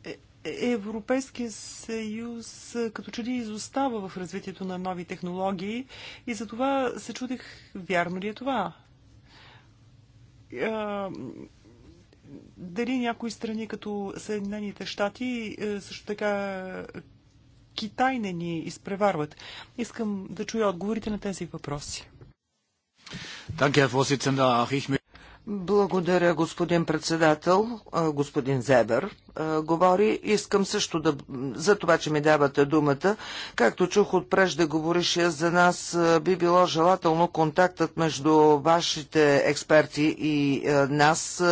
е, е, Европейския съюз като че ли изостава в развитието на нови технологии и за това се чудих, вярно ли е това? Дали някои страни като Съединените щати, също така Китай не ни изпреварват. Искам да чуя отговорите на тези въпроси. Благодаря, господин председател, господин Зебер говори. Искам също да, за това, че ми давате думата, както чух от преждеговорившия, за нас би било желателно контактът между вашите експерти и нас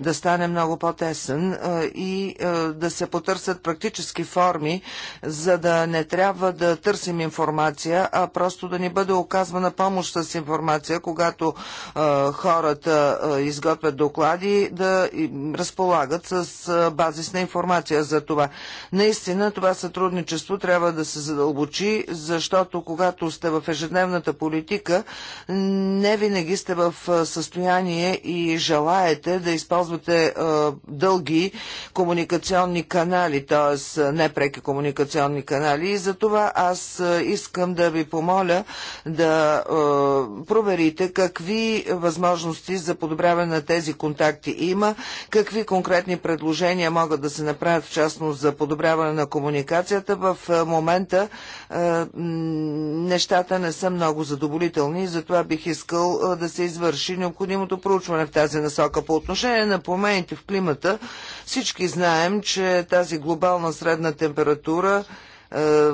да стане много по-тесен и да се потърсят практически форми, за да не трябва да търсим информация, а просто да ни бъде оказвана помощ с информация, когато хората изготвят доклади, да разполагат с база базисна информация за това. Наистина това сътрудничество трябва да се задълбочи, защото когато сте в ежедневната политика, не винаги сте в състояние и желаете да използвате дълги комуникационни канали, т.е. непреки комуникационни канали. И за това аз искам да ви помоля да проверите какви възможности за подобряване на тези контакти има, какви конкретни предложения могат могат да се направят, в частност за подобряване на комуникацията, в момента нещата не са много задоволителни и затова бих искал да се извърши необходимото проучване в тази насока. По отношение на промените в климата, всички знаем, че тази глобална средна температура е,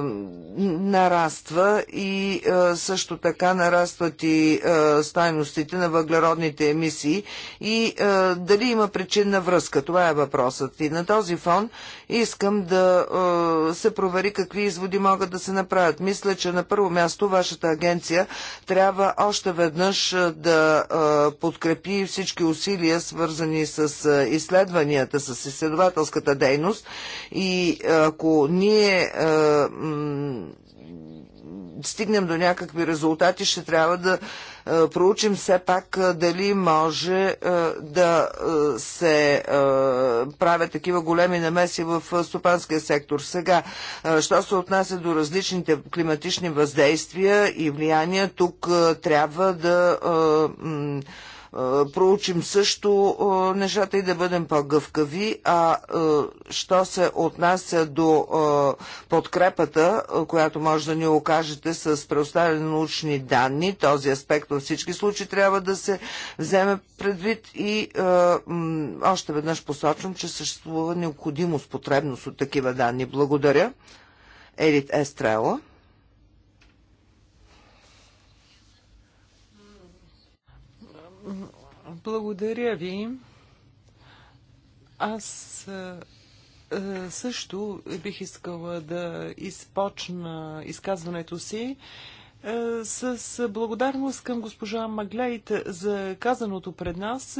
нараства и е, също така нарастват и е, стайностите на въглеродните емисии и дали има причинна връзка. Това е въпросът. И на този фон искам да се провери какви изводи могат да се направят. Мисля, че на първо място вашата агенция трябва още веднъж да подкрепи всички усилия, свързани с изследванията, с изследователската дейност и ако ние да стигнем до някакви резултати, ще трябва да проучим все пак дали може да се правят такива големи намеси в стопанския сектор. Сега, що се отнася до различните климатични въздействия и влияния, тук трябва да проучим също нещата и да бъдем по-гъвкави, а що се отнася до подкрепата, която може да ни окажете с предоставени научни данни, този аспект във всички случаи трябва да се вземе предвид и още веднъж посочвам, че съществува необходимост, потребност от такива данни. Благодаря. Елит Естрела. Благодаря ви. Аз също бих искала да изпочна изказването си с благодарност към госпожа Маглейт за казаното пред нас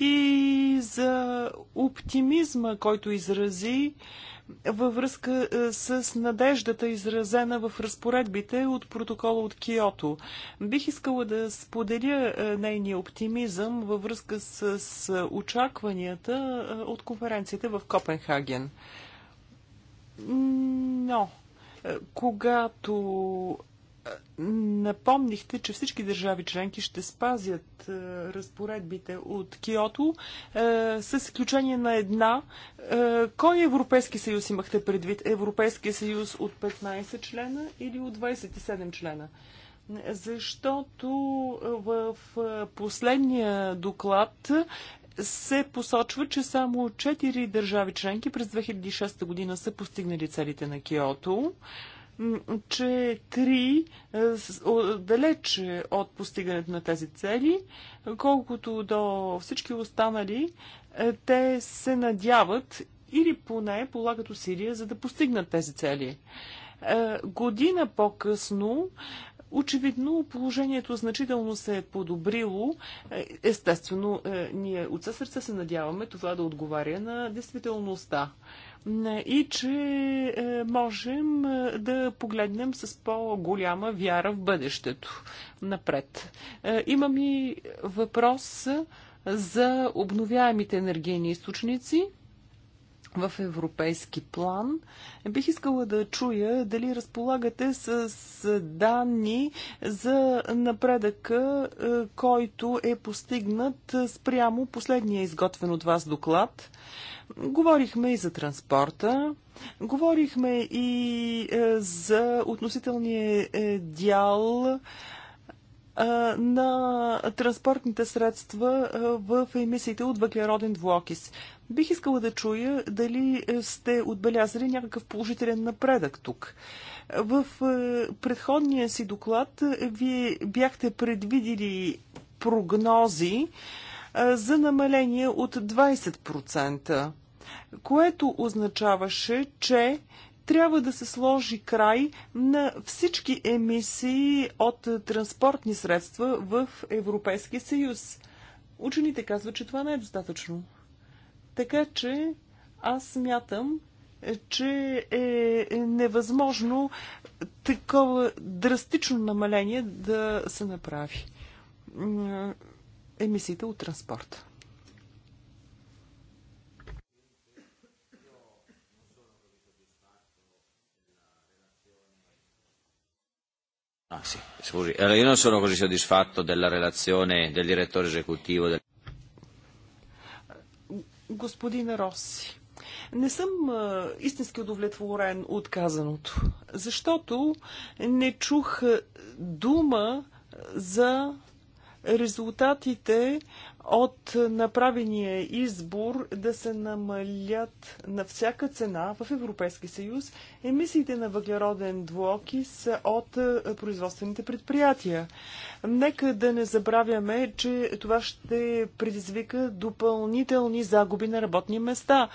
и за оптимизма, който изрази във връзка е, с надеждата, изразена в разпоредбите от протокола от Киото. Бих искала да споделя е, нейния оптимизъм във връзка с очакванията е, от конференцията в Копенхаген. Но, когато напомнихте, че всички държави членки ще спазят е, разпоредбите от Киото, е, с изключение на една. Е, кой Европейски съюз имахте предвид? Европейския съюз от 15 члена или от 27 члена? Защото в последния доклад се посочва, че само 4 държави членки през 2006 година са постигнали целите на Киото че три е, далече от постигането на тези цели, колкото до всички останали, е, те се надяват или поне полагат усилия, за да постигнат тези цели. Е, година по-късно Очевидно положението значително се е подобрило. Е, естествено, е, ние от със сърце се надяваме това да отговаря на действителността и че е, можем да погледнем с по-голяма вяра в бъдещето напред. Имам и въпрос за обновяемите енергийни източници в европейски план. Бих искала да чуя дали разполагате с данни за напредъка, е, който е постигнат спрямо последния изготвен от вас доклад. Говорихме и за транспорта, говорихме и е, за относителния е, дял на транспортните средства в емисиите от въглероден двуокис. Бих искала да чуя дали е, сте отбелязали някакъв положителен напредък тук. В е, предходния си доклад е, вие бяхте предвидили прогнози за намаление от 20%, което означаваше, че трябва да се сложи край на всички емисии от транспортни средства в Европейския съюз. Учените казват, че това не е достатъчно. Така че аз смятам, че е невъзможно такова драстично намаление да се направи. Емисиите от транспорта. Ah, sì, scusi. Allora, io non sono così soddisfatto della relazione del direttore esecutivo. Del... Господин Роси, не съм истински удовлетворен от казаното, защото не чух дума за резултатите от направения избор да се намалят на всяка цена в Европейския съюз емисиите на въглероден двуокис от е, производствените предприятия. Нека да не забравяме, че това ще предизвика допълнителни загуби на работни места.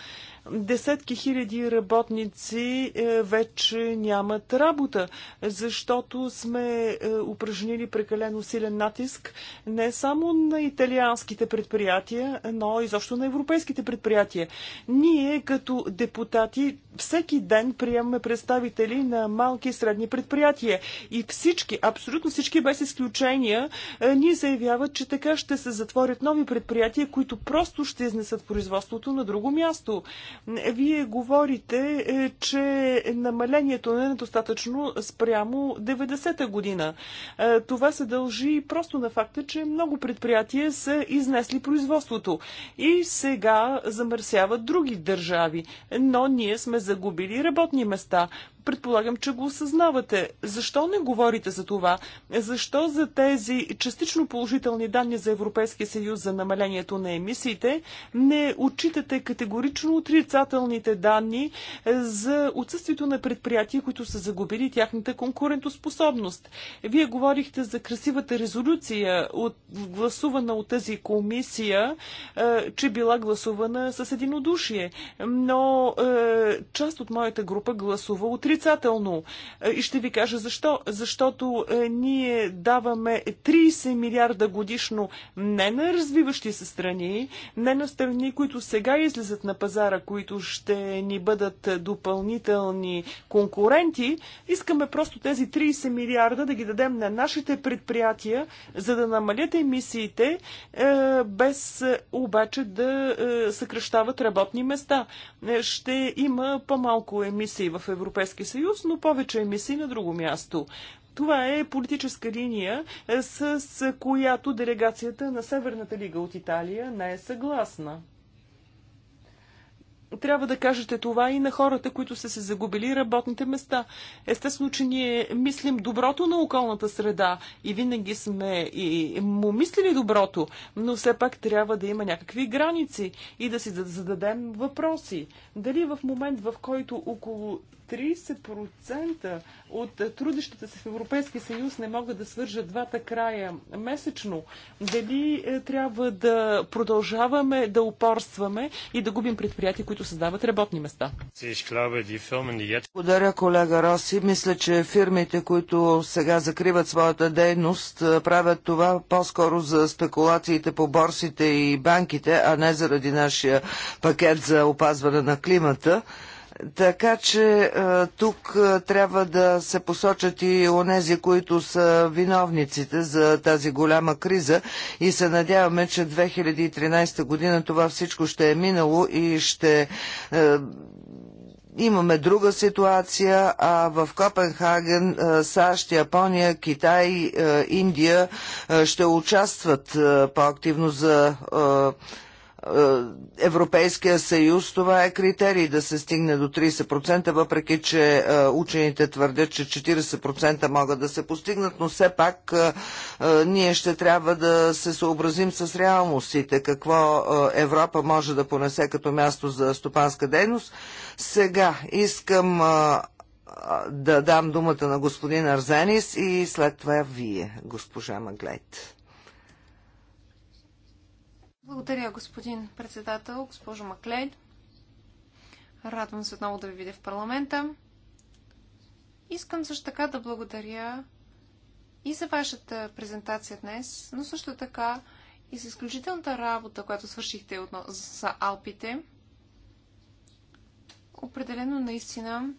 Десетки хиляди работници е, вече нямат работа, защото сме е, упражнили прекалено силен натиск не само на италианските предприятия, но и защо на европейските предприятия. Ние като депутати всеки ден приемаме представители на малки и средни предприятия и всички, абсолютно всички без изключения, е, ни заявяват, че така ще се затворят нови предприятия, които просто ще изнесат производството на друго място. Вие говорите, е, че намалението не е недостатъчно спрямо 90-та година. Е, това се дължи просто на факта, че много предприятия са изнесли производството и сега замърсяват други държави. Но ние сме загубили работни места. Предполагам, че го осъзнавате. Защо не говорите за това? Защо за тези частично положителни данни за Европейския съюз за намалението на емисиите не отчитате категорично отрицателните данни е, за отсъствието на предприятия, които са загубили тяхната конкурентоспособност? Вие говорихте за красивата резолюция, от, гласувана от тази комисия, е, че била гласувана с единодушие. Но е, част от моята група гласува отрицателно отрицателно. Е, и ще ви кажа защо. Защото е, ние даваме 30 милиарда годишно не на развиващи се страни, не на страни, които сега излизат на пазара, които ще ни бъдат допълнителни конкуренти. Искаме просто тези 30 милиарда да ги дадем на нашите предприятия, за да намалят емисиите, е, без обаче да съкръщават работни места. Ще има по-малко емисии в Европейския Европейски съюз, но повече е емисии на друго място. Това е политическа линия, е, с, с която делегацията на Северната лига от Италия не е съгласна. Трябва да кажете това и на хората, които са се загубили работните места. Естествено, че ние мислим доброто на околната среда и винаги сме и му мислили доброто, но все пак трябва да има някакви граници и да си зададем въпроси. Дали в момент, в който около 30% от трудещите се в Европейския съюз не могат да свържат двата края месечно. Дали е, трябва да продължаваме да упорстваме и да губим предприятия, които създават работни места? Благодаря, колега Роси. Мисля, че фирмите, които сега закриват своята дейност, е, правят това по-скоро за спекулациите по борсите и банките, а не заради нашия пакет за опазване на климата. Така че е, тук е, трябва да се посочат и онези, които са виновниците за тази голяма криза и се надяваме, че 2013 година това всичко ще е минало и ще е, имаме друга ситуация, а в Копенхаген САЩ, Япония, Китай, Индия ще участват по-активно за е, Европейския съюз, това е критерий да се стигне до 30%, въпреки че е, учените твърдят, че 40% могат да се постигнат, но все пак е, ние ще трябва да се съобразим с реалностите, какво Европа може да понесе като място за стопанска дейност. Сега искам да дам думата на господин Арзенис и след това вие, госпожа Маглет. Благодаря, господин председател, госпожо Маклейн. Радвам се отново да ви видя в парламента. Искам също така да благодаря и за вашата презентация днес, но също така и за изключителната работа, която свършихте за Алпите. Определено наистина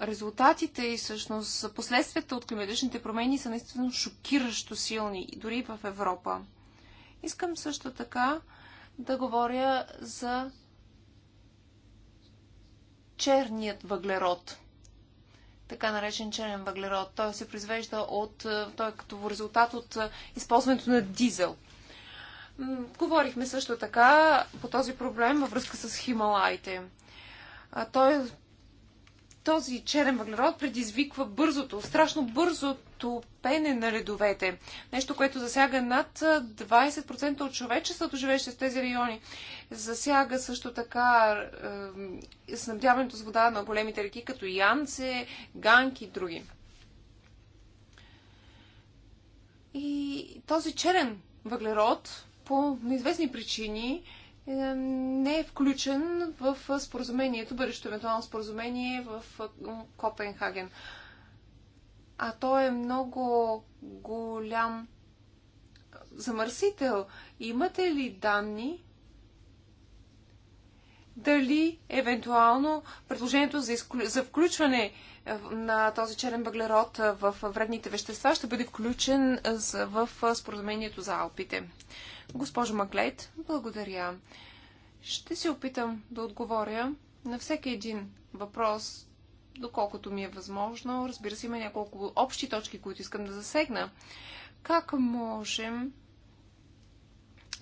резултатите и всъщност последствията от климатичните промени са наистина шокиращо силни, дори и в Европа. Искам също така да говоря за черният въглерод. Така наречен черен въглерод. Той се произвежда от, той е като резултат от използването на дизел. Говорихме също така по този проблем във връзка с Хималаите. Той е този черен въглерод предизвиква бързото, страшно бързото пене на ледовете. Нещо, което засяга над 20% от човечеството, живееще в тези райони. Засяга също така е, снабдяването с вода на големите реки, като Янце, Ганг и други. И този черен въглерод по неизвестни причини е, не е включен в споразумението, бъдещето евентуално споразумение в е, Копенхаген. А той е много голям замърсител. Имате ли данни дали евентуално предложението за, изклю... за включване е, на този черен въглерод в вредните вещества ще бъде включен в споразумението за Алпите? Госпожо Маклейт, благодаря. Ще се опитам да отговоря на всеки един въпрос, доколкото ми е възможно. Разбира се, има няколко общи точки, които искам да засегна. Как можем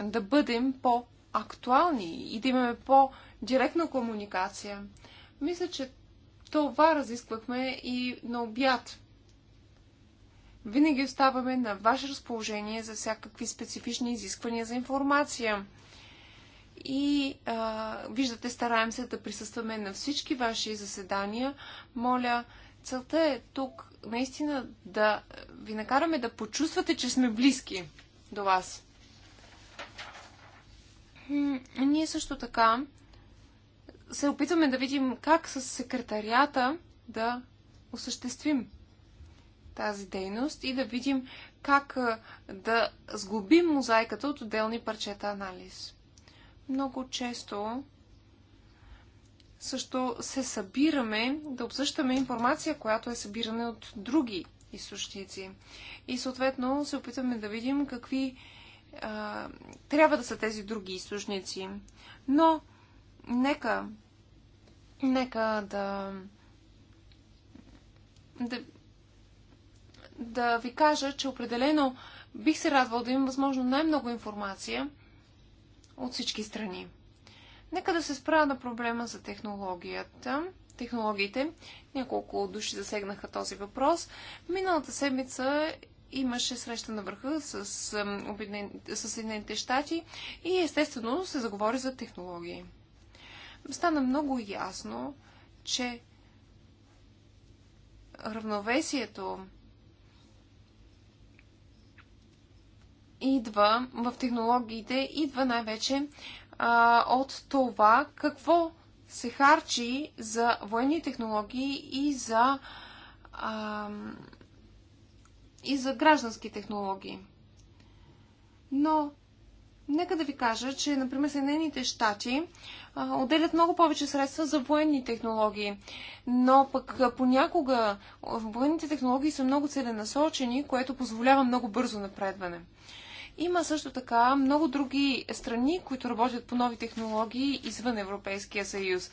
да бъдем по-актуални и да имаме по-директна комуникация? Мисля, че това разисквахме и на обяд винаги оставаме на ваше разположение за всякакви специфични изисквания за информация. И а, виждате, стараем се да присъстваме на всички ваши заседания. Моля, целта е тук наистина да ви накараме да почувствате, че сме близки до вас. Ние също така се опитваме да видим как с секретарията да осъществим тази дейност и да видим как да сглобим мозайката от отделни парчета анализ. Много често също се събираме да обсъщаме информация, която е събирана от други източници. И съответно се опитваме да видим какви а, трябва да са тези други източници. Но нека, нека да, да да ви кажа, че определено бих се радвал да имам възможно най-много информация от всички страни. Нека да се справя на проблема за технологията. Технологиите. Няколко души засегнаха този въпрос. Миналата седмица имаше среща на върха с, с Съединените щати и естествено се заговори за технологии. Стана много ясно, че равновесието идва в технологиите, идва най-вече от това какво се харчи за военни технологии и за, а, и за граждански технологии. Но, нека да ви кажа, че, например, Съединените щати отделят много повече средства за военни технологии. Но пък понякога военните технологии са много целенасочени, което позволява много бързо напредване. Има също така много други страни, които работят по нови технологии извън Европейския съюз.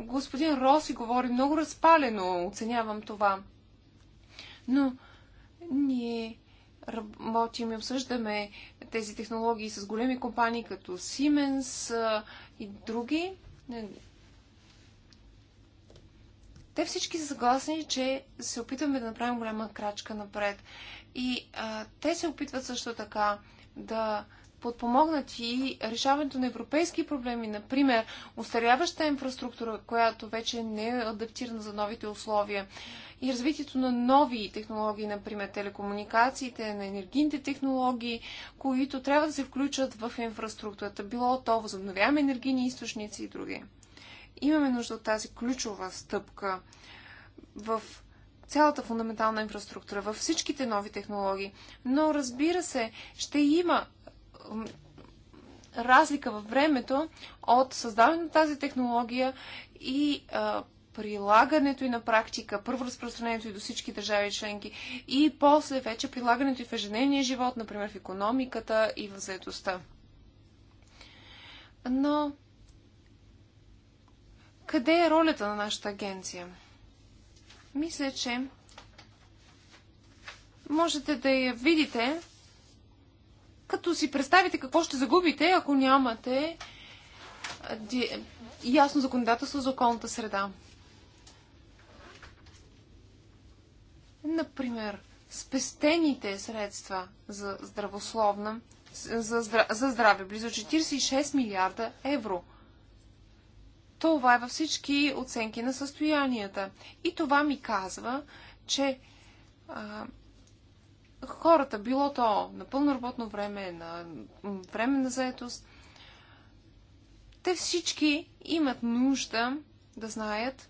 Господин Роси говори много разпалено, оценявам това. Но ние работим и обсъждаме тези технологии с големи компании като Siemens и други. Те всички са съгласни, че се опитваме да направим голяма крачка напред. И а, те се опитват също така да подпомогнат и решаването на европейски проблеми, например устаряваща инфраструктура, която вече не е адаптирана за новите условия и развитието на нови технологии, например телекомуникациите, на енергийните технологии, които трябва да се включат в инфраструктурата, било то възобновяваме енергийни източници и други. Имаме нужда от тази ключова стъпка в цялата фундаментална инфраструктура, във всичките нови технологии. Но разбира се, ще има разлика във времето от създаване на тази технология и а, прилагането и на практика, първо разпространението и до всички държави членки и после вече прилагането и в ежедневния живот, например в економиката и в заедостта. Но къде е ролята на нашата агенция? Мисля, че можете да я видите, като си представите какво ще загубите, ако нямате ясно законодателство за околната среда. Например, спестените средства за здравословна, за, здраве, близо 46 милиарда евро – това е във всички оценки на състоянията. И това ми казва, че а, хората, било то на пълно работно време, на време на заетост, те всички имат нужда да знаят,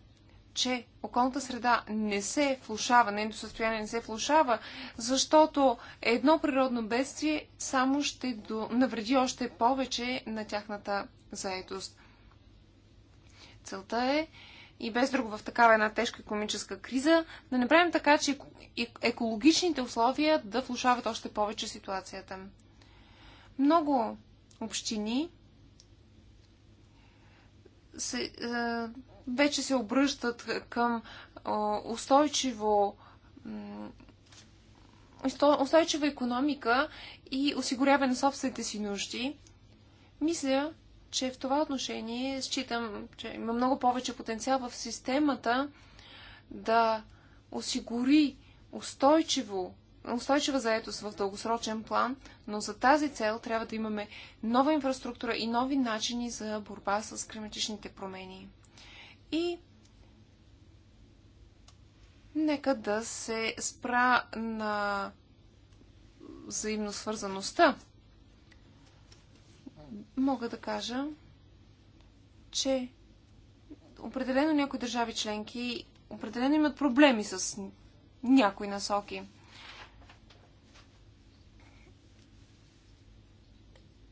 че околната среда не се влушава, нейното е състояние не се влушава, защото едно природно бедствие само ще навреди още повече на тяхната заетост. Целта е и без друго в такава една тежка економическа криза, да не правим така, че екологичните условия да влушават още повече ситуацията. Много общини се, е, вече се обръщат към е, устойчиво устойчива економика и осигуряване на собствените си нужди, мисля, че в това отношение считам, че има много повече потенциал в системата да осигури устойчиво, устойчива заетост в дългосрочен план, но за тази цел трябва да имаме нова инфраструктура и нови начини за борба с климатичните промени. И нека да се спра на взаимно свързаността мога да кажа, че определено някои държави членки определено имат проблеми с някои насоки.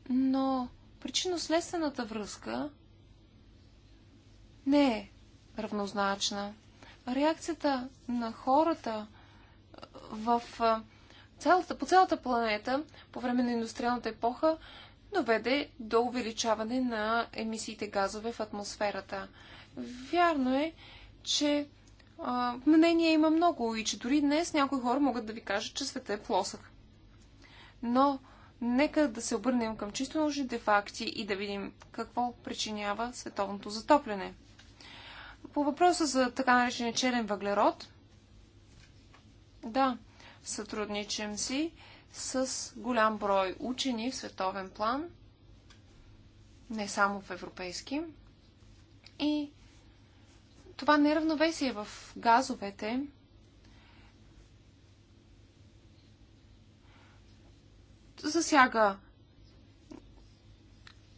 Но причинно-следствената връзка не е равнозначна. Реакцията на хората в цялата, по цялата планета по време на индустриалната епоха доведе до увеличаване на емисиите газове в атмосферата. Вярно е, че а, мнение има много и че дори днес някои хора могат да ви кажат, че света е плосък. Но нека да се обърнем към чисто научните факти и да видим какво причинява световното затопляне. По въпроса за така наречения черен въглерод, да, сътрудничим си с голям брой учени в световен план, не само в европейски. И това неравновесие в газовете засяга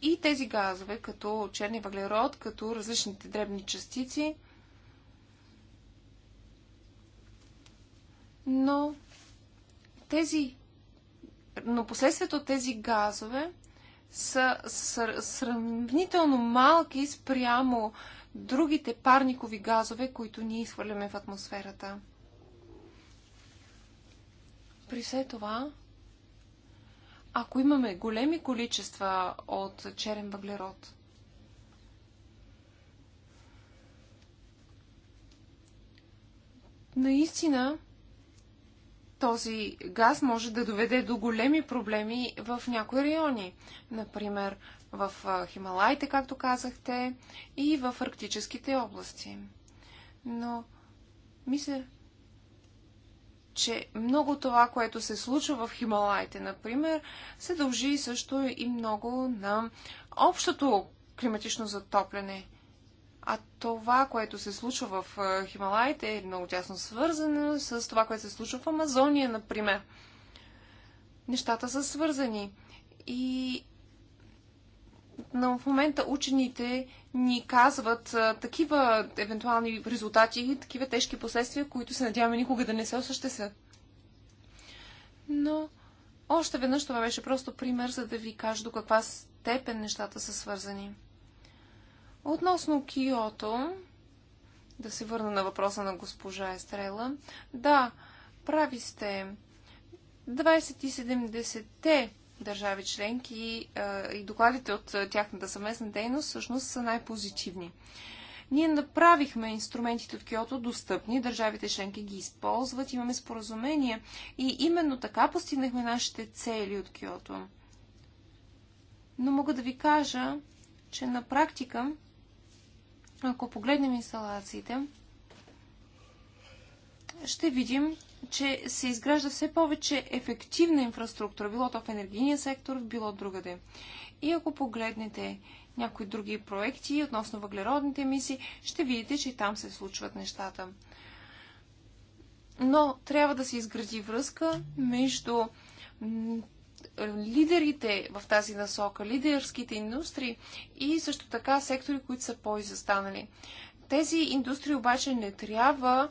и тези газове, като черни въглерод, като различните дребни частици, но тези но последствията от тези газове са сравнително малки спрямо другите парникови газове, които ние изхвърляме в атмосферата. При все това, ако имаме големи количества от черен въглерод, наистина този газ може да доведе до големи проблеми в някои райони. Например, в Хималайте, както казахте, и в арктическите области. Но мисля, че много това, което се случва в Хималайте, например, се дължи също и много на общото климатично затопляне. А това, което се случва в Хималаите е много тясно свързано с това, което се случва в Амазония, например. Нещата са свързани. И но в момента учените ни казват а, такива евентуални резултати, такива тежки последствия, които се надяваме никога да не се осъществят. Но още веднъж това беше просто пример, за да ви кажа до каква степен нещата са свързани. Относно Киото, да се върна на въпроса на госпожа Естрела. Да, прави сте. 27-те държави членки е, и докладите от е, тяхната съвместна дейност всъщност са най-позитивни. Ние направихме инструментите от Киото достъпни, държавите членки ги използват, имаме споразумения и именно така постигнахме нашите цели от Киото. Но мога да ви кажа, че на практика ако погледнем инсталациите, ще видим, че се изгражда все повече ефективна инфраструктура, било то в енергийния сектор, било другаде. И ако погледнете някои други проекти относно въглеродните емисии, ще видите, че и там се случват нещата. Но трябва да се изгради връзка между лидерите в тази насока, лидерските индустрии и също така сектори, които са по-изостанали. Тези индустрии обаче не трябва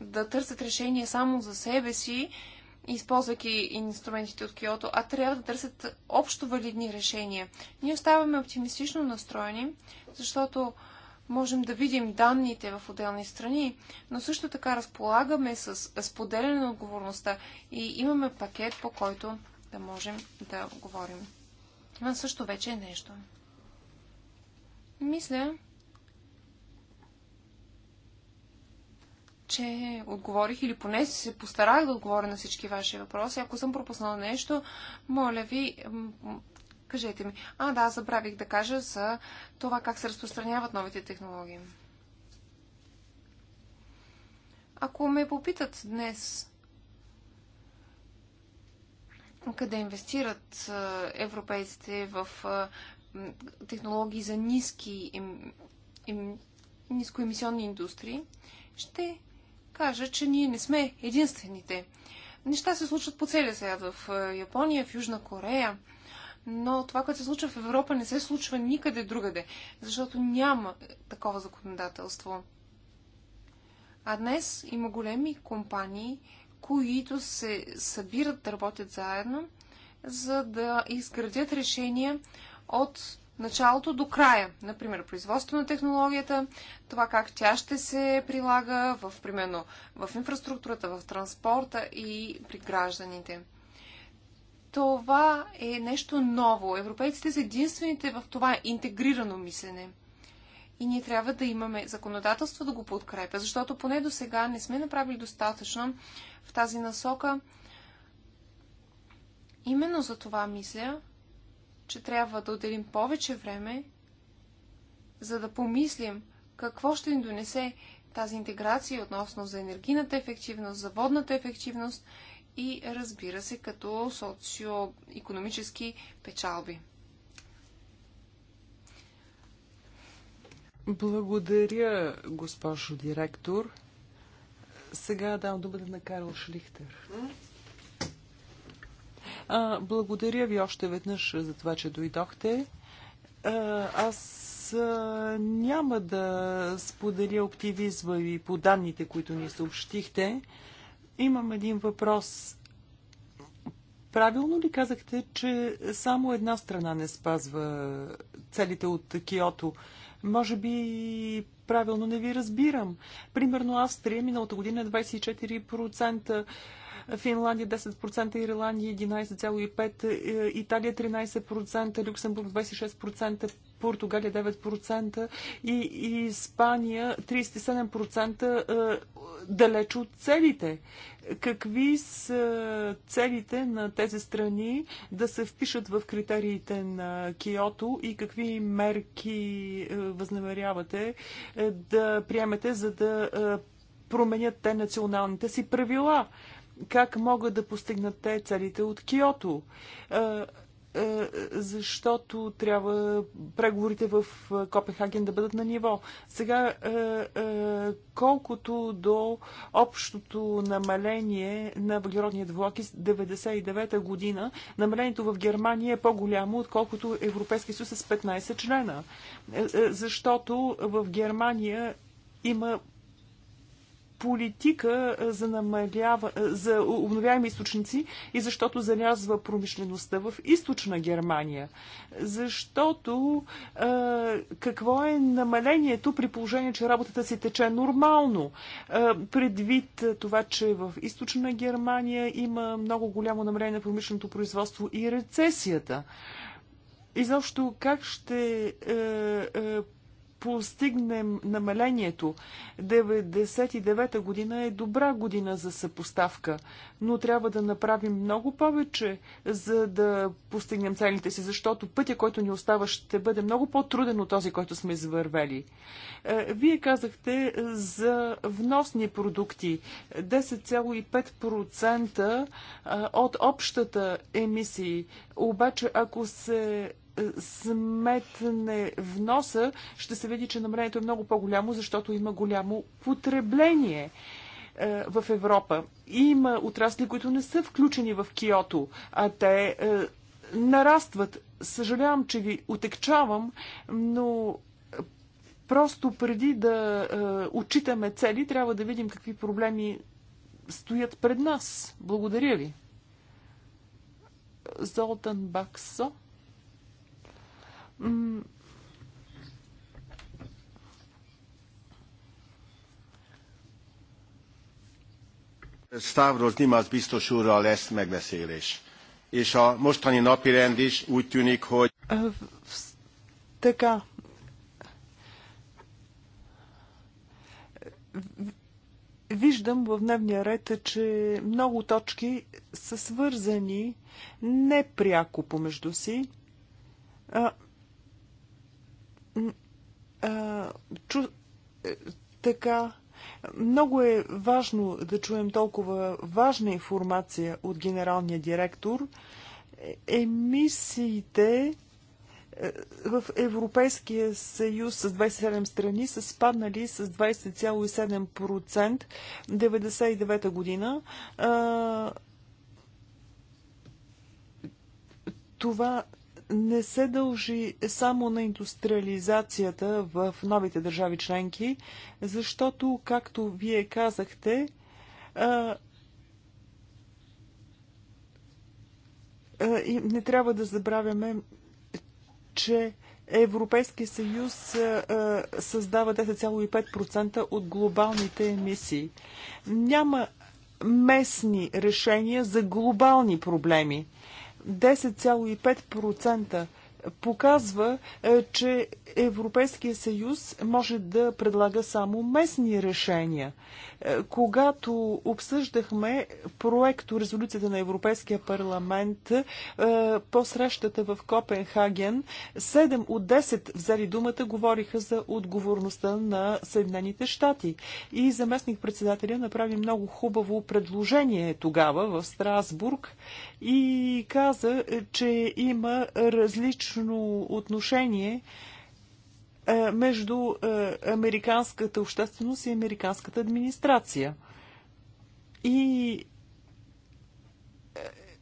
да търсят решение само за себе си, използвайки инструментите от Киото, а трябва да търсят общо валидни решения. Ние оставаме оптимистично настроени, защото можем да видим данните в отделни страни, но също така разполагаме с споделяне на отговорността и имаме пакет, по който да можем да говорим. Това също вече е нещо. Мисля, че отговорих или поне се постарах да отговоря на всички ваши въпроси. Ако съм пропуснала нещо, моля ви, кажете ми. А, да, забравих да кажа за това как се разпространяват новите технологии. Ако ме попитат днес къде инвестират европейците в технологии за ниски нискоемисионни индустрии, ще кажа, че ние не сме единствените. Неща се случват по целия свят в Япония, в Южна Корея, но това, което се случва в Европа, не се случва никъде другаде, защото няма е, такова законодателство. А днес има големи компании, които се събират да работят заедно, за да изградят решения от началото до края. Например, производство на технологията, това как тя ще се прилага в, примерно, в инфраструктурата, в транспорта и при гражданите. Това е нещо ново. Европейците са единствените в това интегрирано мислене – и ние трябва да имаме законодателство да го подкрепя, защото поне до сега не сме направили достатъчно в тази насока. Именно за това мисля, че трябва да отделим повече време, за да помислим какво ще ни донесе тази интеграция относно за енергийната ефективност, за водната ефективност и разбира се като социо-економически печалби. Благодаря, госпожо директор. Сега дам думата на Карл Шлихтер. А, благодаря ви още веднъж за това, че дойдохте. А, аз а, няма да споделя оптимизма и по данните, които ни съобщихте. Имам един въпрос. Правилно ли казахте, че само една страна не спазва целите от Киото? Може би правилно не ви разбирам. Примерно Австрия миналата година 24%, е Финландия 10%, Ирландия 11,5%, е, Италия 13%, Люксембург 26%, Португалия 9% и Испания 37% е, далеч от целите. Какви са целите на тези страни да се впишат в критериите на Киото и какви мерки е, възнамерявате е, да приемете, за да е, променят те националните си правила? Как могат да постигнат те целите от Киото? Е, защото трябва преговорите в е, Копенхаген да бъдат на ниво. Сега, е, колкото до общото намаление на въглеродния из 99-та година, намалението в Германия е по-голямо, отколкото Европейския съюз с 15 члена. Защото в Германия има политика за, намалява, за обновяеми източници и защото залязва промишлеността в източна Германия. Защото какво е намалението при положение, че работата си тече нормално? предвид това, че в източна Германия има много голямо намаление на промишленото производство и рецесията. Изобщо как ще е, е, постигнем намалението. 99-та година е добра година за съпоставка, но трябва да направим много повече, за да постигнем целите си, защото пътя, който ни остава, ще бъде много по-труден от този, който сме извървели. Е, вие казахте за вносни продукти 10,5% е, от общата емисии. Обаче, ако се сметне вноса, ще се види, че намалението е много по-голямо, защото има голямо потребление е, в Европа. Има отрасли, които не са включени в Киото, а те е, нарастват. Съжалявам, че ви отекчавам, но просто преди да е, отчитаме цели, трябва да видим какви проблеми стоят пред нас. Благодаря ви. Золтан Баксо. Stavros Dimas biztos úrral lesz megbeszélés. És a mostani napi rend is úgy tűnik, hogy... Така. Виждам в дневния ред, че много точки са свързани непряко помежду си а, чу, е, така, много е важно да чуем толкова важна информация от генералния директор. Е, емисиите е, в Европейския съюз с 27 страни са спаднали с 20,7% 99 година. Това не се дължи само на индустриализацията в новите държави членки, защото, както вие казахте, не трябва да забравяме, че Европейския съюз създава 10,5% от глобалните емисии. Няма местни решения за глобални проблеми. 10,5% показва, е, че Европейския съюз може да предлага само местни решения. Е, когато обсъждахме проекто резолюцията на Европейския парламент е, по срещата в Копенхаген, 7 от 10 взели думата говориха за отговорността на Съединените щати. И заместник председателя направи много хубаво предложение тогава в Страсбург и каза, че има различни различно отношение е, между е, американската общественост и американската администрация. И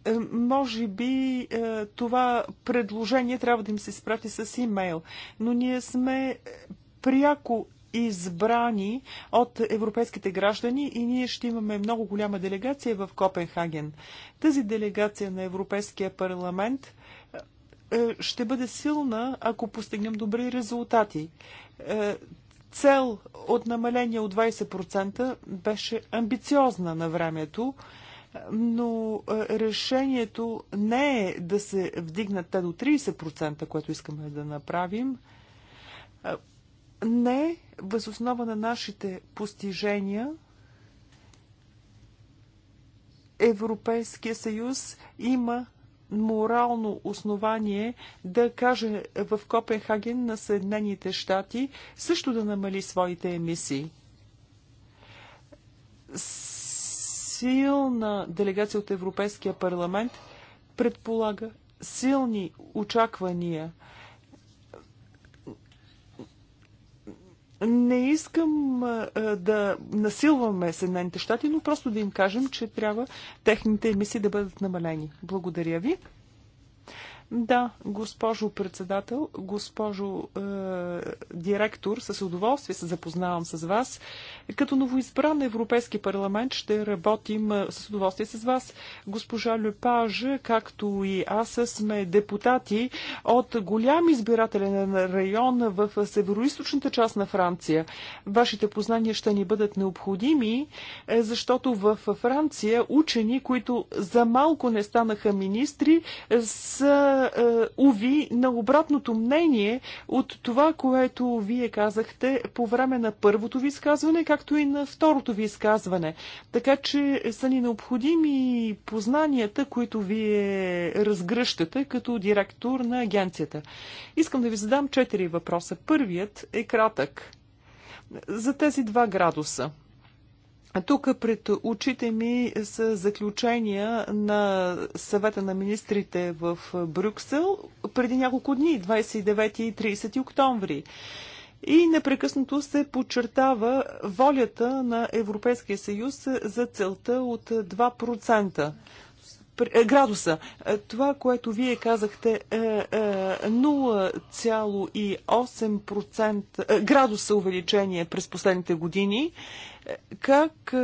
е, може би това предложение трябва да им се изпрати с имейл, но ние сме пряко избрани от европейските граждани и ние ще имаме много голяма делегация в Копенхаген. Тази делегация на Европейския парламент е, ще бъде силна, ако постигнем добри резултати. Е, цел от намаление от 20% беше амбициозна на времето, но е, решението не е да се вдигнат те до 30%, което искаме да направим. Не, възоснова на нашите постижения, Европейския съюз има морално основание да каже в Копенхаген на Съединените щати също да намали своите емисии. Силна делегация от Европейския парламент предполага силни очаквания – Не искам да насилваме Съединените щати, но просто да им кажем, че трябва техните емисии да бъдат намалени. Благодаря ви. Да, госпожо председател, госпожо е, директор, с удоволствие се запознавам с вас. Като новоизбран Европейски парламент ще работим е, с удоволствие с вас. Госпожа Лепаж, както и аз сме депутати от голям избирателен район в северо част на Франция. Вашите познания ще ни бъдат необходими, е, защото в Франция учени, които за малко не станаха министри, е, са е, уви, на обратното мнение от това, което вие казахте по време на първото ви изказване, както и на второто ви изказване. Така че са ни необходими познанията, които вие разгръщате като директор на агенцията. Искам да ви задам четири въпроса. Първият е кратък. За тези два градуса – тук пред очите ми са заключения на съвета на министрите в Брюксел преди няколко дни, 29 и 30 октомври. И непрекъснато се подчертава волята на Европейския съюз за целта от 2%. Е, градуса. Е, това, което вие казахте, 0,8% е, градуса увеличение през последните години. Как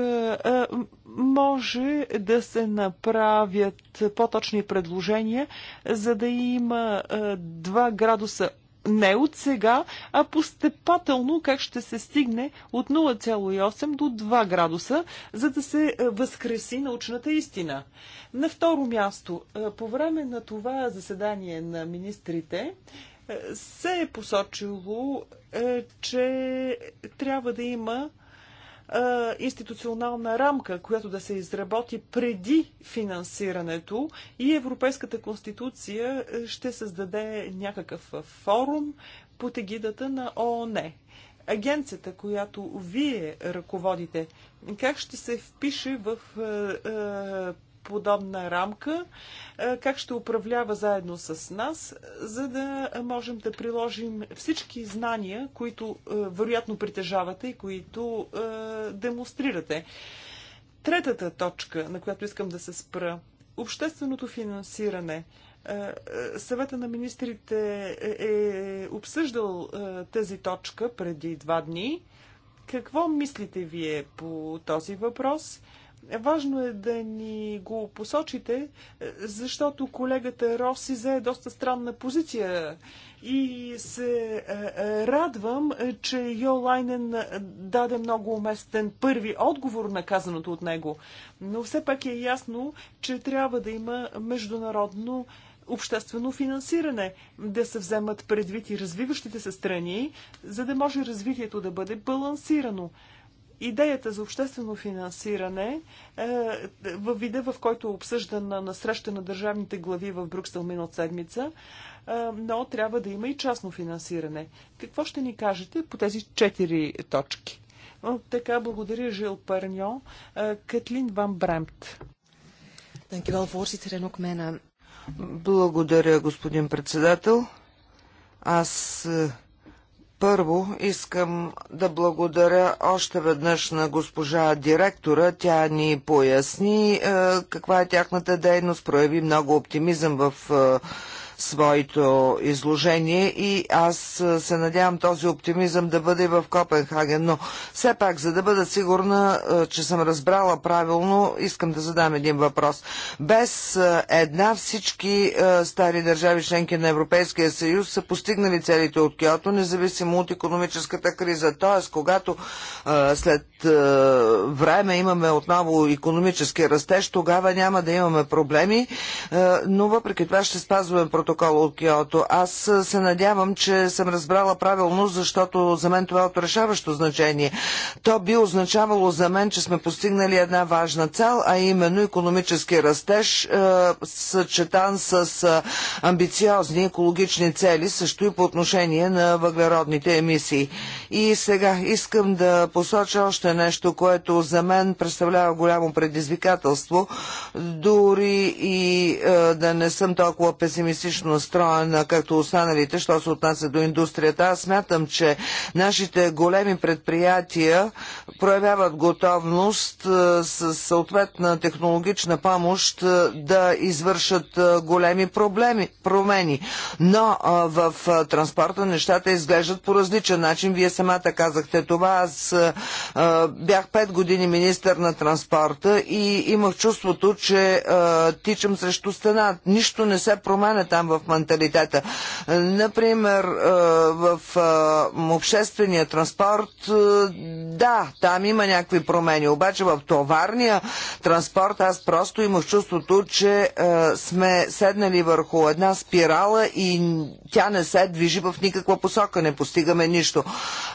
може да се направят по-точни предложения, за да има 2 градуса не от сега, а постепателно как ще се стигне от 0,8 до 2 градуса, за да се е, възкреси научната истина. На второ място, е, по време на това заседание на министрите, е, се е посочило, че трябва да има институционална рамка, която да се изработи преди финансирането и Европейската конституция ще създаде някакъв форум под егидата на ООН. Агенцията, която вие ръководите, как ще се впише в подобна рамка, е, как ще управлява заедно с нас, за да можем да приложим всички знания, които е, вероятно притежавате и които е, демонстрирате. Третата точка, на която искам да се спра общественото финансиране. Съвета на министрите е обсъждал тази точка преди два дни. Какво мислите вие по този въпрос? Важно е да ни го посочите, е, защото колегата Роси зае доста странна позиция и се е, е, радвам, че Йолайнен даде много уместен първи отговор на казаното от него. Но все пак е ясно, че трябва да има международно обществено финансиране, да се вземат предвид и развиващите се страни, за да може развитието да бъде балансирано. Идеята за обществено финансиране е, във вида, в който е обсъждана на среща на държавните глави в Брюксел минал седмица, е, но трябва да има и частно финансиране. Какво ще ни кажете по тези четири точки? Така, благодаря Жил Парньо. Е, Ван Бремт. Благодаря, господин председател. Аз е, първо искам да благодаря още веднъж на госпожа директора. Тя ни поясни е, каква е тяхната дейност, прояви много оптимизъм в е, своето изложение и аз се надявам този оптимизъм да бъде в Копенхаген. Но все пак, за да бъда сигурна, че съм разбрала правилно, искам да задам един въпрос. Без една всички стари държави членки на Европейския съюз са постигнали целите от Киото, независимо от економическата криза. Тоест, когато след време имаме отново економически растеж, тогава няма да имаме проблеми, но въпреки това ще спазваме протокол протокола от Киото. Аз се надявам, че съм разбрала правилно, защото за мен това е от решаващо значение. То би означавало за мен, че сме постигнали една важна цел, а именно економически растеж, съчетан с амбициозни екологични цели, също и по отношение на въглеродните емисии. И сега искам да посоча още нещо, което за мен представлява голямо предизвикателство, дори и да не съм толкова песимистична скептично настроена, както останалите, що се отнася до индустрията. Аз смятам, че нашите големи предприятия проявяват готовност с съответна технологична помощ да извършат големи проблеми, промени. Но в транспорта нещата изглеждат по различен начин. Вие самата казахте това. Аз бях пет години министър на транспорта и имах чувството, че тичам срещу стена. Нищо не се променя там там в менталитета. Например, е, в е, обществения транспорт, е, да, там има някакви промени, обаче в товарния транспорт аз просто имах чувството, че сме седнали върху една спирала и тя не се движи в никаква посока, не постигаме нищо.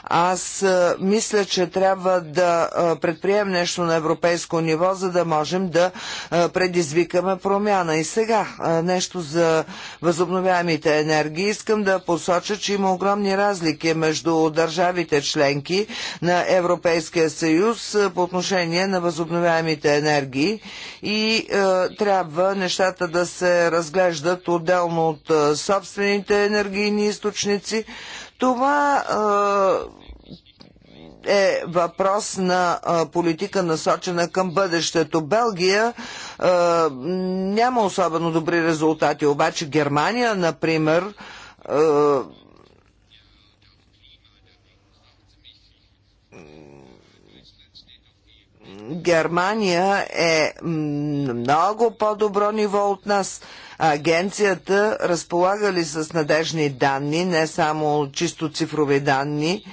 Аз мисля, че трябва да предприем нещо на европейско ниво, за да можем да предизвикаме промяна. И сега нещо за възобновяемите енергии, искам да посоча, че има огромни разлики между държавите членки на Европейския съюз по отношение на възобновяемите енергии и е, трябва нещата да се разглеждат отделно от собствените енергийни източници. Това е, е въпрос на политика насочена към бъдещето. Белгия е, няма особено добри резултати, обаче Германия, например, е, Германия е много по-добро ниво от нас. Агенцията разполага ли с надежни данни, не само чисто цифрови данни,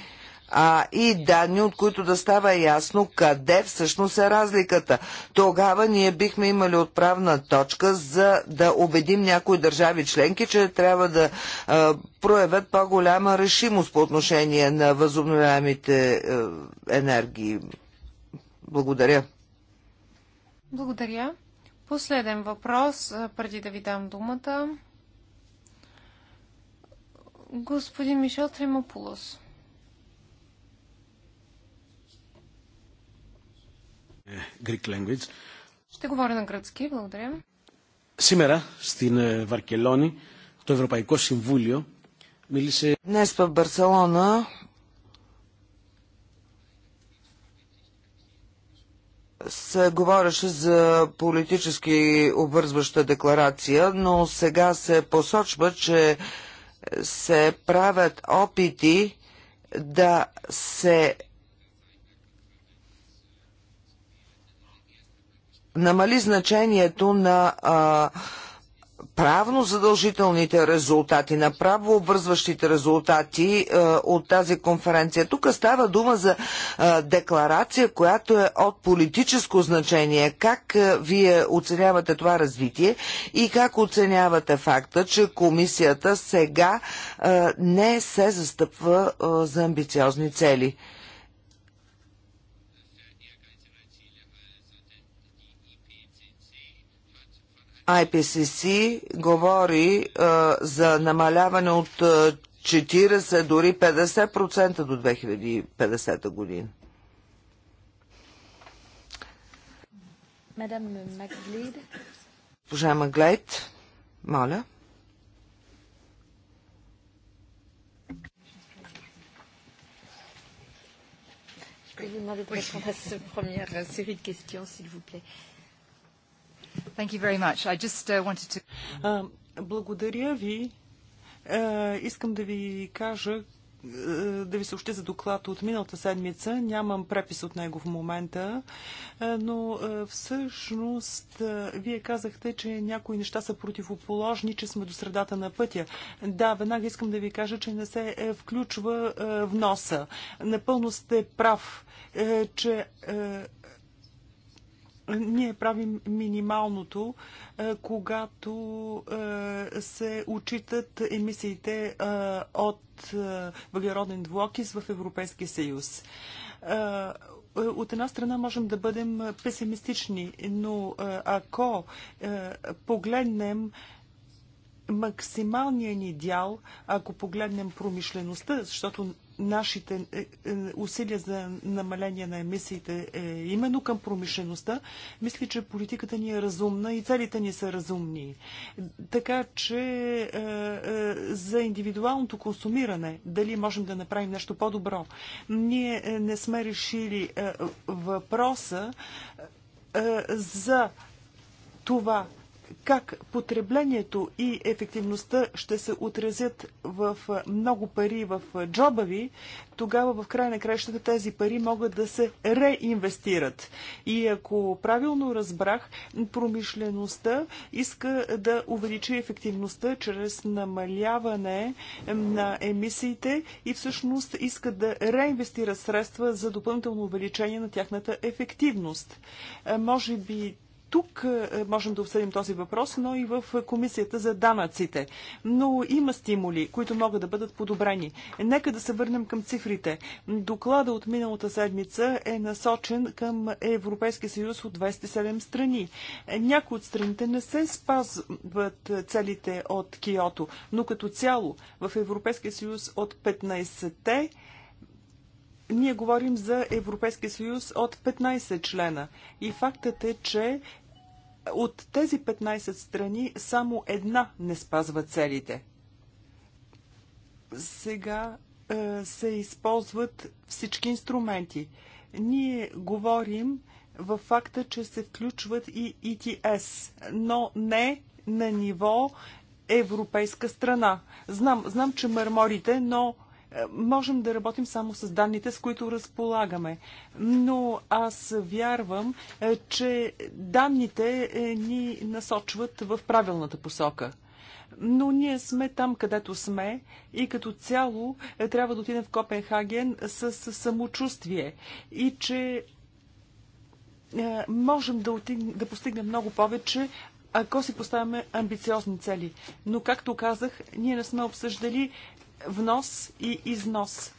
а и данни, от които да става ясно къде всъщност е разликата. Тогава ние бихме имали отправна точка за да убедим някои държави членки, че трябва да а, проявят по-голяма решимост по отношение на възобновяемите а, енергии. Благодаря. Благодаря. Последен въпрос, преди да ви дам думата. Господин Мишел Тримополос. Eh, Ще говоря на гръцки, благодаря. Σήμερα στην е, Βαρκελόνη το Ευρωπαϊκό Συμβούλιο μίλησε... Днес в Барселона се говореше за политически обвързваща декларация, но сега се посочва, че се правят опити да се намали значението на а, правно задължителните резултати, на право обвързващите резултати е, от тази конференция. Тук става дума за е, декларация, която е от политическо значение. Как е, вие оценявате това развитие и как оценявате факта, че комисията сега е, не се застъпва е, за амбициозни цели? IPCC говори а, за намаляване от 40 дори 50% до 2050 година. Мадам Макглейд. Госпожа Макглейд, моля. Je vais vous demander de répondre à cette première série de questions, s'il vous plaît. Euh, Thank you very much. I just uh, wanted to... благодаря ви. искам да ви кажа, да ви съобщя за доклад от миналата седмица. Нямам препис от него в момента, но всъщност вие казахте, че някои неща са противоположни, че сме до средата на пътя. Да, веднага искам да ви кажа, че не се е, включва вноса. Напълно сте прав, е, че е, ние правим минималното, е, когато е, се учитат емисиите е, от въглероден двуокис в Европейския съюз. От една страна можем да бъдем песимистични, но ако погледнем максималния ни дял, ако погледнем промишлеността, защото нашите е, е, усилия за намаление на емисиите е именно към промишлеността, мисля, че политиката ни е разумна и целите ни са разумни. Така че е, за индивидуалното консумиране, дали можем да направим нещо по-добро, ние не сме решили въпроса за това как потреблението и ефективността ще се отразят в много пари в джоба ви, тогава в край на кращата тези пари могат да се реинвестират. И ако правилно разбрах, промишлеността иска да увеличи ефективността чрез намаляване на емисиите и всъщност иска да реинвестира средства за допълнително увеличение на тяхната ефективност. Може би тук е, можем да обсъдим този въпрос, но и в комисията за данъците. Но има стимули, които могат да бъдат подобрени. Нека да се върнем към цифрите. Доклада от миналата седмица е насочен към Европейския съюз от 27 страни. Някои от страните не се спазват целите от Киото, но като цяло в Европейския съюз от 15-те ние говорим за Европейския съюз от 15 члена и фактът е, че от тези 15 страни само една не спазва целите. Сега е, се използват всички инструменти. Ние говорим във факта, че се включват и ETS, но не на ниво европейска страна. Знам, знам, че мърморите, но е, можем да работим само с данните, с които разполагаме. Но аз вярвам, е, че данните е, ни насочват в правилната посока но ние сме там, където сме и като цяло трябва да отидем в Копенхаген с самочувствие и че можем да, отигнем, да постигнем много повече, ако си поставяме амбициозни цели. Но, както казах, ние не сме обсъждали внос и износ.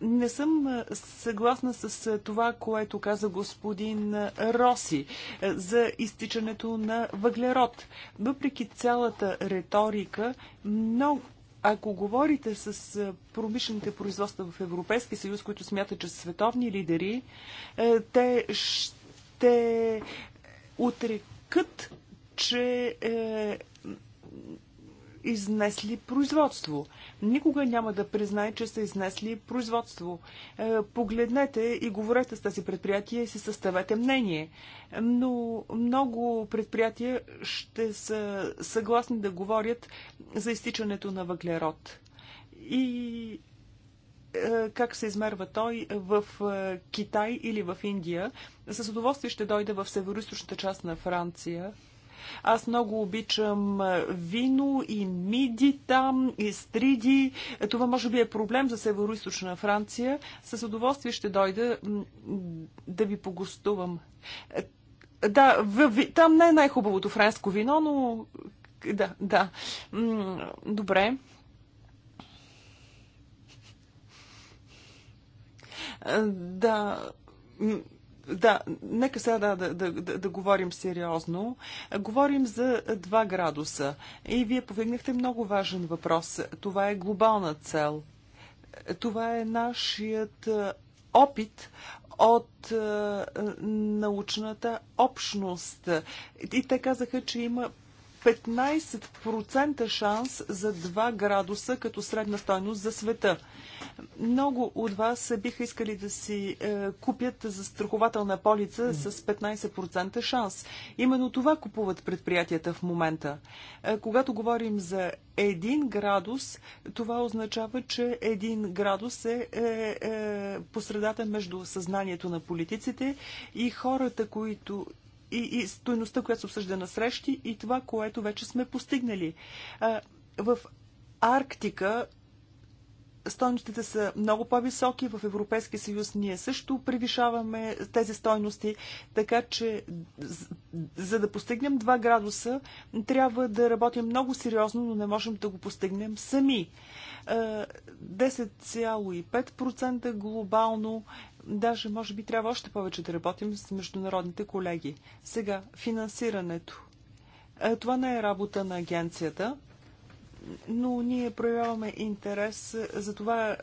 Не съм съгласна с това, което каза господин Роси за изтичането на въглерод. Въпреки цялата риторика, много, ако говорите с промишлените производства в Европейския съюз, които смятат, че са световни лидери, те ще отрекат, че е, изнесли производство никога няма да признае, че са изнесли производство. Е, погледнете и говорете с тези предприятия и си съставете мнение. Но много предприятия ще са съгласни да говорят за изтичането на въглерод. И е, как се измерва той в е, Китай или в Индия. С удоволствие ще дойда в северо част на Франция, аз много обичам вино и миди там, и стриди. Това може би е проблем за Северо-Источна Франция. С удоволствие ще дойда да ви погостувам. Е, да, в, там не е най-хубавото френско вино, но да, да. Добре. Е, да. Да, нека сега да, да, да, да, да говорим сериозно. Говорим за 2 градуса. И вие повигнахте много важен въпрос. Това е глобална цел. Това е нашият е, опит от е, е, научната общност. И те казаха, че има 15% шанс за 2 градуса като средна стойност за света. Много от вас биха искали да си е, купят застрахователна полица с 15% шанс. Именно това купуват предприятията в момента. Е, когато говорим за 1 градус, това означава, че 1 градус е, е, е посредата между съзнанието на политиците и хората, които и, и стоеността, която се обсъжда на срещи и това, което вече сме постигнали. В Арктика стойностите са много по-високи. В Европейския съюз ние също превишаваме тези стойности, така че за да постигнем 2 градуса, трябва да работим много сериозно, но не можем да го постигнем сами. 10,5% глобално Даже, може би, трябва още повече да работим с международните колеги. Сега, финансирането. Е, това не е работа на агенцията, но ние проявяваме интерес за това е,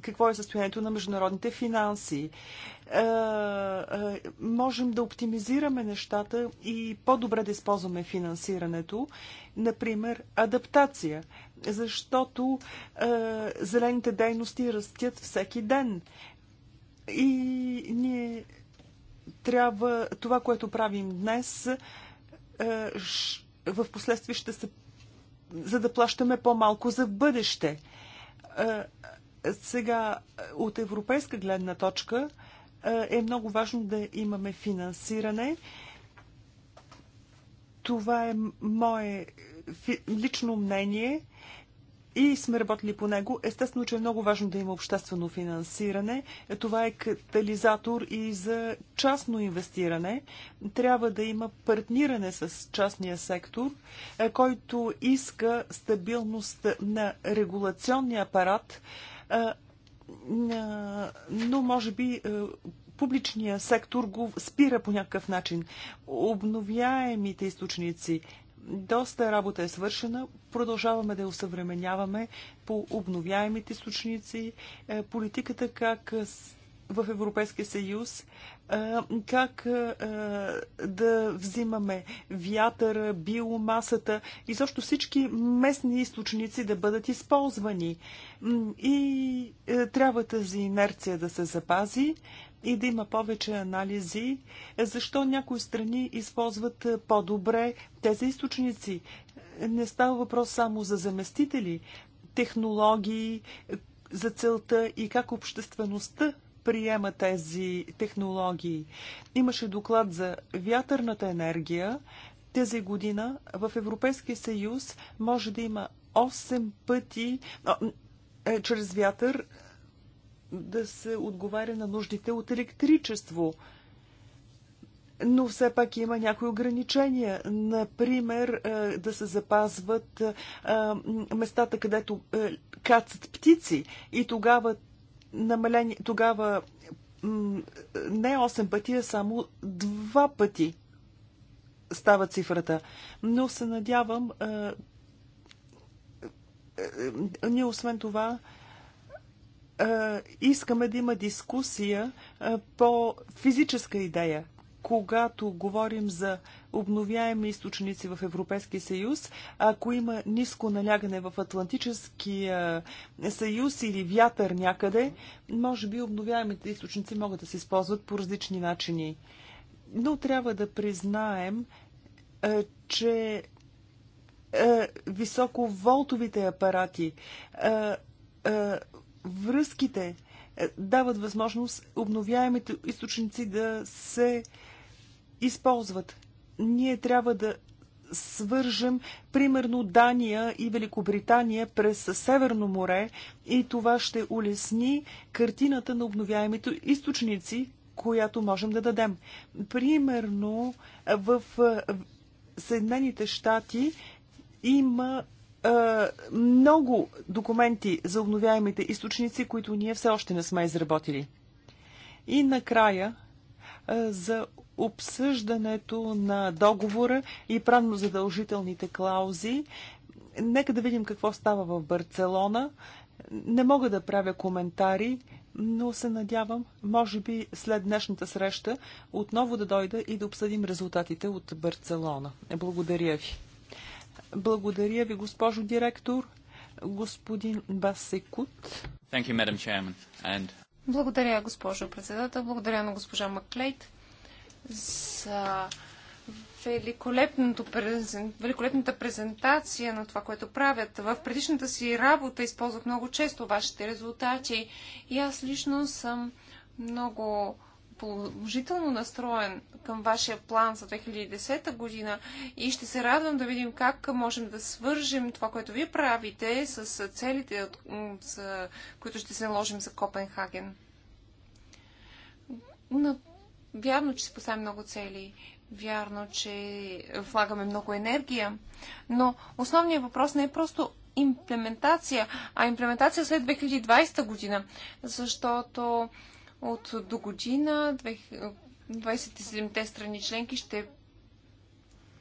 какво е състоянието на международните финанси. Е, можем да оптимизираме нещата и по-добре да използваме финансирането, например адаптация, защото зелените дейности растят всеки ден. И ние трябва това, което правим днес, е, в последствие ще се за да плащаме по-малко за бъдеще. Е, сега, от европейска гледна точка е, е много важно да имаме финансиране. Това е мое лично мнение и сме работили по него. Естествено, че е много важно да има обществено финансиране. Е, това е катализатор и за частно инвестиране. Трябва да има партниране с частния сектор, е, който иска стабилност на регулационния апарат, е, но може би публичния сектор го спира по някакъв начин. Обновяемите източници, доста работа е свършена. Продължаваме да я усъвременяваме по обновяемите източници, е, политиката как е, в Европейския съюз, е, как да взимаме вятъра, биомасата и също всички местни източници да бъдат използвани. И трябва тази инерция да се запази, и да има повече анализи, е, защо някои страни използват е, по-добре тези източници. Не става въпрос само за заместители, технологии е, за целта и как обществеността приема тези технологии. Имаше доклад за вятърната енергия. Тези година в Европейския съюз може да има 8 пъти чрез вятър да се отговаря на нуждите от електричество. Но все пак има някои ограничения. Например, е, да се запазват е, местата, където е, кацат птици и тогава намалени, тогава не 8 пъти, а само 2 пъти става цифрата. Но се надявам, ние освен това искаме да има дискусия по физическа идея. Когато говорим за обновяеми източници в Европейския съюз, ако има ниско налягане в Атлантическия съюз или вятър някъде, може би обновяемите източници могат да се използват по различни начини. Но трябва да признаем, че високоволтовите апарати връзките е, дават възможност обновяемите източници да се използват. Ние трябва да свържем, примерно, Дания и Великобритания през Северно море и това ще улесни картината на обновяемите източници, която можем да дадем. Примерно, в Съединените щати има е, много документи за обновяемите източници, които ние все още не сме изработили. И накрая е, за обсъждането на договора и правно задължителните клаузи. Нека да видим какво става в Барселона. Не мога да правя коментари, но се надявам, може би след днешната среща, отново да дойда и да обсъдим резултатите от Барселона. Е, благодаря ви. Благодаря ви, госпожо директор. Господин Басекут. Thank you, Madam Chairman. And... Благодаря, госпожо председател. Благодаря на госпожа Маклейт за великолепната презентация на това, което правят. В предишната си работа използвах много често вашите резултати и аз лично съм много положително настроен към вашия план за 2010 година и ще се радвам да видим как можем да свържем това, което вие правите с целите, които ще се наложим за Копенхаген. Но, вярно, че се поставим много цели. Вярно, че влагаме много енергия. Но основният въпрос не е просто имплементация, а имплементация след 2020 година. Защото от до година 27-те страни членки ще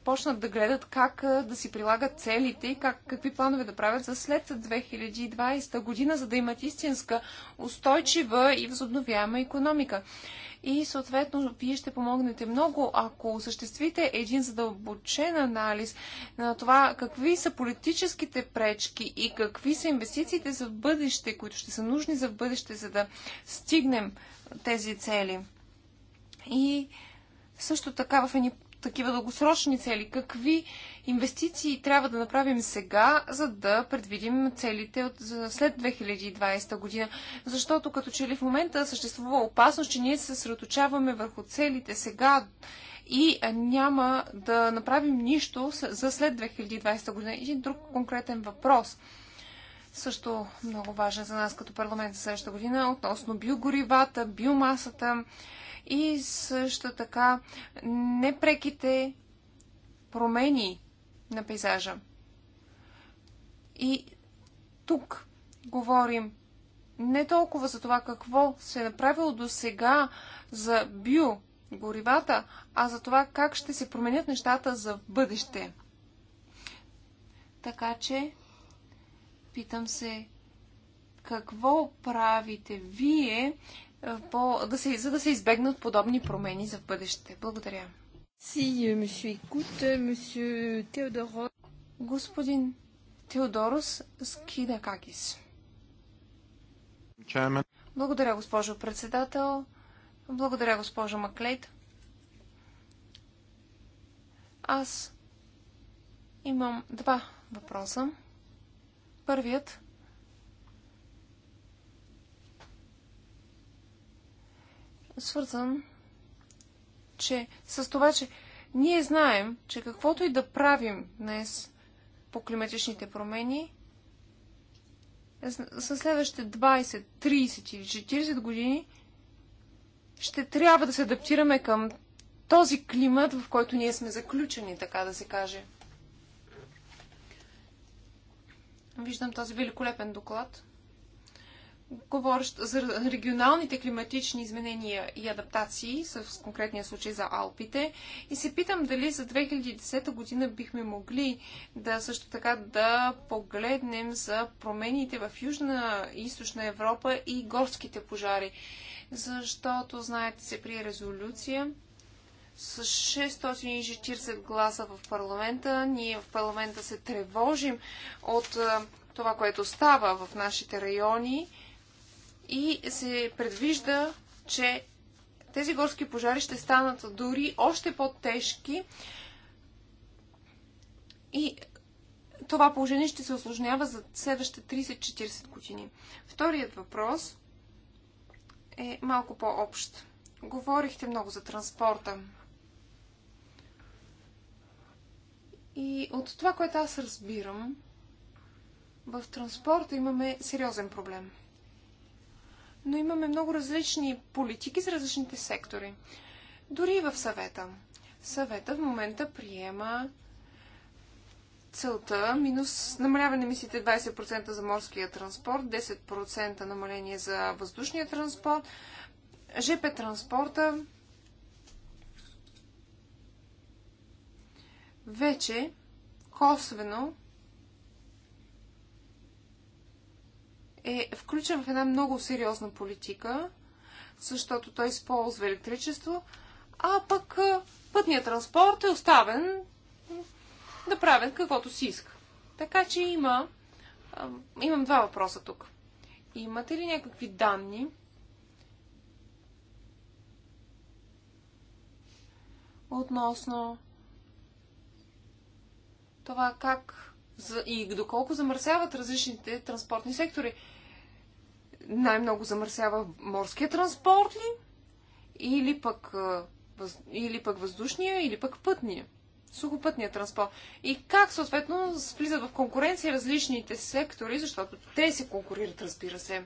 почнат да гледат как да си прилагат целите и как, какви планове да правят за след 2020 година, за да имат истинска устойчива и възобновяема економика. И съответно, вие ще помогнете много, ако осъществите един задълбочен анализ на това какви са политическите пречки и какви са инвестициите за бъдеще, които ще са нужни за бъдеще, за да стигнем тези цели. И също така в едни такива дългосрочни цели, какви инвестиции трябва да направим сега, за да предвидим целите от, за след 2020 година. Защото като че ли в момента съществува опасност, че ние се съсредоточаваме върху целите сега и няма да направим нищо за след 2020 година. Един друг конкретен въпрос – също много важен за нас като парламент за следващата година, относно биогоривата, биомасата и също така непреките промени на пейзажа. И тук говорим не толкова за това какво се е направило до сега за биогоривата, а за това как ще се променят нещата за бъдеще. Така че Питам се, какво правите вие, е, по, да се, за да се избегнат подобни промени за бъдеще? Благодаря. Си, Теодорос. Господин Теодорос Скидакакис. Благодаря, госпожо председател. Благодаря, госпожо Маклейт. Аз имам два въпроса. Първият свързан, че с това, че ние знаем, че каквото и да правим днес по климатичните промени, със следващите 20, 30 или 40 години ще трябва да се адаптираме към този климат, в който ние сме заключени, така да се каже. Виждам този великолепен доклад, говорещ за регионалните климатични изменения и адаптации, в конкретния случай за Алпите. И се питам дали за 2010 година бихме могли да също така да погледнем за промените в Южна и Източна Европа и горските пожари. Защото, знаете се, при резолюция с 640 гласа в парламента. Ние в парламента се тревожим от това, което става в нашите райони и се предвижда, че тези горски пожари ще станат дори още по-тежки и това положение ще се осложнява за следващите 30-40 години. Вторият въпрос е малко по-общ. Говорихте много за транспорта. И от това, което аз разбирам, в транспорта имаме сериозен проблем. Но имаме много различни политики за различните сектори. Дори и в съвета. Съвета в момента приема целта минус намаляване мислите 20% за морския транспорт, 10% намаление за въздушния транспорт, ЖП транспорта вече косвено е включен в една много сериозна политика, защото той използва електричество, а пък пътният транспорт е оставен да правят каквото си иска. Така че има. Имам два въпроса тук. Имате ли някакви данни? Относно това как и доколко замърсяват различните транспортни сектори. Най-много замърсява морския транспорт ли? Или пък, или пък въздушния, или пък пътния? сухопътния транспорт. И как съответно влизат в конкуренция различните сектори, защото те се конкурират, разбира се.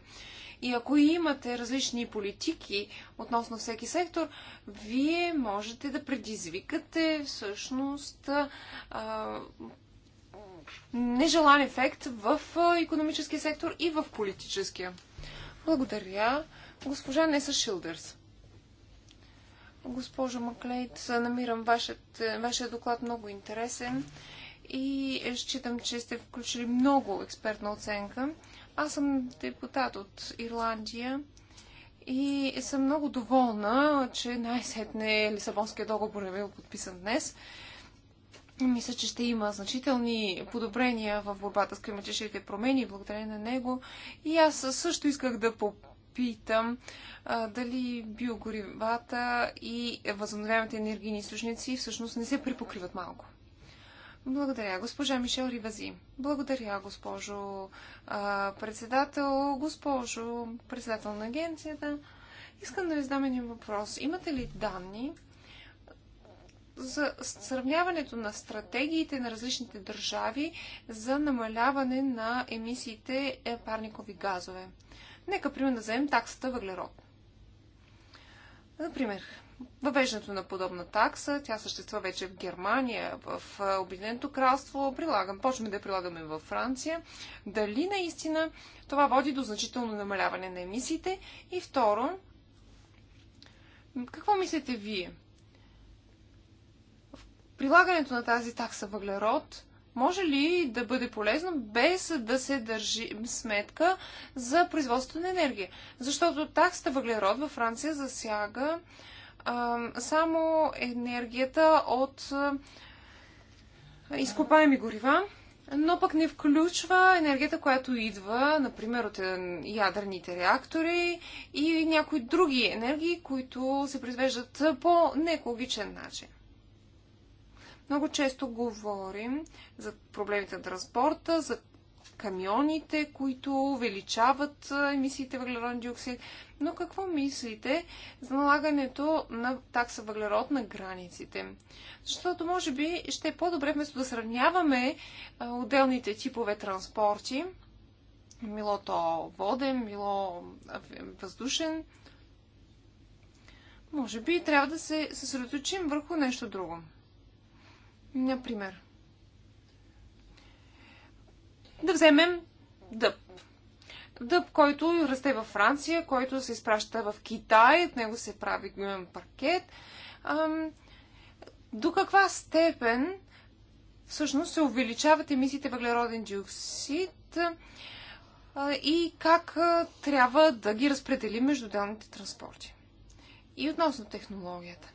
И ако имате различни политики относно всеки сектор, вие можете да предизвикате всъщност нежелан ефект в економическия сектор и в политическия. Благодаря. Госпожа Неса Шилдърс. Госпожо Маклейт, намирам вашият, вашия доклад много интересен и е, считам, че сте включили много експертна оценка. Аз съм депутат от Ирландия и съм много доволна, че най-сетне Лисабонския договор е бил подписан днес. Мисля, че ще има значителни подобрения в борбата с климатичните промени благодарение на него. И аз също исках да попитам а, дали биогоривата и възобновяемите енергийни източници всъщност не се припокриват малко. Благодаря, госпожа Мишел Ривази. Благодаря, госпожо а, председател, госпожо председател на агенцията. Искам да ви задам един въпрос. Имате ли данни за сравняването на стратегиите на различните държави за намаляване на емисиите е, парникови газове? Нека, примерно, да вземем таксата въглерод. Например, въвеждането на подобна такса. Тя съществува вече в Германия, в Обединеното кралство. Прилагам, почваме да прилагаме във Франция. Дали наистина това води до значително намаляване на емисиите? И второ, какво мислите вие? Прилагането на тази такса въглерод може ли да бъде полезно без да се държи сметка за производството на енергия? Защото таксата въглерод във Франция засяга само енергията от изкопаеми горива, но пък не включва енергията, която идва, например, от е, ядрените реактори и някои други енергии, които се произвеждат по неекологичен начин. Много често говорим за проблемите на транспорта, за камионите, които увеличават емисиите въглероден диоксид. Но какво мислите за налагането на такса въглерод на границите? Защото може би ще е по-добре вместо да сравняваме отделните типове транспорти, било то воден, било въздушен, може би трябва да се съсредоточим върху нещо друго. Например, да вземем дъб. Дъб, който расте във Франция, който се изпраща в Китай, от него се прави е, паркет. Ам, до каква степен всъщност се увеличават емисиите въглероден диоксид а, и как а, трябва да ги разпределим между отделните транспорти? И относно технологията.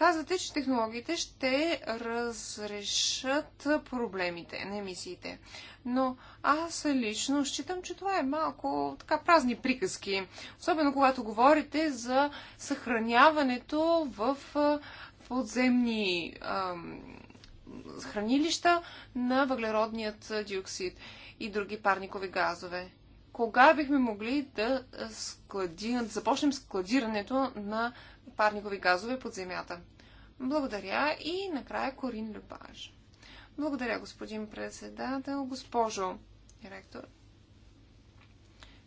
Казвате, че технологиите ще разрешат проблемите на емисиите. Но аз лично считам, че това е малко така празни приказки. Особено когато говорите за съхраняването в подземни ам, хранилища на въглеродният диоксид и други парникови газове. Кога бихме могли да, склади... да започнем складирането на парникови газове под земята. Благодаря и накрая Корин Любаж. Благодаря, господин председател, госпожо директор.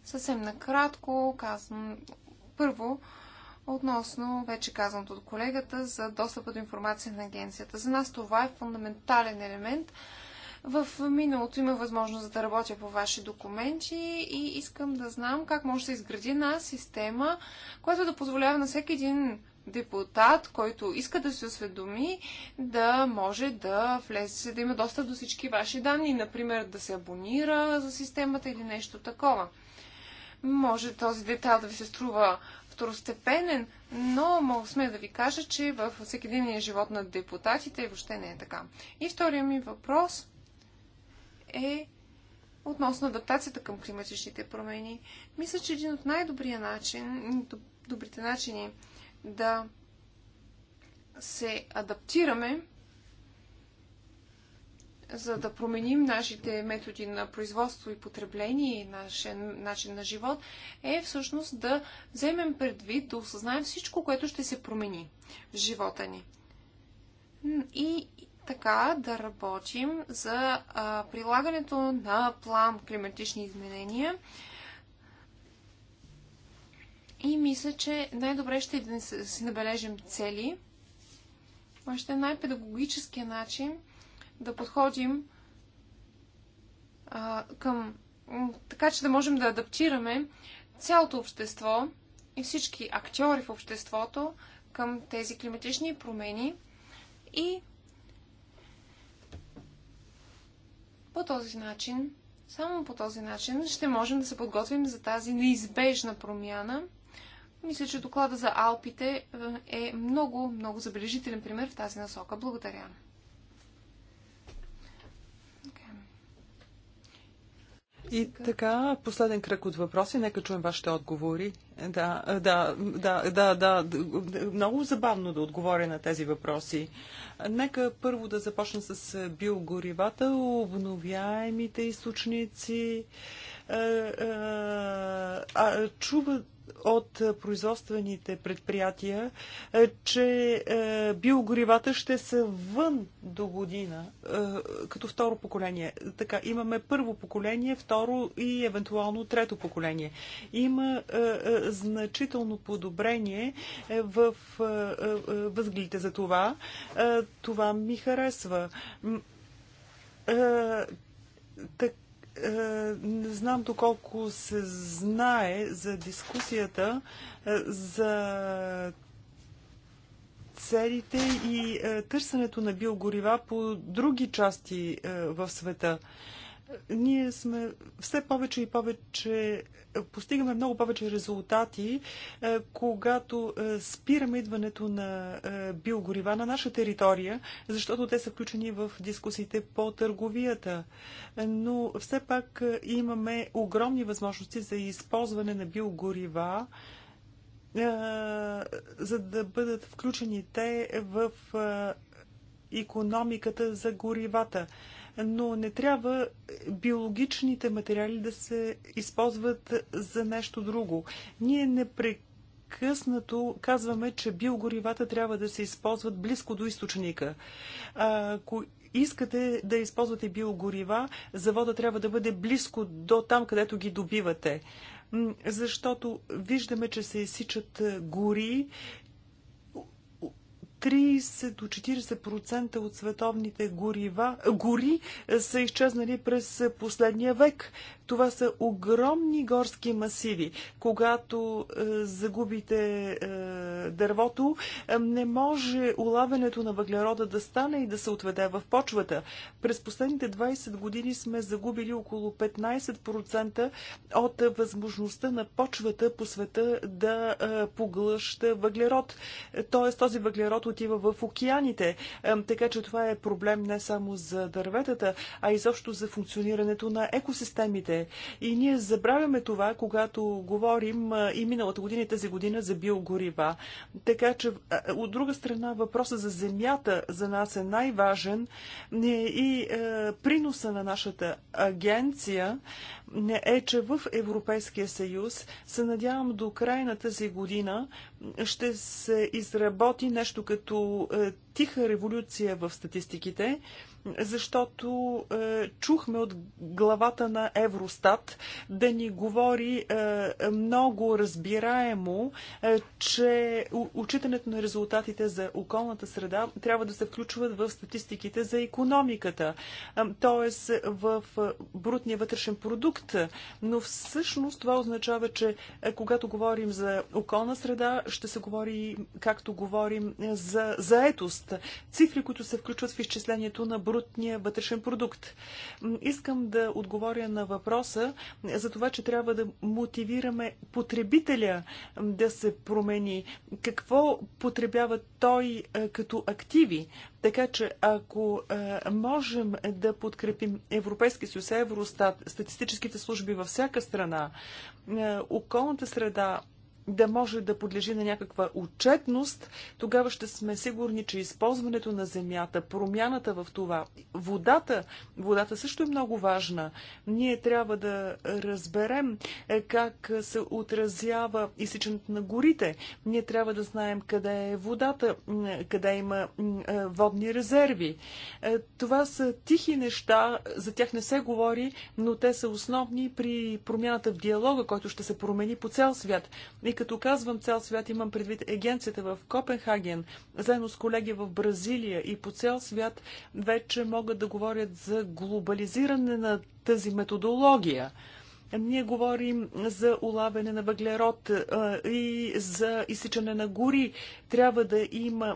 Съвсем накратко казвам първо относно вече казаното от колегата за достъпа до информация на агенцията. За нас това е фундаментален елемент – в миналото има възможност да работя по ваши документи и искам да знам как може да се изгради една система, която да позволява на всеки един депутат, който иска да се осведоми, да може да влезе, да има достъп до всички ваши данни, например да се абонира за системата или нещо такова. Може този детайл да ви се струва второстепенен, но мога сме да ви кажа, че във всекидневния живот на депутатите въобще не е така. И втория ми въпрос е относно адаптацията към климатичните промени. Мисля, че един от най-добрия начин, добрите начини да се адаптираме, за да променим нашите методи на производство и потребление и нашия начин на живот, е всъщност да вземем предвид, да осъзнаем всичко, което ще се промени в живота ни. И така да работим за а, прилагането на план климатични изменения. И мисля, че най-добре ще си набележим цели. Още е най-педагогическия начин да подходим а, към. така, че да можем да адаптираме цялото общество и всички актьори в обществото към тези климатични промени и По този начин, само по този начин, ще можем да се подготвим за тази неизбежна промяна. Мисля, че доклада за Алпите е много, много забележителен пример в тази насока. Благодаря. И така, последен кръг от въпроси. Нека чуем вашите отговори. Да, да, да, да, да. Много забавно да отговоря на тези въпроси. Нека първо да започна с биогоривата, обновяемите източници. А, е, а, е, а, чува, от производствените предприятия, е, че е, биогоривата ще са вън до година, е, като второ поколение. Така, имаме първо поколение, второ и евентуално трето поколение. Има значително подобрение в възгледите за това. Това ми харесва. Така, е, не знам доколко се знае за дискусията е, за целите и е, търсенето на биогорива по други части в света ние сме все повече и повече, е, постигаме много повече резултати, е, когато е, спираме идването на биогорива на наша територия, защото те са включени в дискусиите по търговията. Но все пак имаме огромни възможности за използване на биогорива, за да бъдат включени те в економиката за горивата но не трябва биологичните материали да се използват за нещо друго. Ние непрекъснато казваме, че биогоривата трябва да се използват близко до източника. Ако искате да използвате биогорива, завода трябва да бъде близко до там, където ги добивате защото виждаме, че се изсичат гори 30 до 40% от световните горива, гори е, са изчезнали през е, последния век. Това са огромни горски масиви. Когато е, загубите е, дървото, е, не може улавянето на въглерода да стане и да се отведе в почвата. През последните 20 години сме загубили около 15% от възможността на почвата по света да е, поглъща въглерод. Е, тоест този въглерод отива в океаните. Така че това е проблем не само за дърветата, а изобщо за функционирането на екосистемите. И ние забравяме това, когато говорим е, и миналата година и тази година за биогорива. Така че, е, от друга страна, въпросът за земята за нас е най-важен е, и приноса на нашата агенция е, че в Европейския съюз се надявам до края на тази година ще се изработи нещо като е, тиха революция в статистиките защото е, чухме от главата на Евростат да ни говори е, много разбираемо, е, че учитането на резултатите за околната среда трябва да се включват в статистиките за економиката, е, т.е. в е, брутния вътрешен продукт. Но всъщност това означава, че е, когато говорим за околна среда, ще се говори, както говорим, е, за заетост. Цифри, които се включват в изчислението на брутния брутния вътрешен продукт. Искам да отговоря на въпроса за това, че трябва да мотивираме потребителя да се промени. Какво потребява той е, като активи? Така че ако е, можем да подкрепим Европейски съюз, Евростат, статистическите служби във всяка страна, е, околната среда, да може да подлежи на някаква отчетност, тогава ще сме сигурни, че използването на земята, промяната в това, водата, водата също е много важна. Ние трябва да разберем е, как се отразява изсичането на горите. Ние трябва да знаем къде е водата, къде има е, водни резерви. Е, това са тихи неща, за тях не се говори, но те са основни при промяната в диалога, който ще се промени по цял свят. И като казвам цял свят, имам предвид агенцията в Копенхаген, заедно с колеги в Бразилия и по цял свят вече могат да говорят за глобализиране на тази методология. Ние говорим за улавяне на въглерод и за изсичане на гори. Трябва да има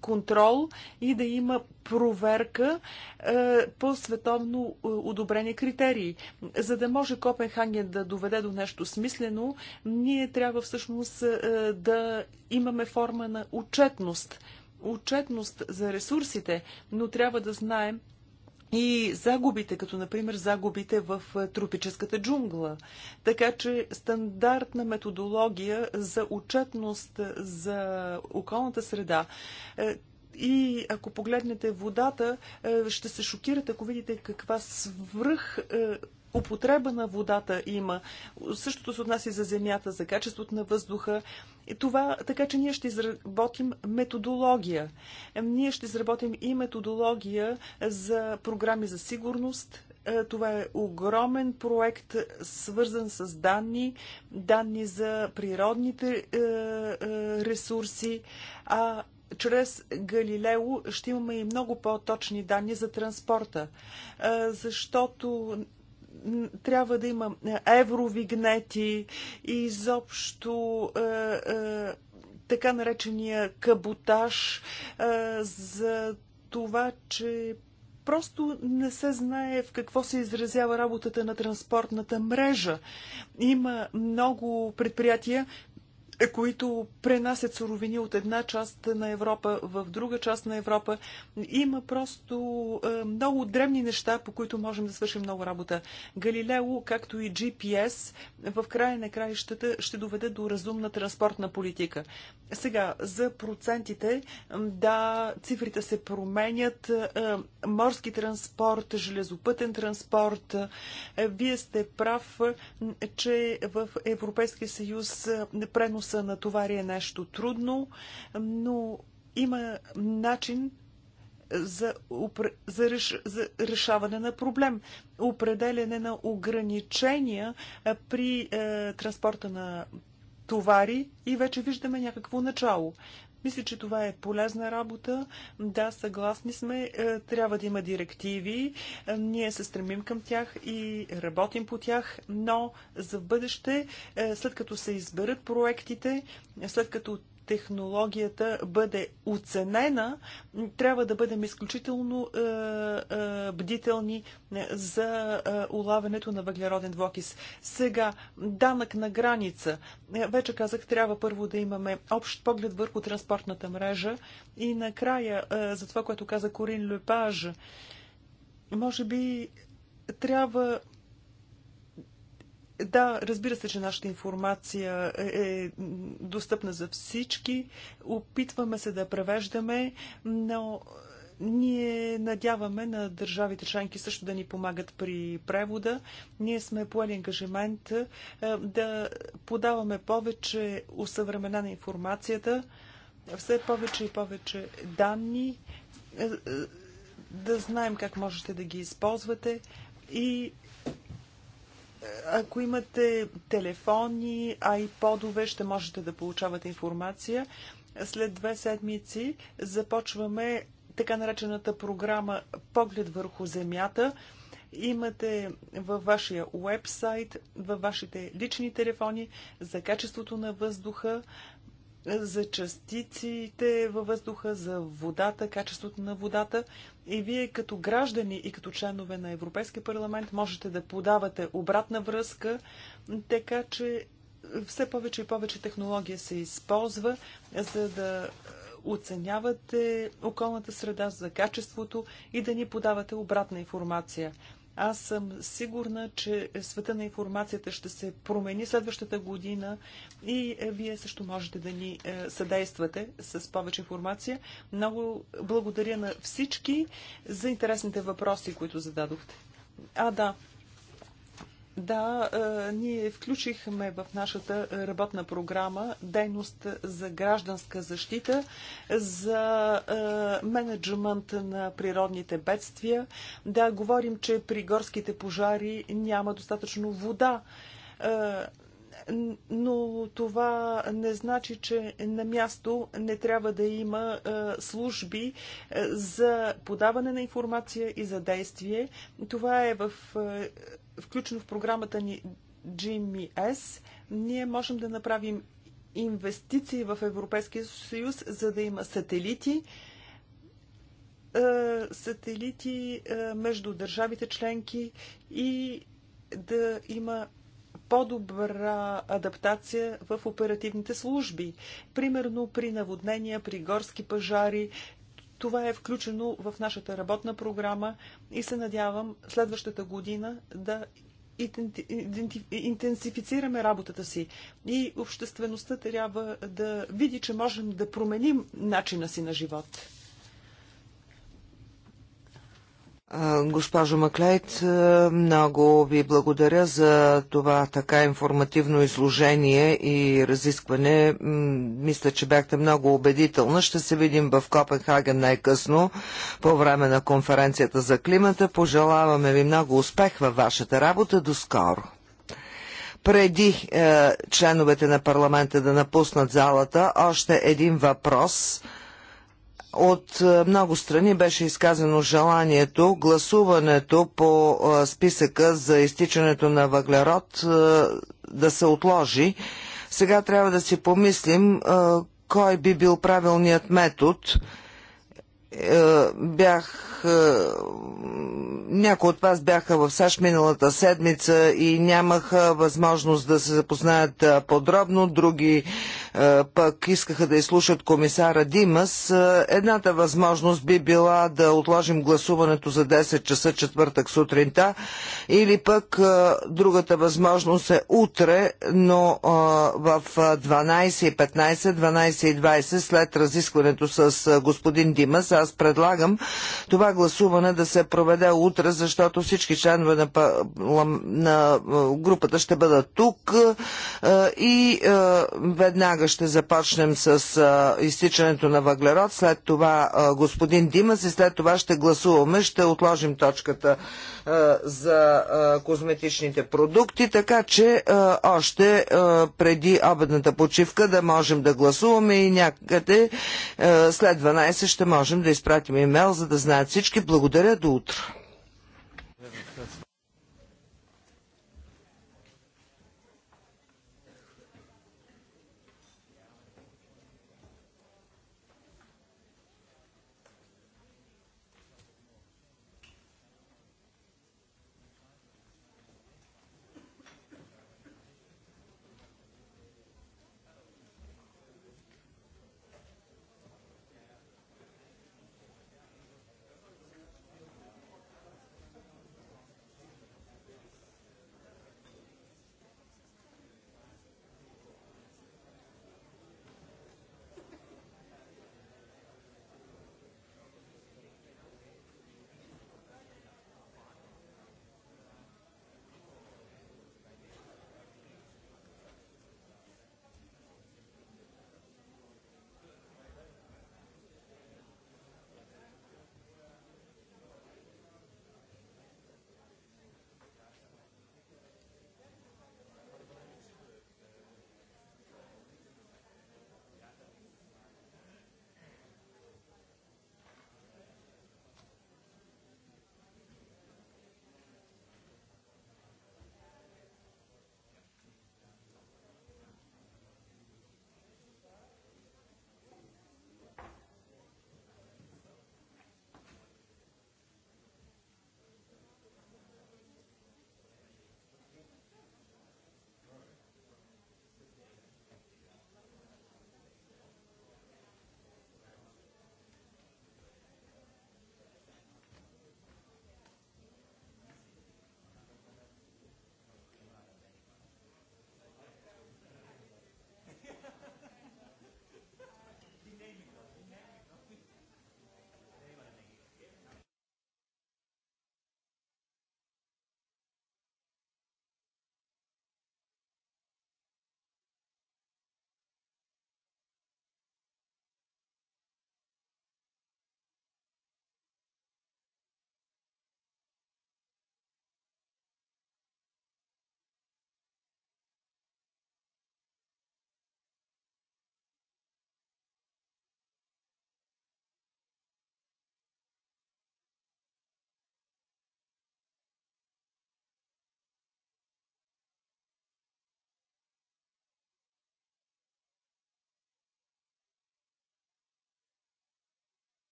контрол и да има проверка по световно одобрени критерии. За да може Копенхаген да доведе до нещо смислено, ние трябва всъщност да имаме форма на отчетност отчетност за ресурсите, но трябва да знаем и загубите, като например загубите в тропическата джунгла. Така че стандартна методология за отчетност за околната среда. Е, и ако погледнете водата, е, ще се шокирате, ако видите каква свръх е, употреба на водата има. Същото се отнася за земята, за качеството на въздуха. И това, така че ние ще изработим методология. Ние ще изработим и методология за програми за сигурност. Е, това е огромен проект, свързан с данни, данни за природните е, е, ресурси, а чрез Галилео ще имаме и много по-точни данни за транспорта, защото трябва да има е, евровигнети и изобщо е, е, така наречения каботаж е, за това, че просто не се знае в какво се изразява работата на транспортната мрежа. Има много предприятия, е, които пренасят суровини от една част на Европа в друга част на Европа. Има просто е, много древни неща, по които можем да свършим много работа. Галилео, както и GPS, в края на краищата ще доведе до разумна транспортна политика. Сега, за процентите, да, цифрите се променят. Е, морски транспорт, железопътен транспорт. Е, вие сте прав, че в Европейския съюз е, пренос се товари е нещо трудно, но има начин за, за, реш, за решаване на проблем, определене на ограничения при е, транспорта на товари и вече виждаме някакво начало. Мисля, че това е полезна работа. Да, съгласни сме. Е, трябва да има директиви. Е, ние се стремим към тях и работим по тях, но за бъдеще, е, след като се изберат проектите, след като технологията бъде оценена, трябва да бъдем изключително е, е, бдителни е, за е, улавянето на въглероден двокис. Сега, данък на граница. Е, вече казах, трябва първо да имаме общ поглед върху транспортната мрежа и накрая, е, за това, което каза Корин Лепаж, може би трябва да, разбира се, че нашата информация е, е достъпна за всички. Опитваме се да превеждаме, но ние надяваме на държавите членки също да ни помагат при превода. Ние сме поели ангажимент е, да подаваме повече усъвремена на информацията, все повече и повече данни, е, да знаем как можете да ги използвате и ако имате телефони, айподове, ще можете да получавате информация. След две седмици започваме така наречената програма Поглед върху земята. Имате във вашия уебсайт, във вашите лични телефони за качеството на въздуха, за частиците във въздуха, за водата, качеството на водата. И вие като граждани и като членове на Европейския парламент можете да подавате обратна връзка, така че все повече и повече технология се използва, за да оценявате околната среда за качеството и да ни подавате обратна информация. Аз съм сигурна, че света на информацията ще се промени следващата година и е, вие също можете да ни е, съдействате с повече информация. Много благодаря на всички за интересните въпроси, които зададохте. А, да, да, е, ние включихме в нашата работна програма дейност за гражданска защита, за е, менеджмент на природните бедствия. Да, говорим, че при горските пожари няма достатъчно вода. Е, но това не значи, че на място не трябва да има служби за подаване на информация и за действие. Това е в включено в програмата ни GMS, ние можем да направим инвестиции в Европейския съюз, за да има сателити, е, сателити е, между държавите членки и да има по-добра адаптация в оперативните служби. Примерно при наводнения, при горски пожари, това е включено в нашата работна програма и се надявам следващата година да интенсифицираме работата си и обществеността трябва да види, че можем да променим начина си на живот. Госпожо Маклейт, много ви благодаря за това така информативно изложение и разискване. Мисля, че бяхте много убедителна. Ще се видим в Копенхаген най-късно по време на конференцията за климата. Пожелаваме ви много успех във вашата работа. До скоро! Преди е, членовете на парламента да напуснат залата, още един въпрос – от е, много страни беше изказано желанието гласуването по е, списъка за изтичането на въглерод е, да се отложи. Сега трябва да си помислим кой би бил правилният метод бях... Някои от вас бяха в САЩ миналата седмица и нямаха възможност да се запознаят подробно. Други е, пък искаха да изслушат комисара Димас. Е, едната възможност би била да отложим гласуването за 10 часа четвъртък сутринта или пък е, другата възможност е утре, но в 12.15, 12.20 след разискването с господин Димас. Аз предлагам това гласуване да се проведе утре, защото всички членове на, на групата ще бъдат тук и веднага веднага ще започнем с а, изтичането на въглерод, след това а, господин Димас и след това ще гласуваме, ще отложим точката а, за а, козметичните продукти, така че а, още а, преди обедната почивка да можем да гласуваме и някъде а, след 12 ще можем да изпратим имейл, за да знаят всички. Благодаря до утре.